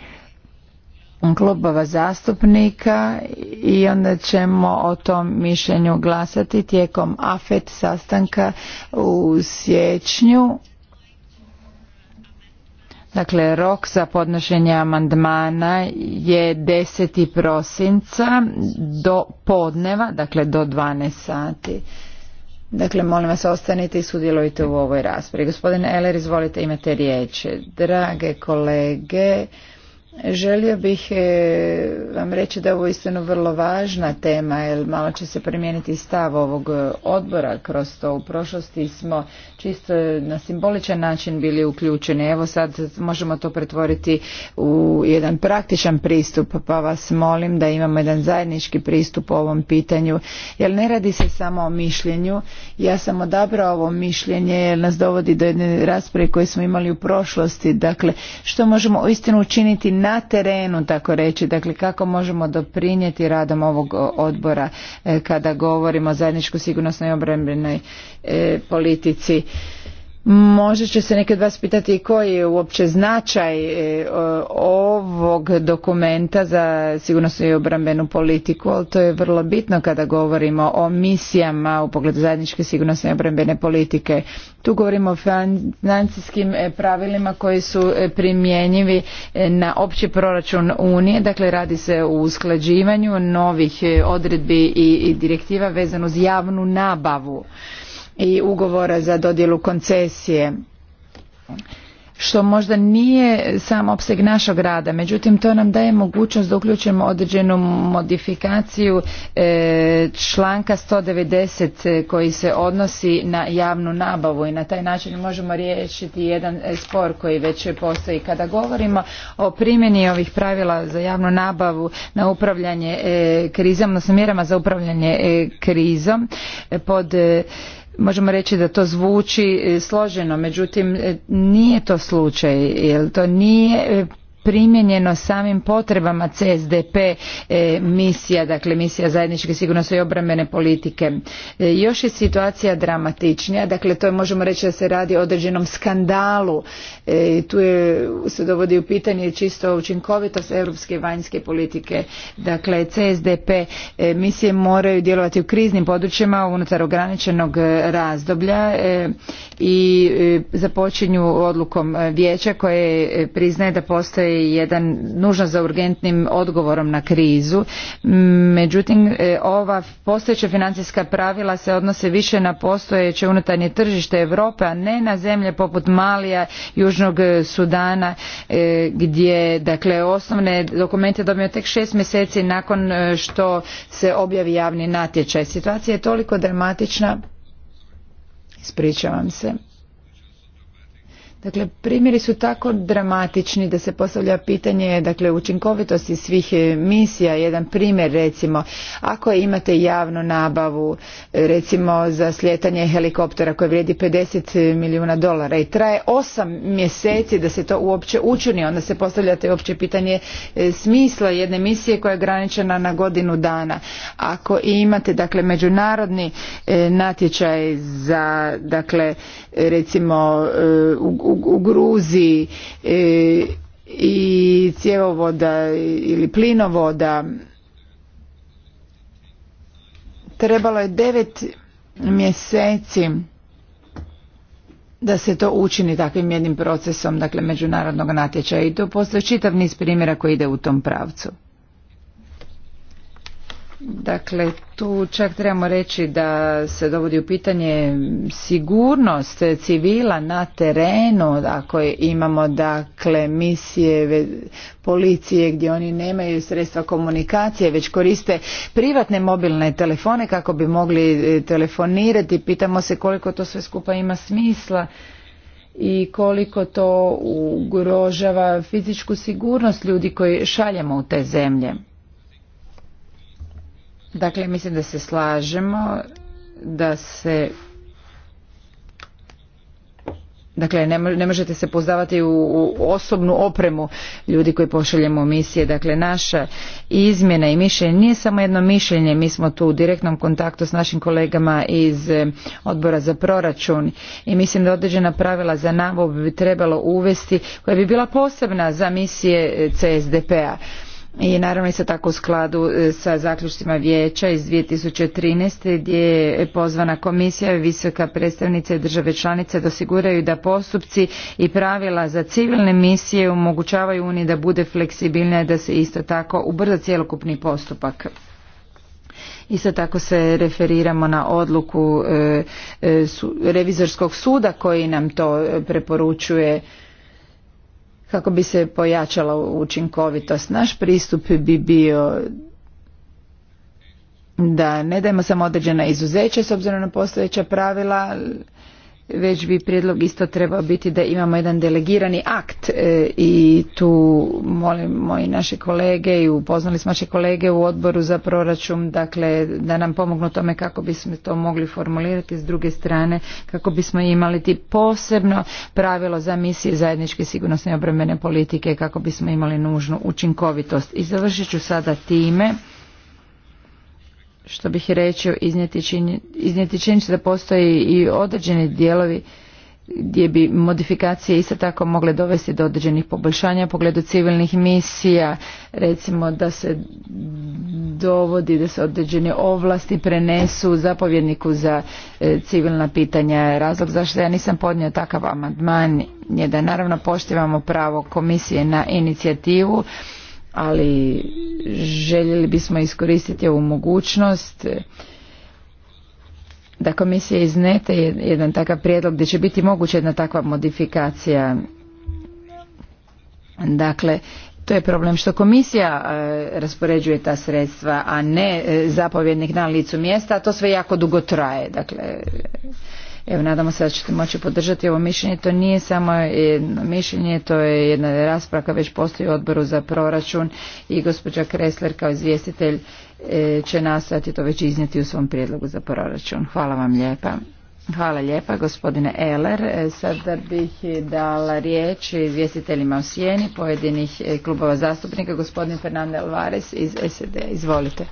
klubova zastupnika i onda ćemo o tom mišljenju glasati tijekom AFET sastanka u siječnju. Dakle, rok za podnošenje amandmana je 10. prosinca do podneva, dakle do 12 sati. Dakle, molim vas, ostanite i sudjelujte u ovoj raspravi. Gospodine Eler, izvolite, imate riječ. Drage kolege, Želio bih e, vam reći da je ovo istinu vrlo važna tema jer malo će se primijeniti stav ovog e, odbora kroz to. U prošlosti smo čisto na simboličan način bili uključeni. Evo sad možemo to pretvoriti u jedan praktičan pristup pa vas molim da imamo jedan zajednički pristup u ovom pitanju jer ne radi se samo o mišljenju. Ja sam odabrao ovo mišljenje jer nas dovodi do jedne rasprave koje smo imali u prošlosti. Dakle, što možemo uistinu učiniti na terenu, tako reći, dakle kako možemo doprinijeti radom ovog odbora e, kada govorimo o zajedničkoj sigurnosnoj i obrambenoj e, politici. Možda će se nekad vas pitati koji je uopće značaj e, ovog dokumenta za sigurnosnu i obrambenu politiku, ali to je vrlo bitno kada govorimo o misijama u pogledu zajedničke sigurnosne i obrambene politike. Tu govorimo o financijskim e, pravilima koji su e, primjenjivi na opći proračun Unije, dakle radi se o usklađivanju novih odredbi i direktiva vezano uz javnu nabavu i ugovora za dodjelu koncesije što možda nije sam opseg našog rada, međutim to nam daje mogućnost da uključimo određenu modifikaciju e, članka 190 e, koji se odnosi na javnu nabavu i na taj način možemo riješiti jedan e, spor koji već postoji. Kada govorimo o primjeni ovih pravila za javnu nabavu na upravljanje krizom, odnosno mjerama za upravljanje krizom pod možemo reći da to zvuči e, složeno, međutim e, nije to slučaj, jer to nije e, primjenjeno samim potrebama CSDP e, misija, dakle misija zajedničke sigurnosti i obrambene politike. E, još je situacija dramatičnija, dakle to je možemo reći da se radi o određenom skandalu. E, tu se dovodi u pitanje čisto učinkovitost europske vanjske politike. Dakle, CSDP misije moraju djelovati u kriznim područjima unutar ograničenog razdoblja i e, započinju odlukom e, vijeća koje e, priznaje da postoji jedan nužan za urgentnim odgovorom na krizu. Međutim, ova postojeća financijska pravila se odnose više na postojeće unutarnje tržište Europe, a ne na zemlje poput Malija, Južnog Sudana, gdje dakle osnovne dokumente dobiju tek šest mjeseci nakon što se objavi javni natječaj. Situacija je toliko dramatična Ispričavam se. Dakle, primjeri su tako dramatični da se postavlja pitanje dakle, učinkovitosti svih e, misija. Jedan primjer recimo, ako imate javnu nabavu recimo za sljetanje helikoptera koje vrijedi 50 milijuna dolara i traje 8 mjeseci da se to uopće učini, onda se postavljate uopće pitanje e, smisla jedne misije koja je ograničena na godinu dana. Ako imate dakle međunarodni e, natječaj za dakle recimo u u, Gruziji e, i cjevovoda ili plinovoda trebalo je devet mjeseci da se to učini takvim jednim procesom, dakle međunarodnog natječaja i to postoji čitav niz primjera koji ide u tom pravcu. Dakle, tu čak trebamo reći da se dovodi u pitanje sigurnost civila na terenu, ako imamo dakle misije policije gdje oni nemaju sredstva komunikacije, već koriste privatne mobilne telefone kako bi mogli e, telefonirati, pitamo se koliko to sve skupa ima smisla i koliko to ugrožava fizičku sigurnost ljudi koji šaljemo u te zemlje. Dakle, mislim da se slažemo da se Dakle, ne možete se pozdavati u, osobnu opremu ljudi koji pošaljemo misije. Dakle, naša izmjena i mišljenje nije samo jedno mišljenje. Mi smo tu u direktnom kontaktu s našim kolegama iz eh, odbora za proračun i mislim da određena pravila za nabavu bi trebalo uvesti koja bi bila posebna za misije eh, CSDP-a i naravno isto tako u skladu e, sa zaključcima vijeća iz 2013. gdje je pozvana komisija i visoka predstavnica države članice da osiguraju da postupci i pravila za civilne misije omogućavaju Uniji da bude fleksibilna i da se isto tako ubrza cjelokupni postupak. Isto tako se referiramo na odluku e, e, revizorskog suda koji nam to preporučuje kako bi se pojačala učinkovitost. Naš pristup bi bio da ne dajemo samo određena izuzeća s obzirom na postojeća pravila, već bi prijedlog isto trebao biti da imamo jedan delegirani akt e, i tu molimo i naše kolege i upoznali smo naše kolege u odboru za proračun dakle da nam pomognu tome kako bismo to mogli formulirati s druge strane kako bismo imali ti posebno pravilo za misije zajedničke sigurnosne i obrambene politike kako bismo imali nužnu učinkovitost i završit ću sada time što bih rečio iznijeti činjenicu da postoji i određeni dijelovi gdje bi modifikacije isto tako mogle dovesti do određenih poboljšanja u pogledu civilnih misija, recimo da se dovodi da se određene ovlasti prenesu zapovjedniku za e, civilna pitanja. Razlog zašto ja nisam podnio takav amandman je da naravno poštivamo pravo komisije na inicijativu, ali željeli bismo iskoristiti ovu mogućnost da komisija iznete jedan takav prijedlog gdje će biti moguća jedna takva modifikacija. Dakle, to je problem što komisija e, raspoređuje ta sredstva, a ne e, zapovjednik na licu mjesta, a to sve jako dugo traje. Dakle, Evo, nadamo se da ćete moći podržati ovo mišljenje. To nije samo jedno mišljenje, to je jedna rasprava već postoji u odboru za proračun i gospođa Kresler kao izvjestitelj e, će nastojati to već iznijeti u svom prijedlogu za proračun. Hvala vam lijepa. Hvala lijepa gospodine Eler. E, sada bih dala riječ izvjestiteljima u sjeni pojedinih e, klubova zastupnika. Gospodin Fernando Alvarez iz SED. Izvolite.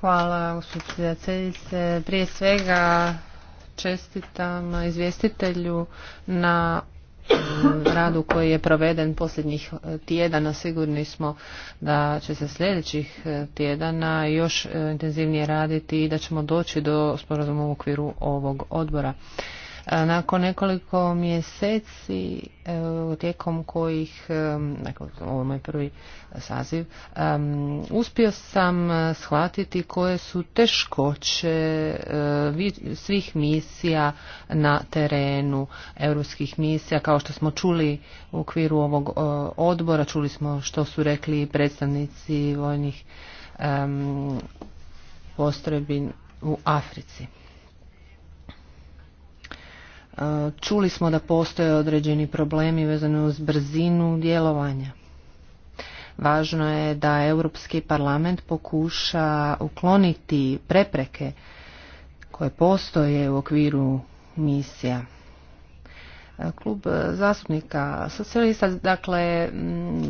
Hvala, gospodine Prije svega čestitam izvjestitelju na mm, radu koji je proveden posljednjih e, tjedana. Sigurni smo da će se sljedećih e, tjedana još e, intenzivnije raditi i da ćemo doći do sporazuma u okviru ovog odbora. Nakon nekoliko mjeseci e, tijekom kojih, e, dakle, ovo je moj prvi saziv, e, uspio sam shvatiti koje su teškoće svih misija na terenu europskih misija. Kao što smo čuli u okviru ovog odbora, čuli smo što su rekli predstavnici vojnih postrojbi u Africi. Čuli smo da postoje određeni problemi vezani uz brzinu djelovanja. Važno je da Europski parlament pokuša ukloniti prepreke koje postoje u okviru misija. Klub zastupnika socijalista dakle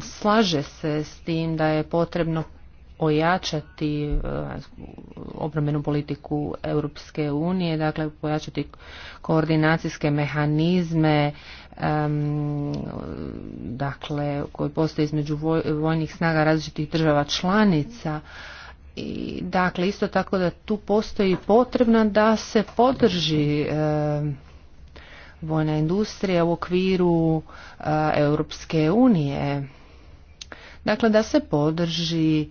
slaže se s tim da je potrebno ojačati e, obrambenu politiku Europske unije, dakle pojačati koordinacijske mehanizme dakle koji postoje između vojnih snaga različitih država članica i dakle isto tako da tu postoji potrebna da se podrži vojna industrija u okviru e, Europske unije. Dakle da se podrži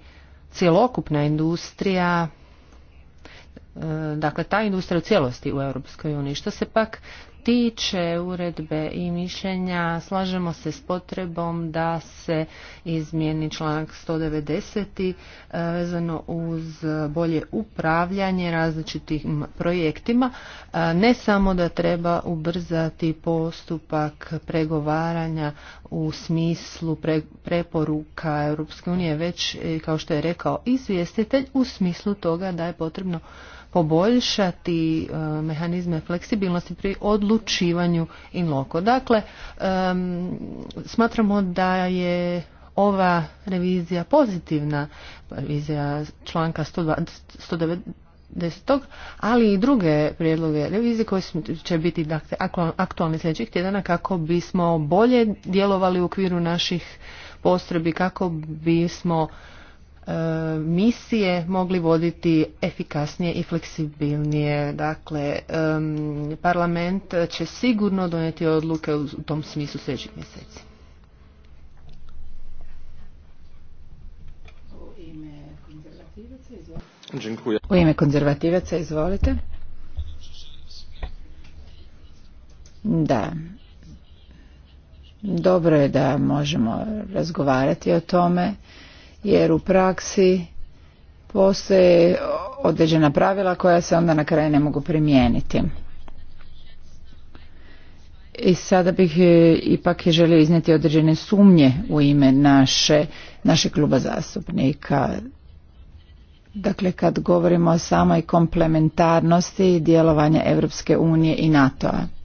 cjelokupna industrija, e, dakle ta industrija u cijelosti u Europskoj uniji. Što se pak tiče uredbe i mišljenja, slažemo se s potrebom da se izmijeni članak 190. E, vezano uz bolje upravljanje različitim projektima. E, ne samo da treba ubrzati postupak pregovaranja u smislu preporuka Europske unije, već e, kao što je rekao izvjestitelj u smislu toga da je potrebno poboljšati e, mehanizme fleksibilnosti pri odlučivanju in loko. Dakle, smatramo da je ova revizija pozitivna, revizija članka 120, 190. ali i druge prijedloge revizije koje će biti dakle, aktualni sljedećih tjedana kako bismo bolje djelovali u okviru naših postrebi, kako bismo E, misije mogli voditi efikasnije i fleksibilnije. Dakle, parlament će sigurno donijeti odluke u tom smislu sljedećih mjeseci. U ime konzervativaca izvolite. Da. Dobro je da možemo razgovarati o tome jer u praksi postoje određena pravila koja se onda na kraju ne mogu primijeniti. I sada bih e, ipak želio iznijeti određene sumnje u ime naše, naše kluba zastupnika. Dakle, kad govorimo o samoj komplementarnosti djelovanja Europske unije i NATO-a.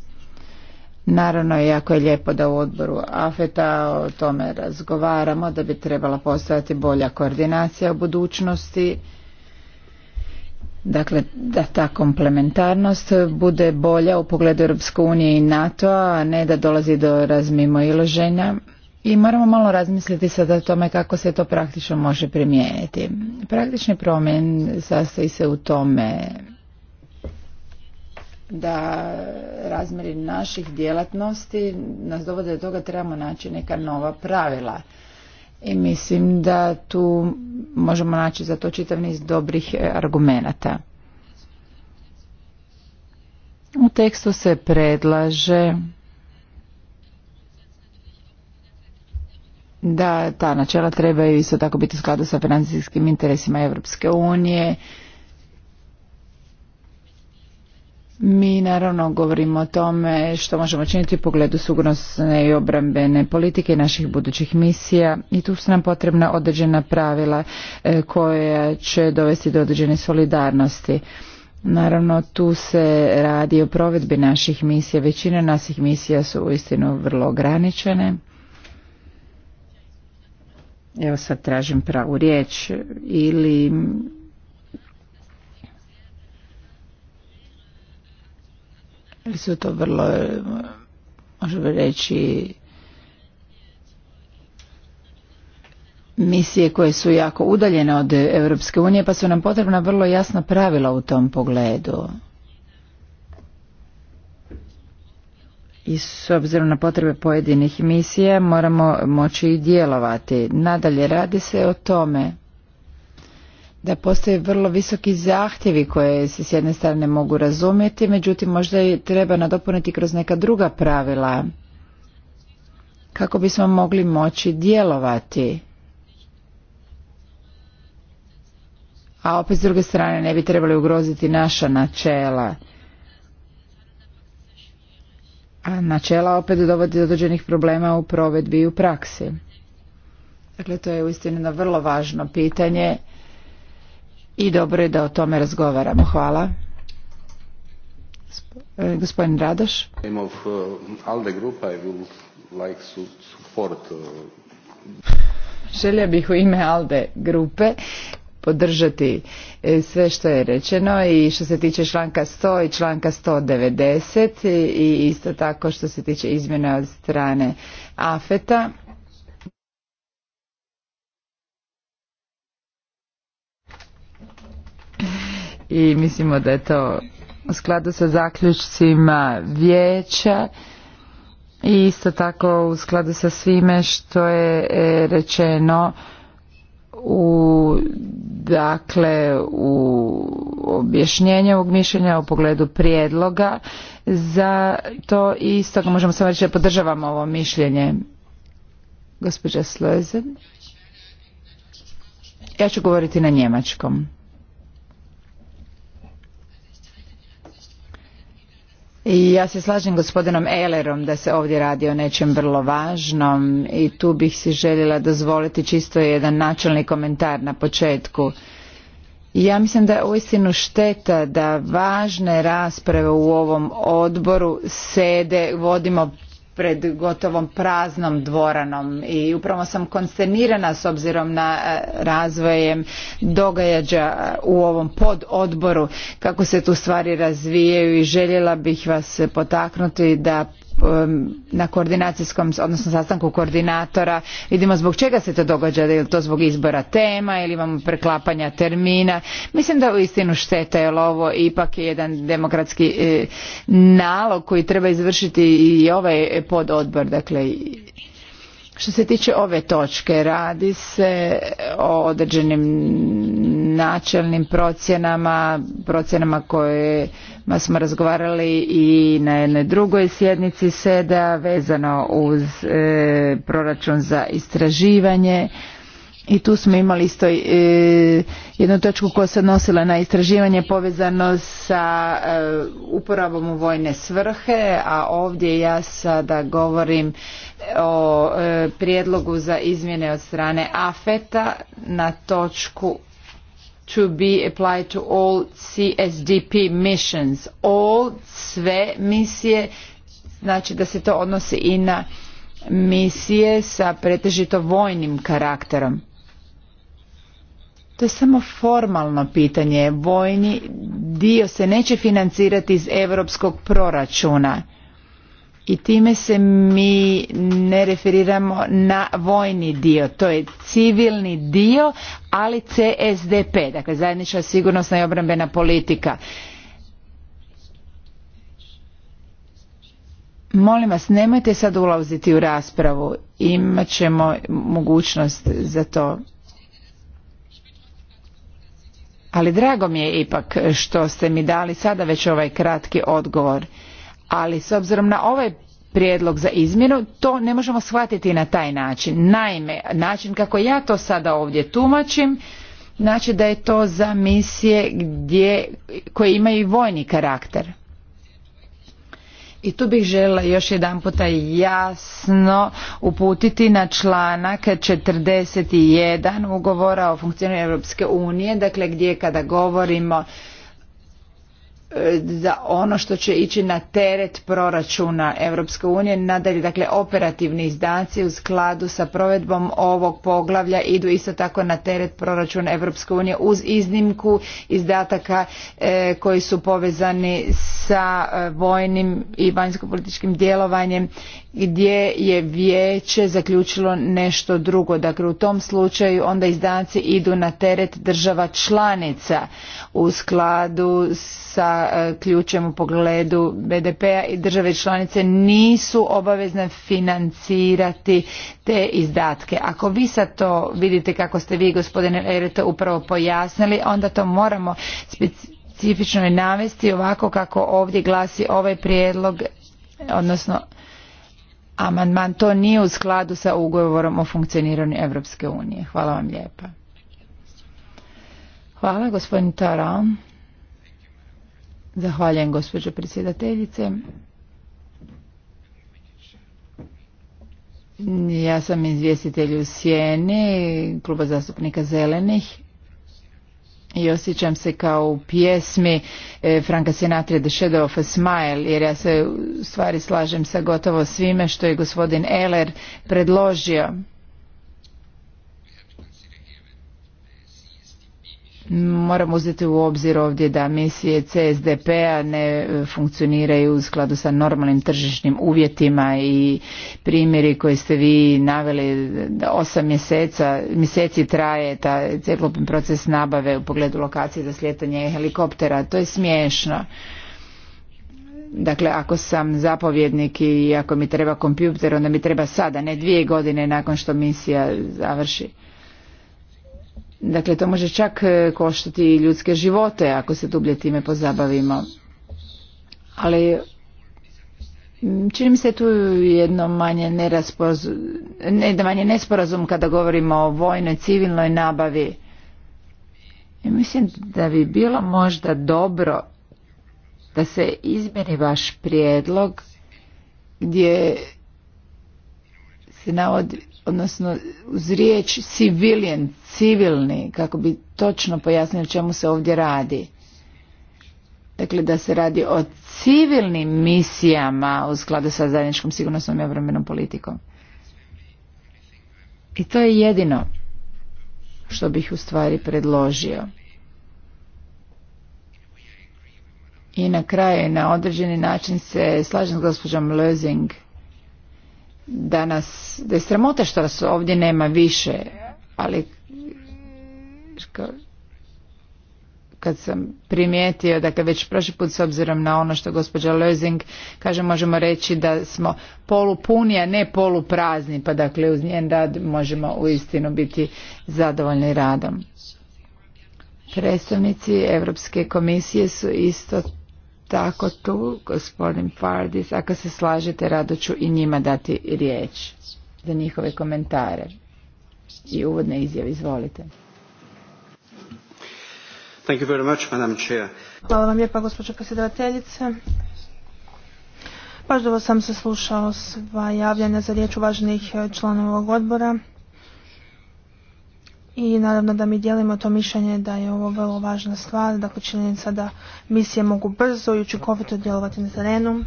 Naravno, jako je lijepo da u odboru AFETA o tome razgovaramo, da bi trebala postojati bolja koordinacija u budućnosti. Dakle, da ta komplementarnost bude bolja u pogledu Europske unije i NATO-a, ne da dolazi do iloženja. I moramo malo razmisliti sada o tome kako se to praktično može primijeniti. Praktični promjen sastoji se u tome da razmjeri naših djelatnosti nas dovode do toga trebamo naći neka nova pravila. I mislim da tu možemo naći za to čitav niz dobrih e, argumenata. U tekstu se predlaže da ta načela trebaju isto tako biti u skladu sa financijskim interesima Europske unije Mi naravno govorimo o tome što možemo činiti u pogledu sigurnosne i obrambene politike naših budućih misija i tu su nam potrebna određena pravila e, koja će dovesti do određene solidarnosti. Naravno, tu se radi o provedbi naših misija. Većina naših misija su uistinu vrlo ograničene. Evo sad tražim pravu riječ ili su to vrlo, e, možemo reći, misije koje su jako udaljene od Europske unije, pa su nam potrebna vrlo jasna pravila u tom pogledu. i s obzirom na potrebe pojedinih misija moramo moći i djelovati. Nadalje radi se o tome da postoje vrlo visoki zahtjevi koje se s jedne strane mogu razumjeti, međutim možda i treba nadopuniti kroz neka druga pravila kako bismo mogli moći djelovati. A opet s druge strane ne bi trebali ugroziti naša načela. A načela opet dovodi do određenih problema u provedbi i u praksi. Dakle, to je uistinu vrlo važno pitanje i dobro je da o tome razgovaramo. Hvala. E, gospodin Radoš. E, Alde e. bih u ime Alde grupe podržati sve što je rečeno i što se tiče članka 100 i članka 190 i isto tako što se tiče izmjena od strane AFETA i mislimo da je to u skladu sa zaključcima vijeća i isto tako u skladu sa svime što je e, rečeno u dakle u objašnjenju ovog mišljenja u pogledu prijedloga za to i stoga možemo samo reći da podržavamo ovo mišljenje gospođa Slezen ja ću govoriti na njemačkom I ja se slažem gospodinom Elerom da se ovdje radi o nečem vrlo važnom i tu bih si željela dozvoliti čisto jedan načelni komentar na početku. Ja mislim da je uistinu šteta da važne rasprave u ovom odboru sede vodimo pred gotovom praznom dvoranom i upravo sam konsternirana s obzirom na e, razvojem događaja u ovom pododboru kako se tu stvari razvijaju i željela bih vas potaknuti da na koordinacijskom, odnosno sastanku koordinatora vidimo zbog čega se to događa, je li to zbog izbora tema ili imamo preklapanja termina. Mislim da uistinu šteta je ovo ipak je jedan demokratski e, nalog koji treba izvršiti i ovaj pododbor, dakle što se tiče ove točke, radi se o određenim načelnim procjenama, procjenama koje smo razgovarali i na jednoj drugoj sjednici SEDA vezano uz e, proračun za istraživanje i tu smo imali isto e, jednu točku koja se odnosila na istraživanje povezano sa e, uporabom u vojne svrhe, a ovdje ja sada govorim o prijedlogu za izmjene od strane AFETA na točku to be applied to all CSDP missions. All, sve misije, znači da se to odnosi i na misije sa pretežito vojnim karakterom. To je samo formalno pitanje. Vojni dio se neće financirati iz europskog proračuna i time se mi ne referiramo na vojni dio, to je civilni dio, ali CSDP, dakle zajednička sigurnosna i obrambena politika. Molim vas, nemojte sad ulaziti u raspravu, imat ćemo mogućnost za to. Ali drago mi je ipak što ste mi dali sada već ovaj kratki odgovor ali s obzirom na ovaj prijedlog za izmjenu, to ne možemo shvatiti na taj način. Naime, način kako ja to sada ovdje tumačim, znači da je to za misije gdje, koje imaju vojni karakter. I tu bih željela još jedan puta jasno uputiti na članak 41 ugovora o funkcioniranju Europske unije, dakle gdje kada govorimo za ono što će ići na teret proračuna Europske unije. Nadalje, dakle, operativni izdaci u skladu sa provedbom ovog poglavlja idu isto tako na teret proračuna Europske unije uz iznimku izdataka e, koji su povezani sa e, vojnim i vanjskopolitičkim djelovanjem gdje je vijeće zaključilo nešto drugo. Dakle, u tom slučaju onda izdanci idu na teret država članica u skladu sa e, ključem u pogledu BDP-a i države članice nisu obavezne financirati te izdatke. Ako vi sad to vidite kako ste vi gospodine Erete upravo pojasnili, onda to moramo specifično i navesti ovako kako ovdje glasi ovaj prijedlog odnosno amandman to nije u skladu sa ugovorom o funkcioniranju Europske unije. Hvala vam lijepa. Hvala gospodin Taran. Zahvaljujem gospođo predsjedateljice. Ja sam izvjestitelj u Sjeni, kluba zastupnika Zelenih i osjećam se kao u pjesmi e, Franka Sinatra The Shadow of a Smile jer ja se u stvari slažem sa gotovo svime što je gospodin Eller predložio Moram uzeti u obzir ovdje da misije CSDP-a ne e, funkcioniraju u skladu sa normalnim tržišnim uvjetima i primjeri koje ste vi naveli da osam mjeseca, mjeseci traje ta cjelokupni proces nabave u pogledu lokacije za sljetanje helikoptera. To je smiješno. Dakle, ako sam zapovjednik i ako mi treba kompjuter, onda mi treba sada, ne dvije godine nakon što misija završi. Dakle, to može čak e, koštati ljudske živote ako se dublje time pozabavimo. Ali čini mi se tu jedno manje ne, manje nesporazum kada govorimo o vojnoj, civilnoj nabavi. I mislim da bi bilo možda dobro da se izmjeri vaš prijedlog gdje se navodi odnosno uz riječ civilijen, civilni, kako bi točno pojasnili čemu se ovdje radi. Dakle, da se radi o civilnim misijama u skladu sa zajedničkom sigurnosnom i obrambenom politikom. I to je jedino što bih u stvari predložio. I na kraju, na određeni način se slažem s gospođom Lozing da nas, da je sramota što nas ovdje nema više, ali kad sam primijetio, dakle već prošli put s obzirom na ono što gospođa Lozing kaže, možemo reći da smo polupuni, a ne poluprazni, pa dakle uz njen rad možemo uistinu biti zadovoljni radom. Predstavnici Europske komisije su isto tako tu, gospodin Fardis, ako se slažete, rado ću i njima dati riječ za njihove komentare i uvodne izjave. Izvolite. Hvala vam lijepa, gospođo predsjedavateljice. Pažljivo sam se slušao sva javljanja za riječ uvaženih članova ovog odbora. I naravno da mi dijelimo to mišljenje da je ovo vrlo važna stvar, dakle činjenica da misije mogu brzo i učinkovito djelovati na terenu.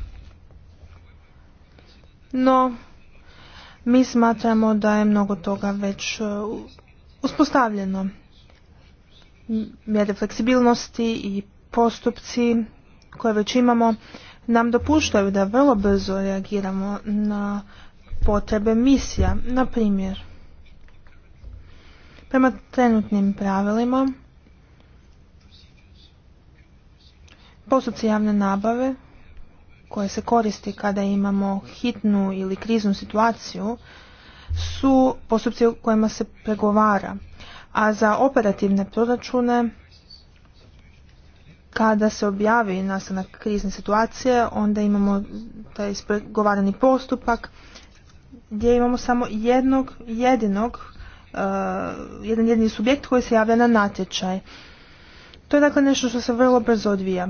No, mi smatramo da je mnogo toga već e, uspostavljeno. Mjere fleksibilnosti i postupci koje već imamo nam dopuštaju da vrlo brzo reagiramo na potrebe misija. Na primjer, Prema trenutnim pravilima, postupci javne nabave koje se koristi kada imamo hitnu ili kriznu situaciju su postupci u kojima se pregovara. A za operativne proračune kada se objavi nastanak krizne situacije, onda imamo taj ispregovarani postupak gdje imamo samo jednog jedinog Eh, jedan jedini subjekt koji se javlja na natječaj. To je dakle nešto što se vrlo brzo odvija.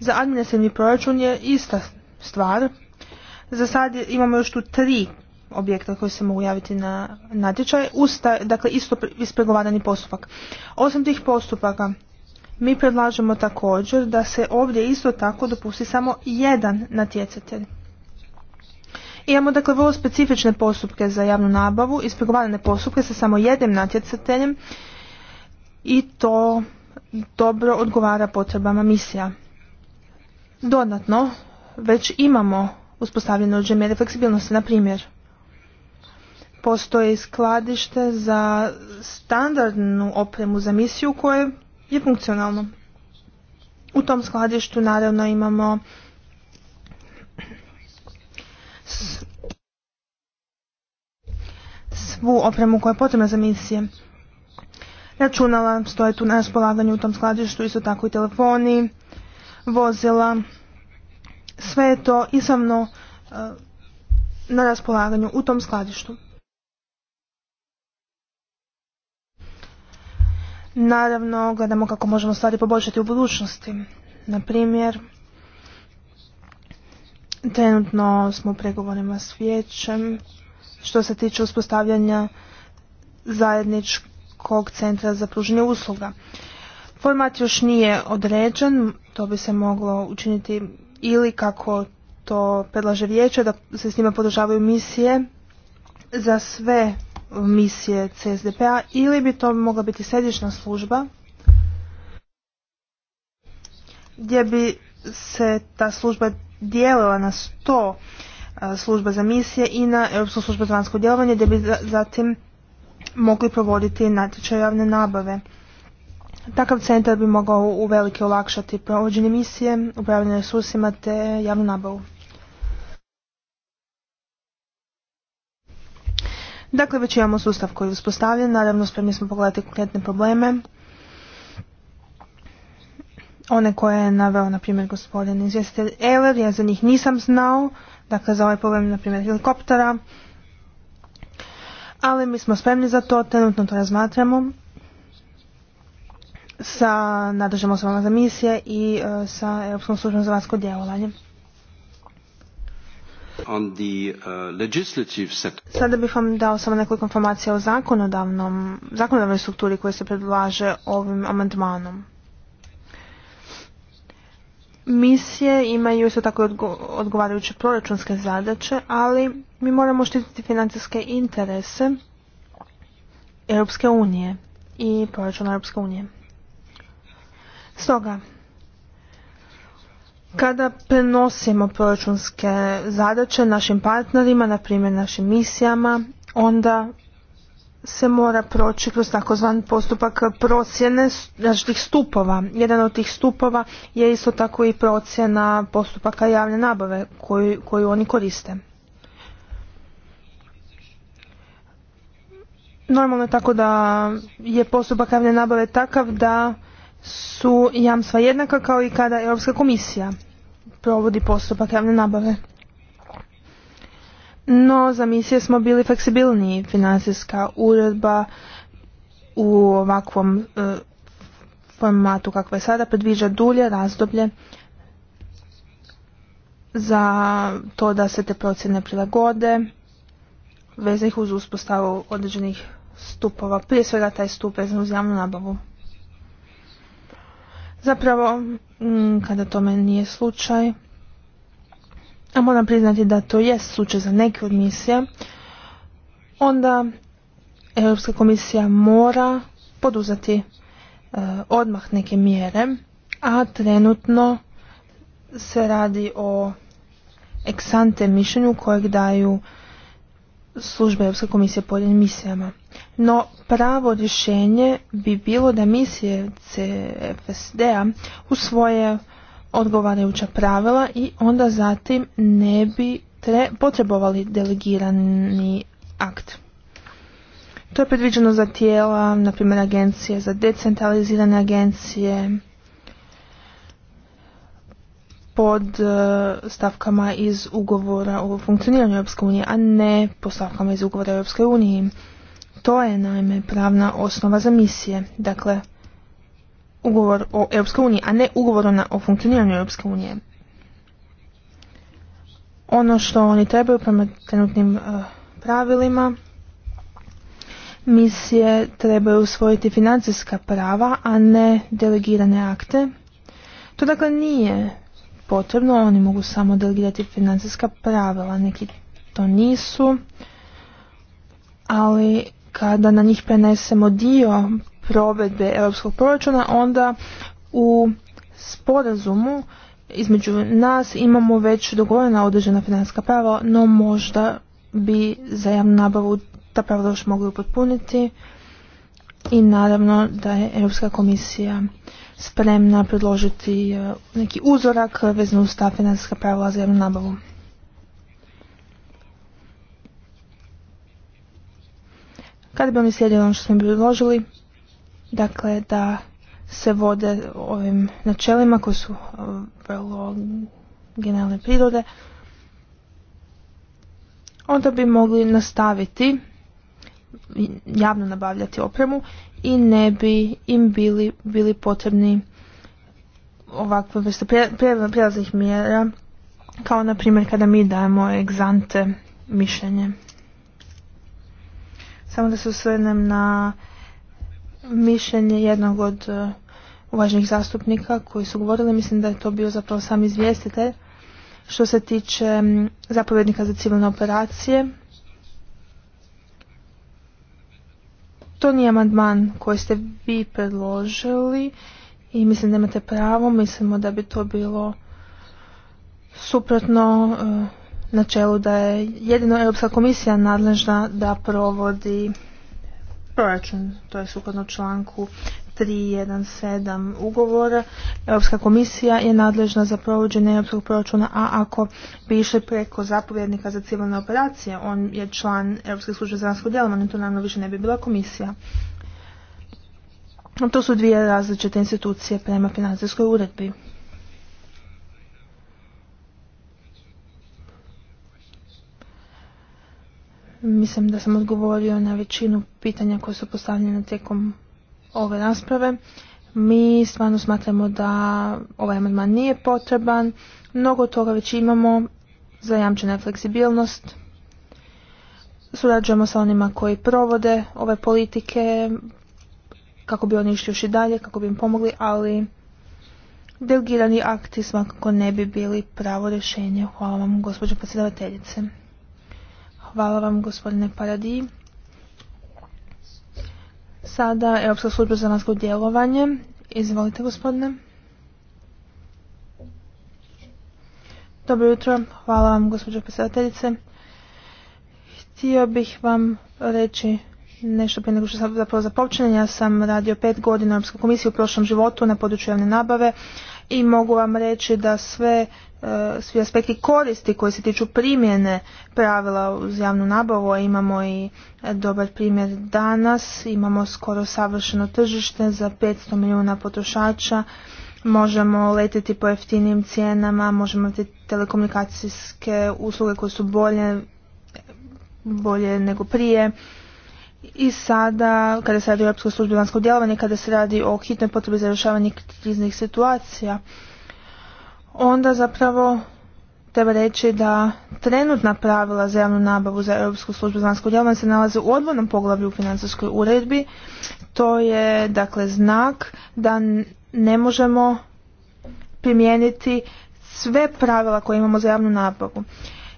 Za administrativni proračun je ista stvar. Za sad imamo još tu tri objekta koji se mogu javiti na natječaj, Usta, dakle isto ispregovarani postupak. Osim tih postupaka, mi predlažemo također da se ovdje isto tako dopusti samo jedan natjecatelj. Imamo dakle vrlo specifične postupke za javnu nabavu, ispregovarane postupke sa samo jednim natjecateljem i to dobro odgovara potrebama misija. Dodatno, već imamo uspostavljene uđe mjere fleksibilnosti, na primjer. Postoje skladište za standardnu opremu za misiju koje je funkcionalno. U tom skladištu naravno imamo svu opremu koja je potrebna za misije. Računala stoje tu na raspolaganju u tom skladištu, isto tako i telefoni, vozila, sve je to izravno eh, na raspolaganju u tom skladištu. Naravno, gledamo kako možemo stvari poboljšati u budućnosti. Na primjer, trenutno smo u pregovorima s vijećem što se tiče uspostavljanja zajedničkog centra za pružanje usluga. Format još nije određen, to bi se moglo učiniti ili kako to predlaže vijeće, da se s njima podržavaju misije za sve misije CSDP-a ili bi to mogla biti središnja služba gdje bi se ta služba dijelila na sto E, služba za misije i na Europsku službu za vanjsko djelovanje gdje bi zatim mogli provoditi natječaj javne nabave. Takav centar bi mogao uvelike olakšati provođenje misije, upravljanje resursima te javnu nabavu. Dakle, već imamo sustav koji je uspostavljen, naravno spremni smo pogledati konkretne probleme, one koje je naveo, na primjer, gospodin izvjestitelj Eller, ja za njih nisam znao, dakle za ovaj problem, na primjer, helikoptera. Ali mi smo spremni za to, trenutno to razmatramo sa nadležnim osobama za misije i e, sa Europskom službom za vanjsko djelovanje. E, Sada bih vam dao samo nekoliko informacija o zakonodavnom, zakonodavnoj strukturi koja se predlaže ovim amandmanom misije imaju isto tako odgovarajuće proračunske zadaće, ali mi moramo štititi financijske interese Europske unije i proračuna Europske unije. Stoga, kada prenosimo proračunske zadaće našim partnerima, na primjer našim misijama, onda se mora proći kroz takozvani postupak procjene različitih stupova. Jedan od tih stupova je isto tako i procjena postupaka javne nabave koju, koju oni koriste. Normalno je tako da je postupak javne nabave takav da su jamstva jednaka kao i kada Europska komisija provodi postupak javne nabave. No, za misije smo bili fleksibilniji. Financijska uredba u ovakvom e, formatu kako je sada predviđa dulje razdoblje za to da se te procjene prilagode vezanih uz uspostavu određenih stupova, prije svega taj stup vezan uz javnu nabavu. Zapravo, mm, kada tome nije slučaj, a moram priznati da to je slučaj za neke od misija, onda Europska komisija mora poduzeti e, odmah neke mjere, a trenutno se radi o eksante mišljenju kojeg daju službe Europske komisije pojedinim misijama. No pravo rješenje bi bilo da misije CFSD-a u svoje odgovarajuća pravila i onda zatim ne bi tre potrebovali delegirani akt. To je predviđeno za tijela, na primjer agencije, za decentralizirane agencije, pod e, stavkama iz ugovora o funkcioniranju Europske unije, a ne po stavkama iz ugovora Europske To je naime pravna osnova za misije. Dakle, ugovor o Europskoj uniji, a ne ugovor o funkcioniranju Europske unije. Ono što oni trebaju prema trenutnim eh, pravilima, misije trebaju usvojiti financijska prava, a ne delegirane akte. To dakle nije potrebno, oni mogu samo delegirati financijska pravila, neki to nisu, ali kada na njih prenesemo dio provedbe europskog proračuna, onda u sporazumu između nas imamo već dogovorena određena financijska prava, no možda bi za javnu nabavu ta pravila još mogli upotpuniti i naravno da je Europska komisija spremna predložiti e, neki uzorak vezno uz ta financijska pravila za javnu nabavu. Kada bi vam slijedili ono što smo predložili, dakle da se vode ovim načelima koji su e, vrlo generalne prirode, onda bi mogli nastaviti javno nabavljati opremu i ne bi im bili, bili potrebni ovakve vrste prijelaznih mjera kao na primjer kada mi dajemo egzante mišljenje. Samo da se osvrnem na mišljenje jednog od e, uvaženih zastupnika koji su govorili, mislim da je to bio zapravo sam izvjestitelj, što se tiče zapovjednika za civilne operacije. To nije amandman koji ste vi predložili i mislim da imate pravo, mislimo da bi to bilo suprotno e, načelu da je jedino Europska komisija nadležna da provodi proračun. To je sukladno članku 317 ugovora. Europska komisija je nadležna za provođenje europskog proračuna, a ako bi išli preko zapovjednika za civilne operacije, on je član Europske službe za vanjsko djelovanje, to naravno više ne bi bila komisija. To su dvije različite institucije prema financijskoj uredbi. Mislim da sam odgovorio na većinu pitanja koje su postavljene tijekom ove rasprave. Mi stvarno smatramo da ovaj amandman nije potreban. Mnogo toga već imamo. Zajamčena je fleksibilnost. Surađujemo sa onima koji provode ove politike kako bi oni išli još i dalje, kako bi im pomogli, ali delegirani akti svakako ne bi bili pravo rješenje. Hvala vam, gospođo predsjedavateljice. Hvala vam gospodine Paradij. Sada Europska služba za vanjsko djelovanje. Izvolite gospodine. Dobro jutro, hvala vam gospođo predsjedateljice. Htio bih vam reći nešto prije nego što sam zapravo započinjen. Ja sam radio pet godina u Europskoj komisiji u prošlom životu na području javne nabave i mogu vam reći da sve E, svi aspekti koristi koji se tiču primjene pravila uz javnu nabavu, a imamo i e, dobar primjer danas, imamo skoro savršeno tržište za 500 milijuna potrošača, možemo letiti po jeftinim cijenama, možemo imati telekomunikacijske usluge koje su bolje, bolje nego prije. I sada, kada se radi o Europskoj službi vanjskog djelovanja, kada se radi o hitnoj potrebi za rješavanje kriznih situacija, onda zapravo treba reći da trenutna pravila za javnu nabavu za Europsku službu vanjsko djelovanje se nalaze u odvornom poglavlju u financijskoj uredbi. To je dakle znak da ne možemo primijeniti sve pravila koje imamo za javnu nabavu.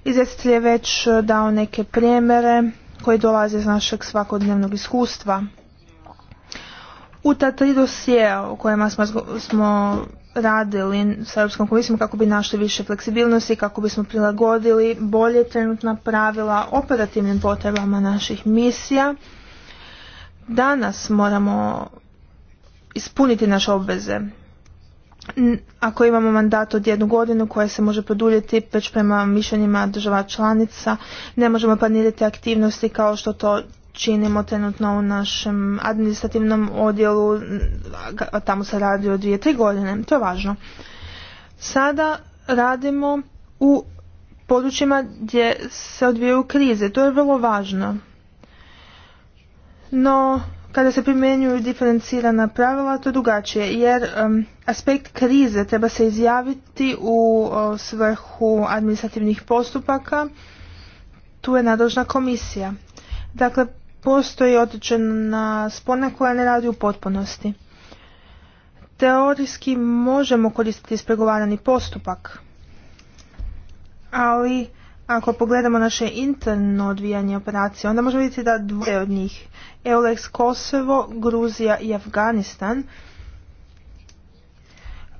Izvjestitelj je već eh, dao neke primjere koji dolaze iz našeg svakodnevnog iskustva. U ta tri dosije o kojima smo, smo radili sa Europskom komisijom kako bi našli više fleksibilnosti, kako bismo prilagodili bolje trenutna pravila operativnim potrebama naših misija. Danas moramo ispuniti naše obveze. Ako imamo mandat od jednu godinu koja se može produljiti već prema mišljenjima država članica, ne možemo planirati aktivnosti kao što to činimo trenutno u našem administrativnom odjelu, tamo se radi o dvije, tri godine, to je važno. Sada radimo u područjima gdje se odvijaju krize, to je vrlo važno. No, kada se primjenjuju diferencirana pravila, to je drugačije, jer aspekt krize treba se izjaviti u svrhu administrativnih postupaka, tu je nadležna komisija. Dakle, postoji određena spona koja ne radi u potpunosti. Teorijski možemo koristiti ispregovarani postupak, ali ako pogledamo naše interno odvijanje operacije, onda možemo vidjeti da dvoje od njih, Eulex Kosovo, Gruzija i Afganistan,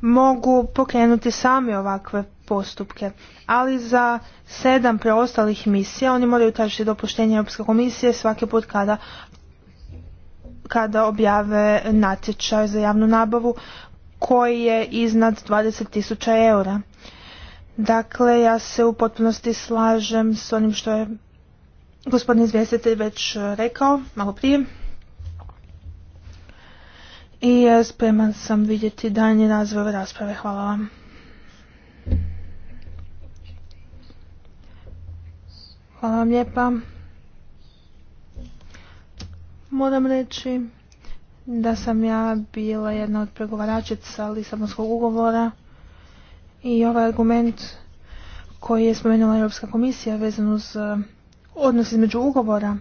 mogu pokrenuti sami ovakve postupke. Ali za sedam preostalih misija oni moraju tražiti dopuštenje Europske komisije svaki put kada kada objave natječaj za javnu nabavu koji je iznad 20.000 eura. Dakle, ja se u potpunosti slažem s onim što je gospodin izvjestitelj već rekao malo prije i spreman sam vidjeti daljnji razvoj rasprave. Hvala vam. Hvala vam lijepa. Moram reći da sam ja bila jedna od pregovaračica Lisabonskog ugovora i ovaj argument koji je spomenula Europska komisija vezan uz eh, odnos između ugovora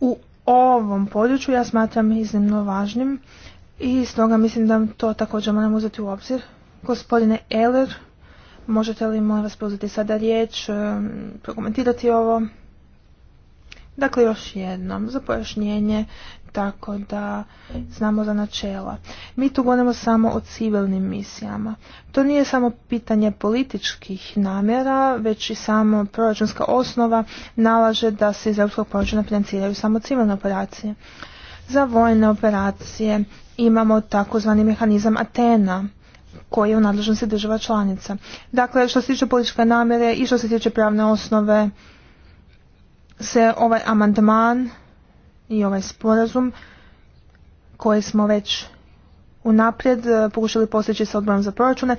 u ovom području ja smatram iznimno važnim i stoga mislim da to također moram uzeti u obzir. Gospodine Eller, možete li molim vas preuzeti sada riječ, e, prokomentirati ovo? Dakle, još jednom, za pojašnjenje, tako da znamo za načela. Mi tu govorimo samo o civilnim misijama. To nije samo pitanje političkih namjera, već i samo proračunska osnova nalaže da se iz europskog proračuna financiraju samo civilne operacije. Za vojne operacije imamo takozvani mehanizam Atena koji je u nadležnosti država članica. Dakle, što se tiče političke namjere i što se tiče pravne osnove se ovaj amandman i ovaj sporazum koji smo već unaprijed e, pokušali postići sa odborom za proračune,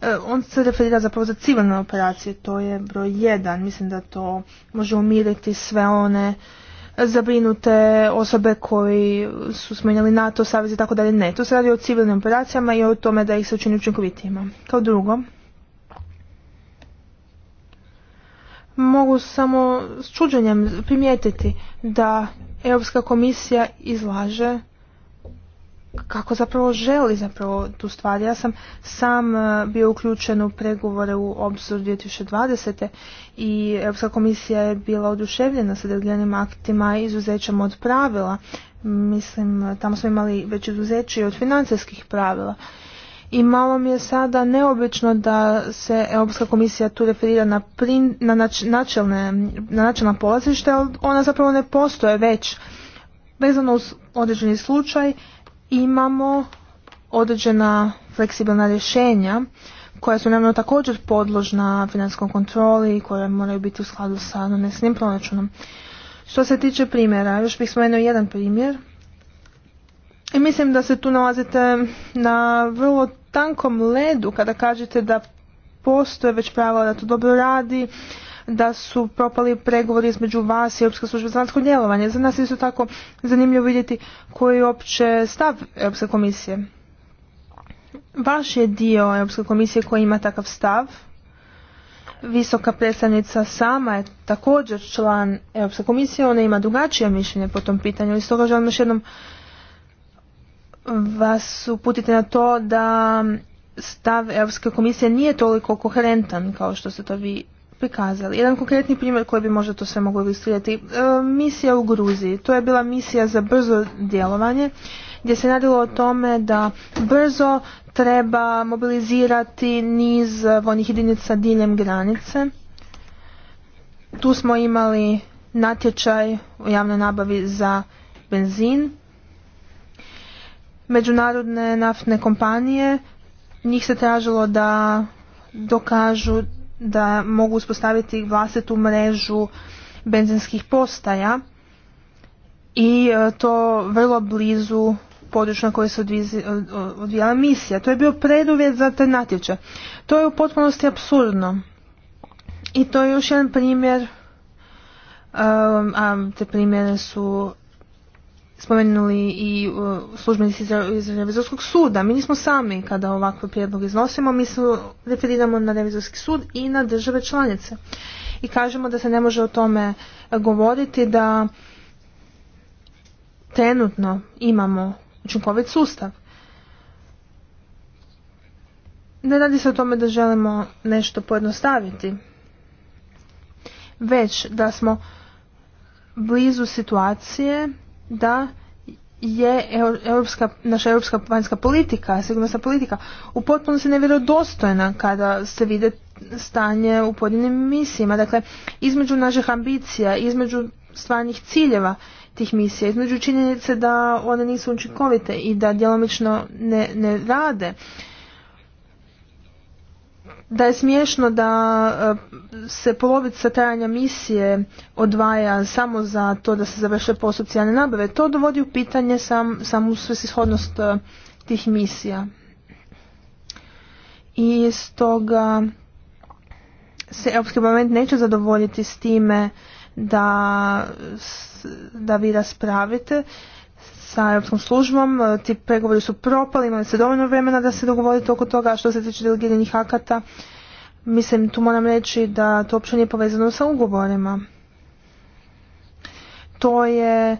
e, on se referira zapravo za civilne operacije, to je broj jedan. Mislim da to može umiriti sve one zabrinute osobe koji su smenjali NATO, savez i tako dalje. Ne, to se radi o civilnim operacijama i o tome da ih se učini učinkovitijima. Kao drugo, mogu samo s čuđenjem primijetiti da Europska komisija izlaže kako zapravo želi zapravo tu stvar. Ja sam sam e, bio uključen u pregovore u obzor 2020. i Europska komisija je bila oduševljena sa deleganim aktima i izuzećem od pravila. Mislim, e, tamo smo imali već izuzeće i od financijskih pravila. I malo mi je sada neobično da se Europska komisija tu referira na, prin, na, načelne, na načelna polazišta, ali ona zapravo ne postoje već. Vezano uz određeni slučaj, imamo određena fleksibilna rješenja koja su naravno također podložna financijskom kontroli i koja moraju biti u skladu sa donesenim proračunom. Što se tiče primjera, još bih spomenuo jedan primjer. I mislim da se tu nalazite na vrlo tankom ledu kada kažete da postoje već pravila da to dobro radi, da su propali pregovori između vas i Europske službe za vanjsko djelovanje. Za nas je isto tako zanimljivo vidjeti koji je opće stav Europske komisije. Vaš je dio Europske komisije koji ima takav stav. Visoka predstavnica sama je također član Europske komisije, ona ima drugačije mišljenje po tom pitanju i stoga želim još jednom vas uputiti na to da stav Europske komisije nije toliko koherentan kao što ste to vi prikazali. Jedan konkretni primjer koji bi možda to sve moglo ilustrirati. E, misija u Gruziji. To je bila misija za brzo djelovanje gdje se radilo o tome da brzo treba mobilizirati niz vojnih jedinica diljem granice. Tu smo imali natječaj u javnoj nabavi za benzin. Međunarodne naftne kompanije, njih se tražilo da dokažu da mogu uspostaviti vlastitu mrežu benzinskih postaja i e, to vrlo blizu područja na koje se e, odvijala misija. To je bio preduvjet za te To je u potpunosti absurdno. I to je još jedan primjer, e, a te primjere su spomenuli i uh, službenici iz revizorskog suda. Mi nismo sami kada ovakve prijedlog iznosimo, mi se referiramo na revizorski sud i na države članice. I kažemo da se ne može o tome govoriti da trenutno imamo učinkovit sustav. Ne radi se o tome da želimo nešto pojednostaviti, već da smo blizu situacije da je europska, naša europska vanjska politika, sigurnosna politika u potpunosti nevjerodostojna kada se vide stanje u pojedinim misijama. Dakle, između naših ambicija, između stvarnih ciljeva tih misija, između činjenice da one nisu učinkovite i da djelomično ne, ne rade da je smiješno da e, se polovica trajanja misije odvaja samo za to da se završe postupci nabave. To dovodi u pitanje sam, samu svesishodnost e, tih misija. I stoga se Europski parlament neće zadovoljiti s time da, da vi raspravite sa Europskom službom. E, ti pregovori su propali, imali se dovoljno vremena da se dogovorite oko toga što se tiče delegiranih akata. Mislim, tu moram reći da to uopće nije povezano sa ugovorima. To je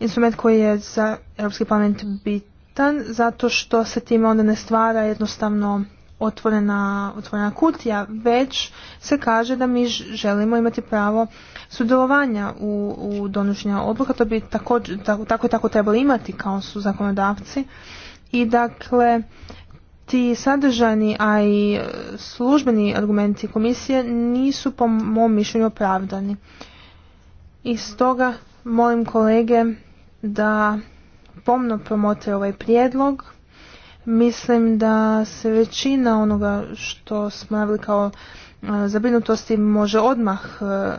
instrument koji je za Europski parlament bitan, zato što se time onda ne stvara jednostavno otvorena, otvorena kutija, već se kaže da mi želimo imati pravo sudjelovanja u, u donošenju odluka, to bi tako, tako i tako trebali imati kao su zakonodavci. I dakle, ti sadržani, a i službeni argumenti komisije nisu po mom mišljenju opravdani. I stoga molim kolege da pomno promote ovaj prijedlog Mislim da se većina onoga što smo javili kao e, zabrinutosti može odmah e,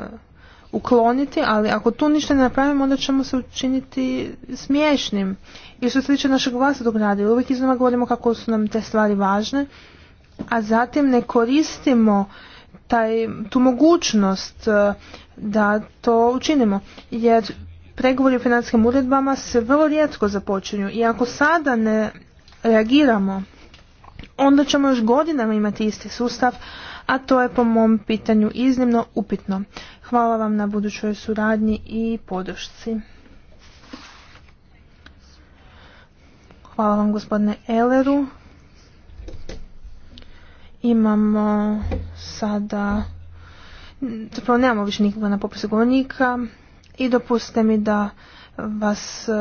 ukloniti, ali ako tu ništa ne napravimo, onda ćemo se učiniti smiješnim. I što se tiče našeg vlastitog rada, uvijek iznova govorimo kako su nam te stvari važne, a zatim ne koristimo taj, tu mogućnost e, da to učinimo. Jer pregovori o financijskim uredbama se vrlo rijetko započinju i ako sada ne reagiramo, onda ćemo još godinama imati isti sustav, a to je po mom pitanju iznimno upitno. Hvala vam na budućoj suradnji i podršci. Hvala vam gospodine Eleru. Imamo sada, zapravo nemamo više nikoga na popisu govornika i dopustite mi da vas e,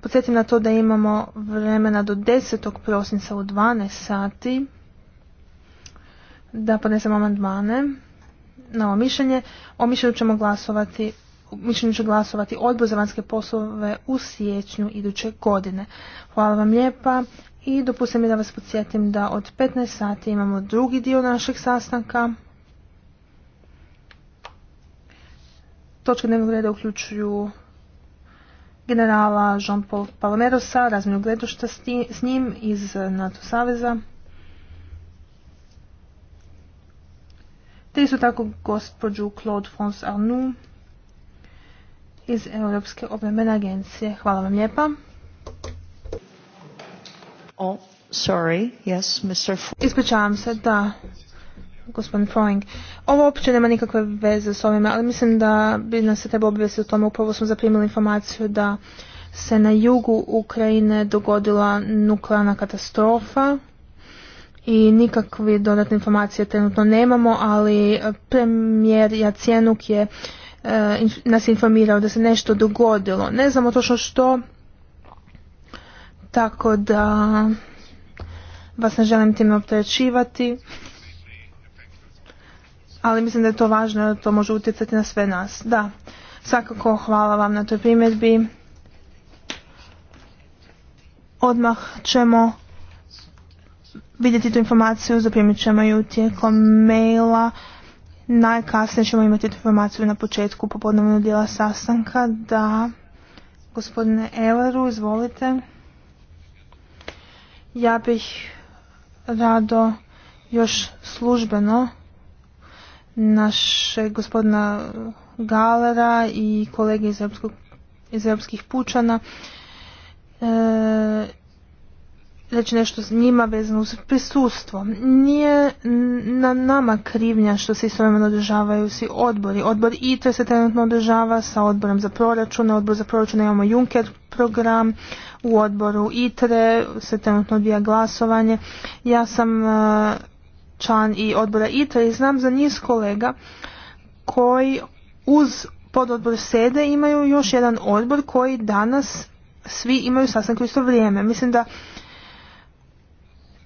podsjetim na to da imamo vremena do 10. prosinca u 12 sati da podnesemo amandmane na ovo mišljenje. O mišljenju ćemo glasovati mišljenju će glasovati odbor za vanjske poslove u siječnju iduće godine. Hvala vam lijepa i dopustite mi da vas podsjetim da od 15 sati imamo drugi dio našeg sastanka. Točke dnevnog reda uključuju generala Jean-Paul Palomerosa, razminu što s njim iz eh, NATO saveza. Te isto tako gospođu Claude France Arnoux iz Europske obrambene agencije. Hvala vam lijepa. Oh, sorry. Ispričavam se da gospodin Froing. Ovo uopće nema nikakve veze s ovime, ali mislim da bi nas se treba obvesti o tome. Upravo smo zaprimili informaciju da se na jugu Ukrajine dogodila nuklearna katastrofa i nikakve dodatne informacije trenutno nemamo, ali e, premijer Jacijenuk je e, nas informirao da se nešto dogodilo. Ne znamo točno što, tako da vas ne želim time opterećivati ali mislim da je to važno jer to može utjecati na sve nas. Da, svakako hvala vam na toj primjedbi. Odmah ćemo vidjeti tu informaciju, zaprimit ćemo ju tijekom maila. Najkasnije ćemo imati tu informaciju na početku popodnevnog dijela sastanka. Da, gospodine Eleru, izvolite. Ja bih rado još službeno našeg gospodina Galera i kolege iz, Europskih pučana e, reći nešto s njima vezano uz prisustvo. Nije na nama krivnja što se istovremeno održavaju svi odbori. Odbor ITRE se trenutno održava sa odborom za proračune. Odbor za proračun imamo Juncker program. U odboru ITRE se trenutno odvija glasovanje. Ja sam e, član i odbora ITRA i znam za niz kolega koji uz pododbor SEDE imaju još jedan odbor koji danas svi imaju sastanak isto vrijeme. Mislim da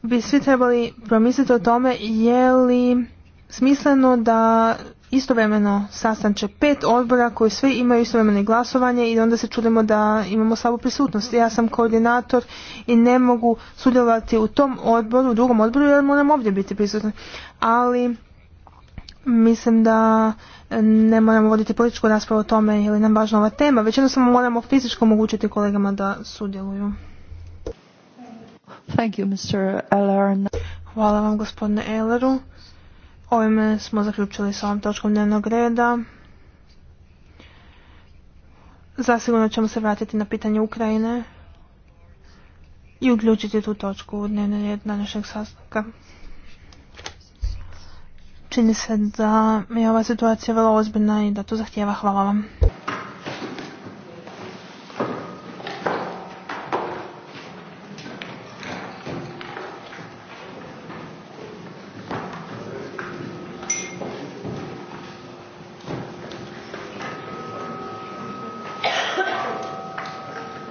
bi svi trebali promisliti o tome je li smisleno da istovremeno sastanče pet odbora koji svi imaju istovremeno glasovanje i onda se čudimo da imamo slabu prisutnost. Ja sam koordinator i ne mogu sudjelovati u tom odboru, u drugom odboru jer moram ovdje biti prisutni Ali mislim da ne moramo voditi političku raspravu o tome ili nam važna ova tema, već samo moramo fizičko omogućiti kolegama da sudjeluju. Hvala vam gospodine Elleru. Ovime smo zaključili s ovom točkom dnevnog reda. Zasigurno ćemo se vratiti na pitanje Ukrajine i uključiti tu točku u dnevni red današnjeg sastanka. Čini se da je ova situacija vrlo ozbiljna i da to zahtjeva. Hvala vam.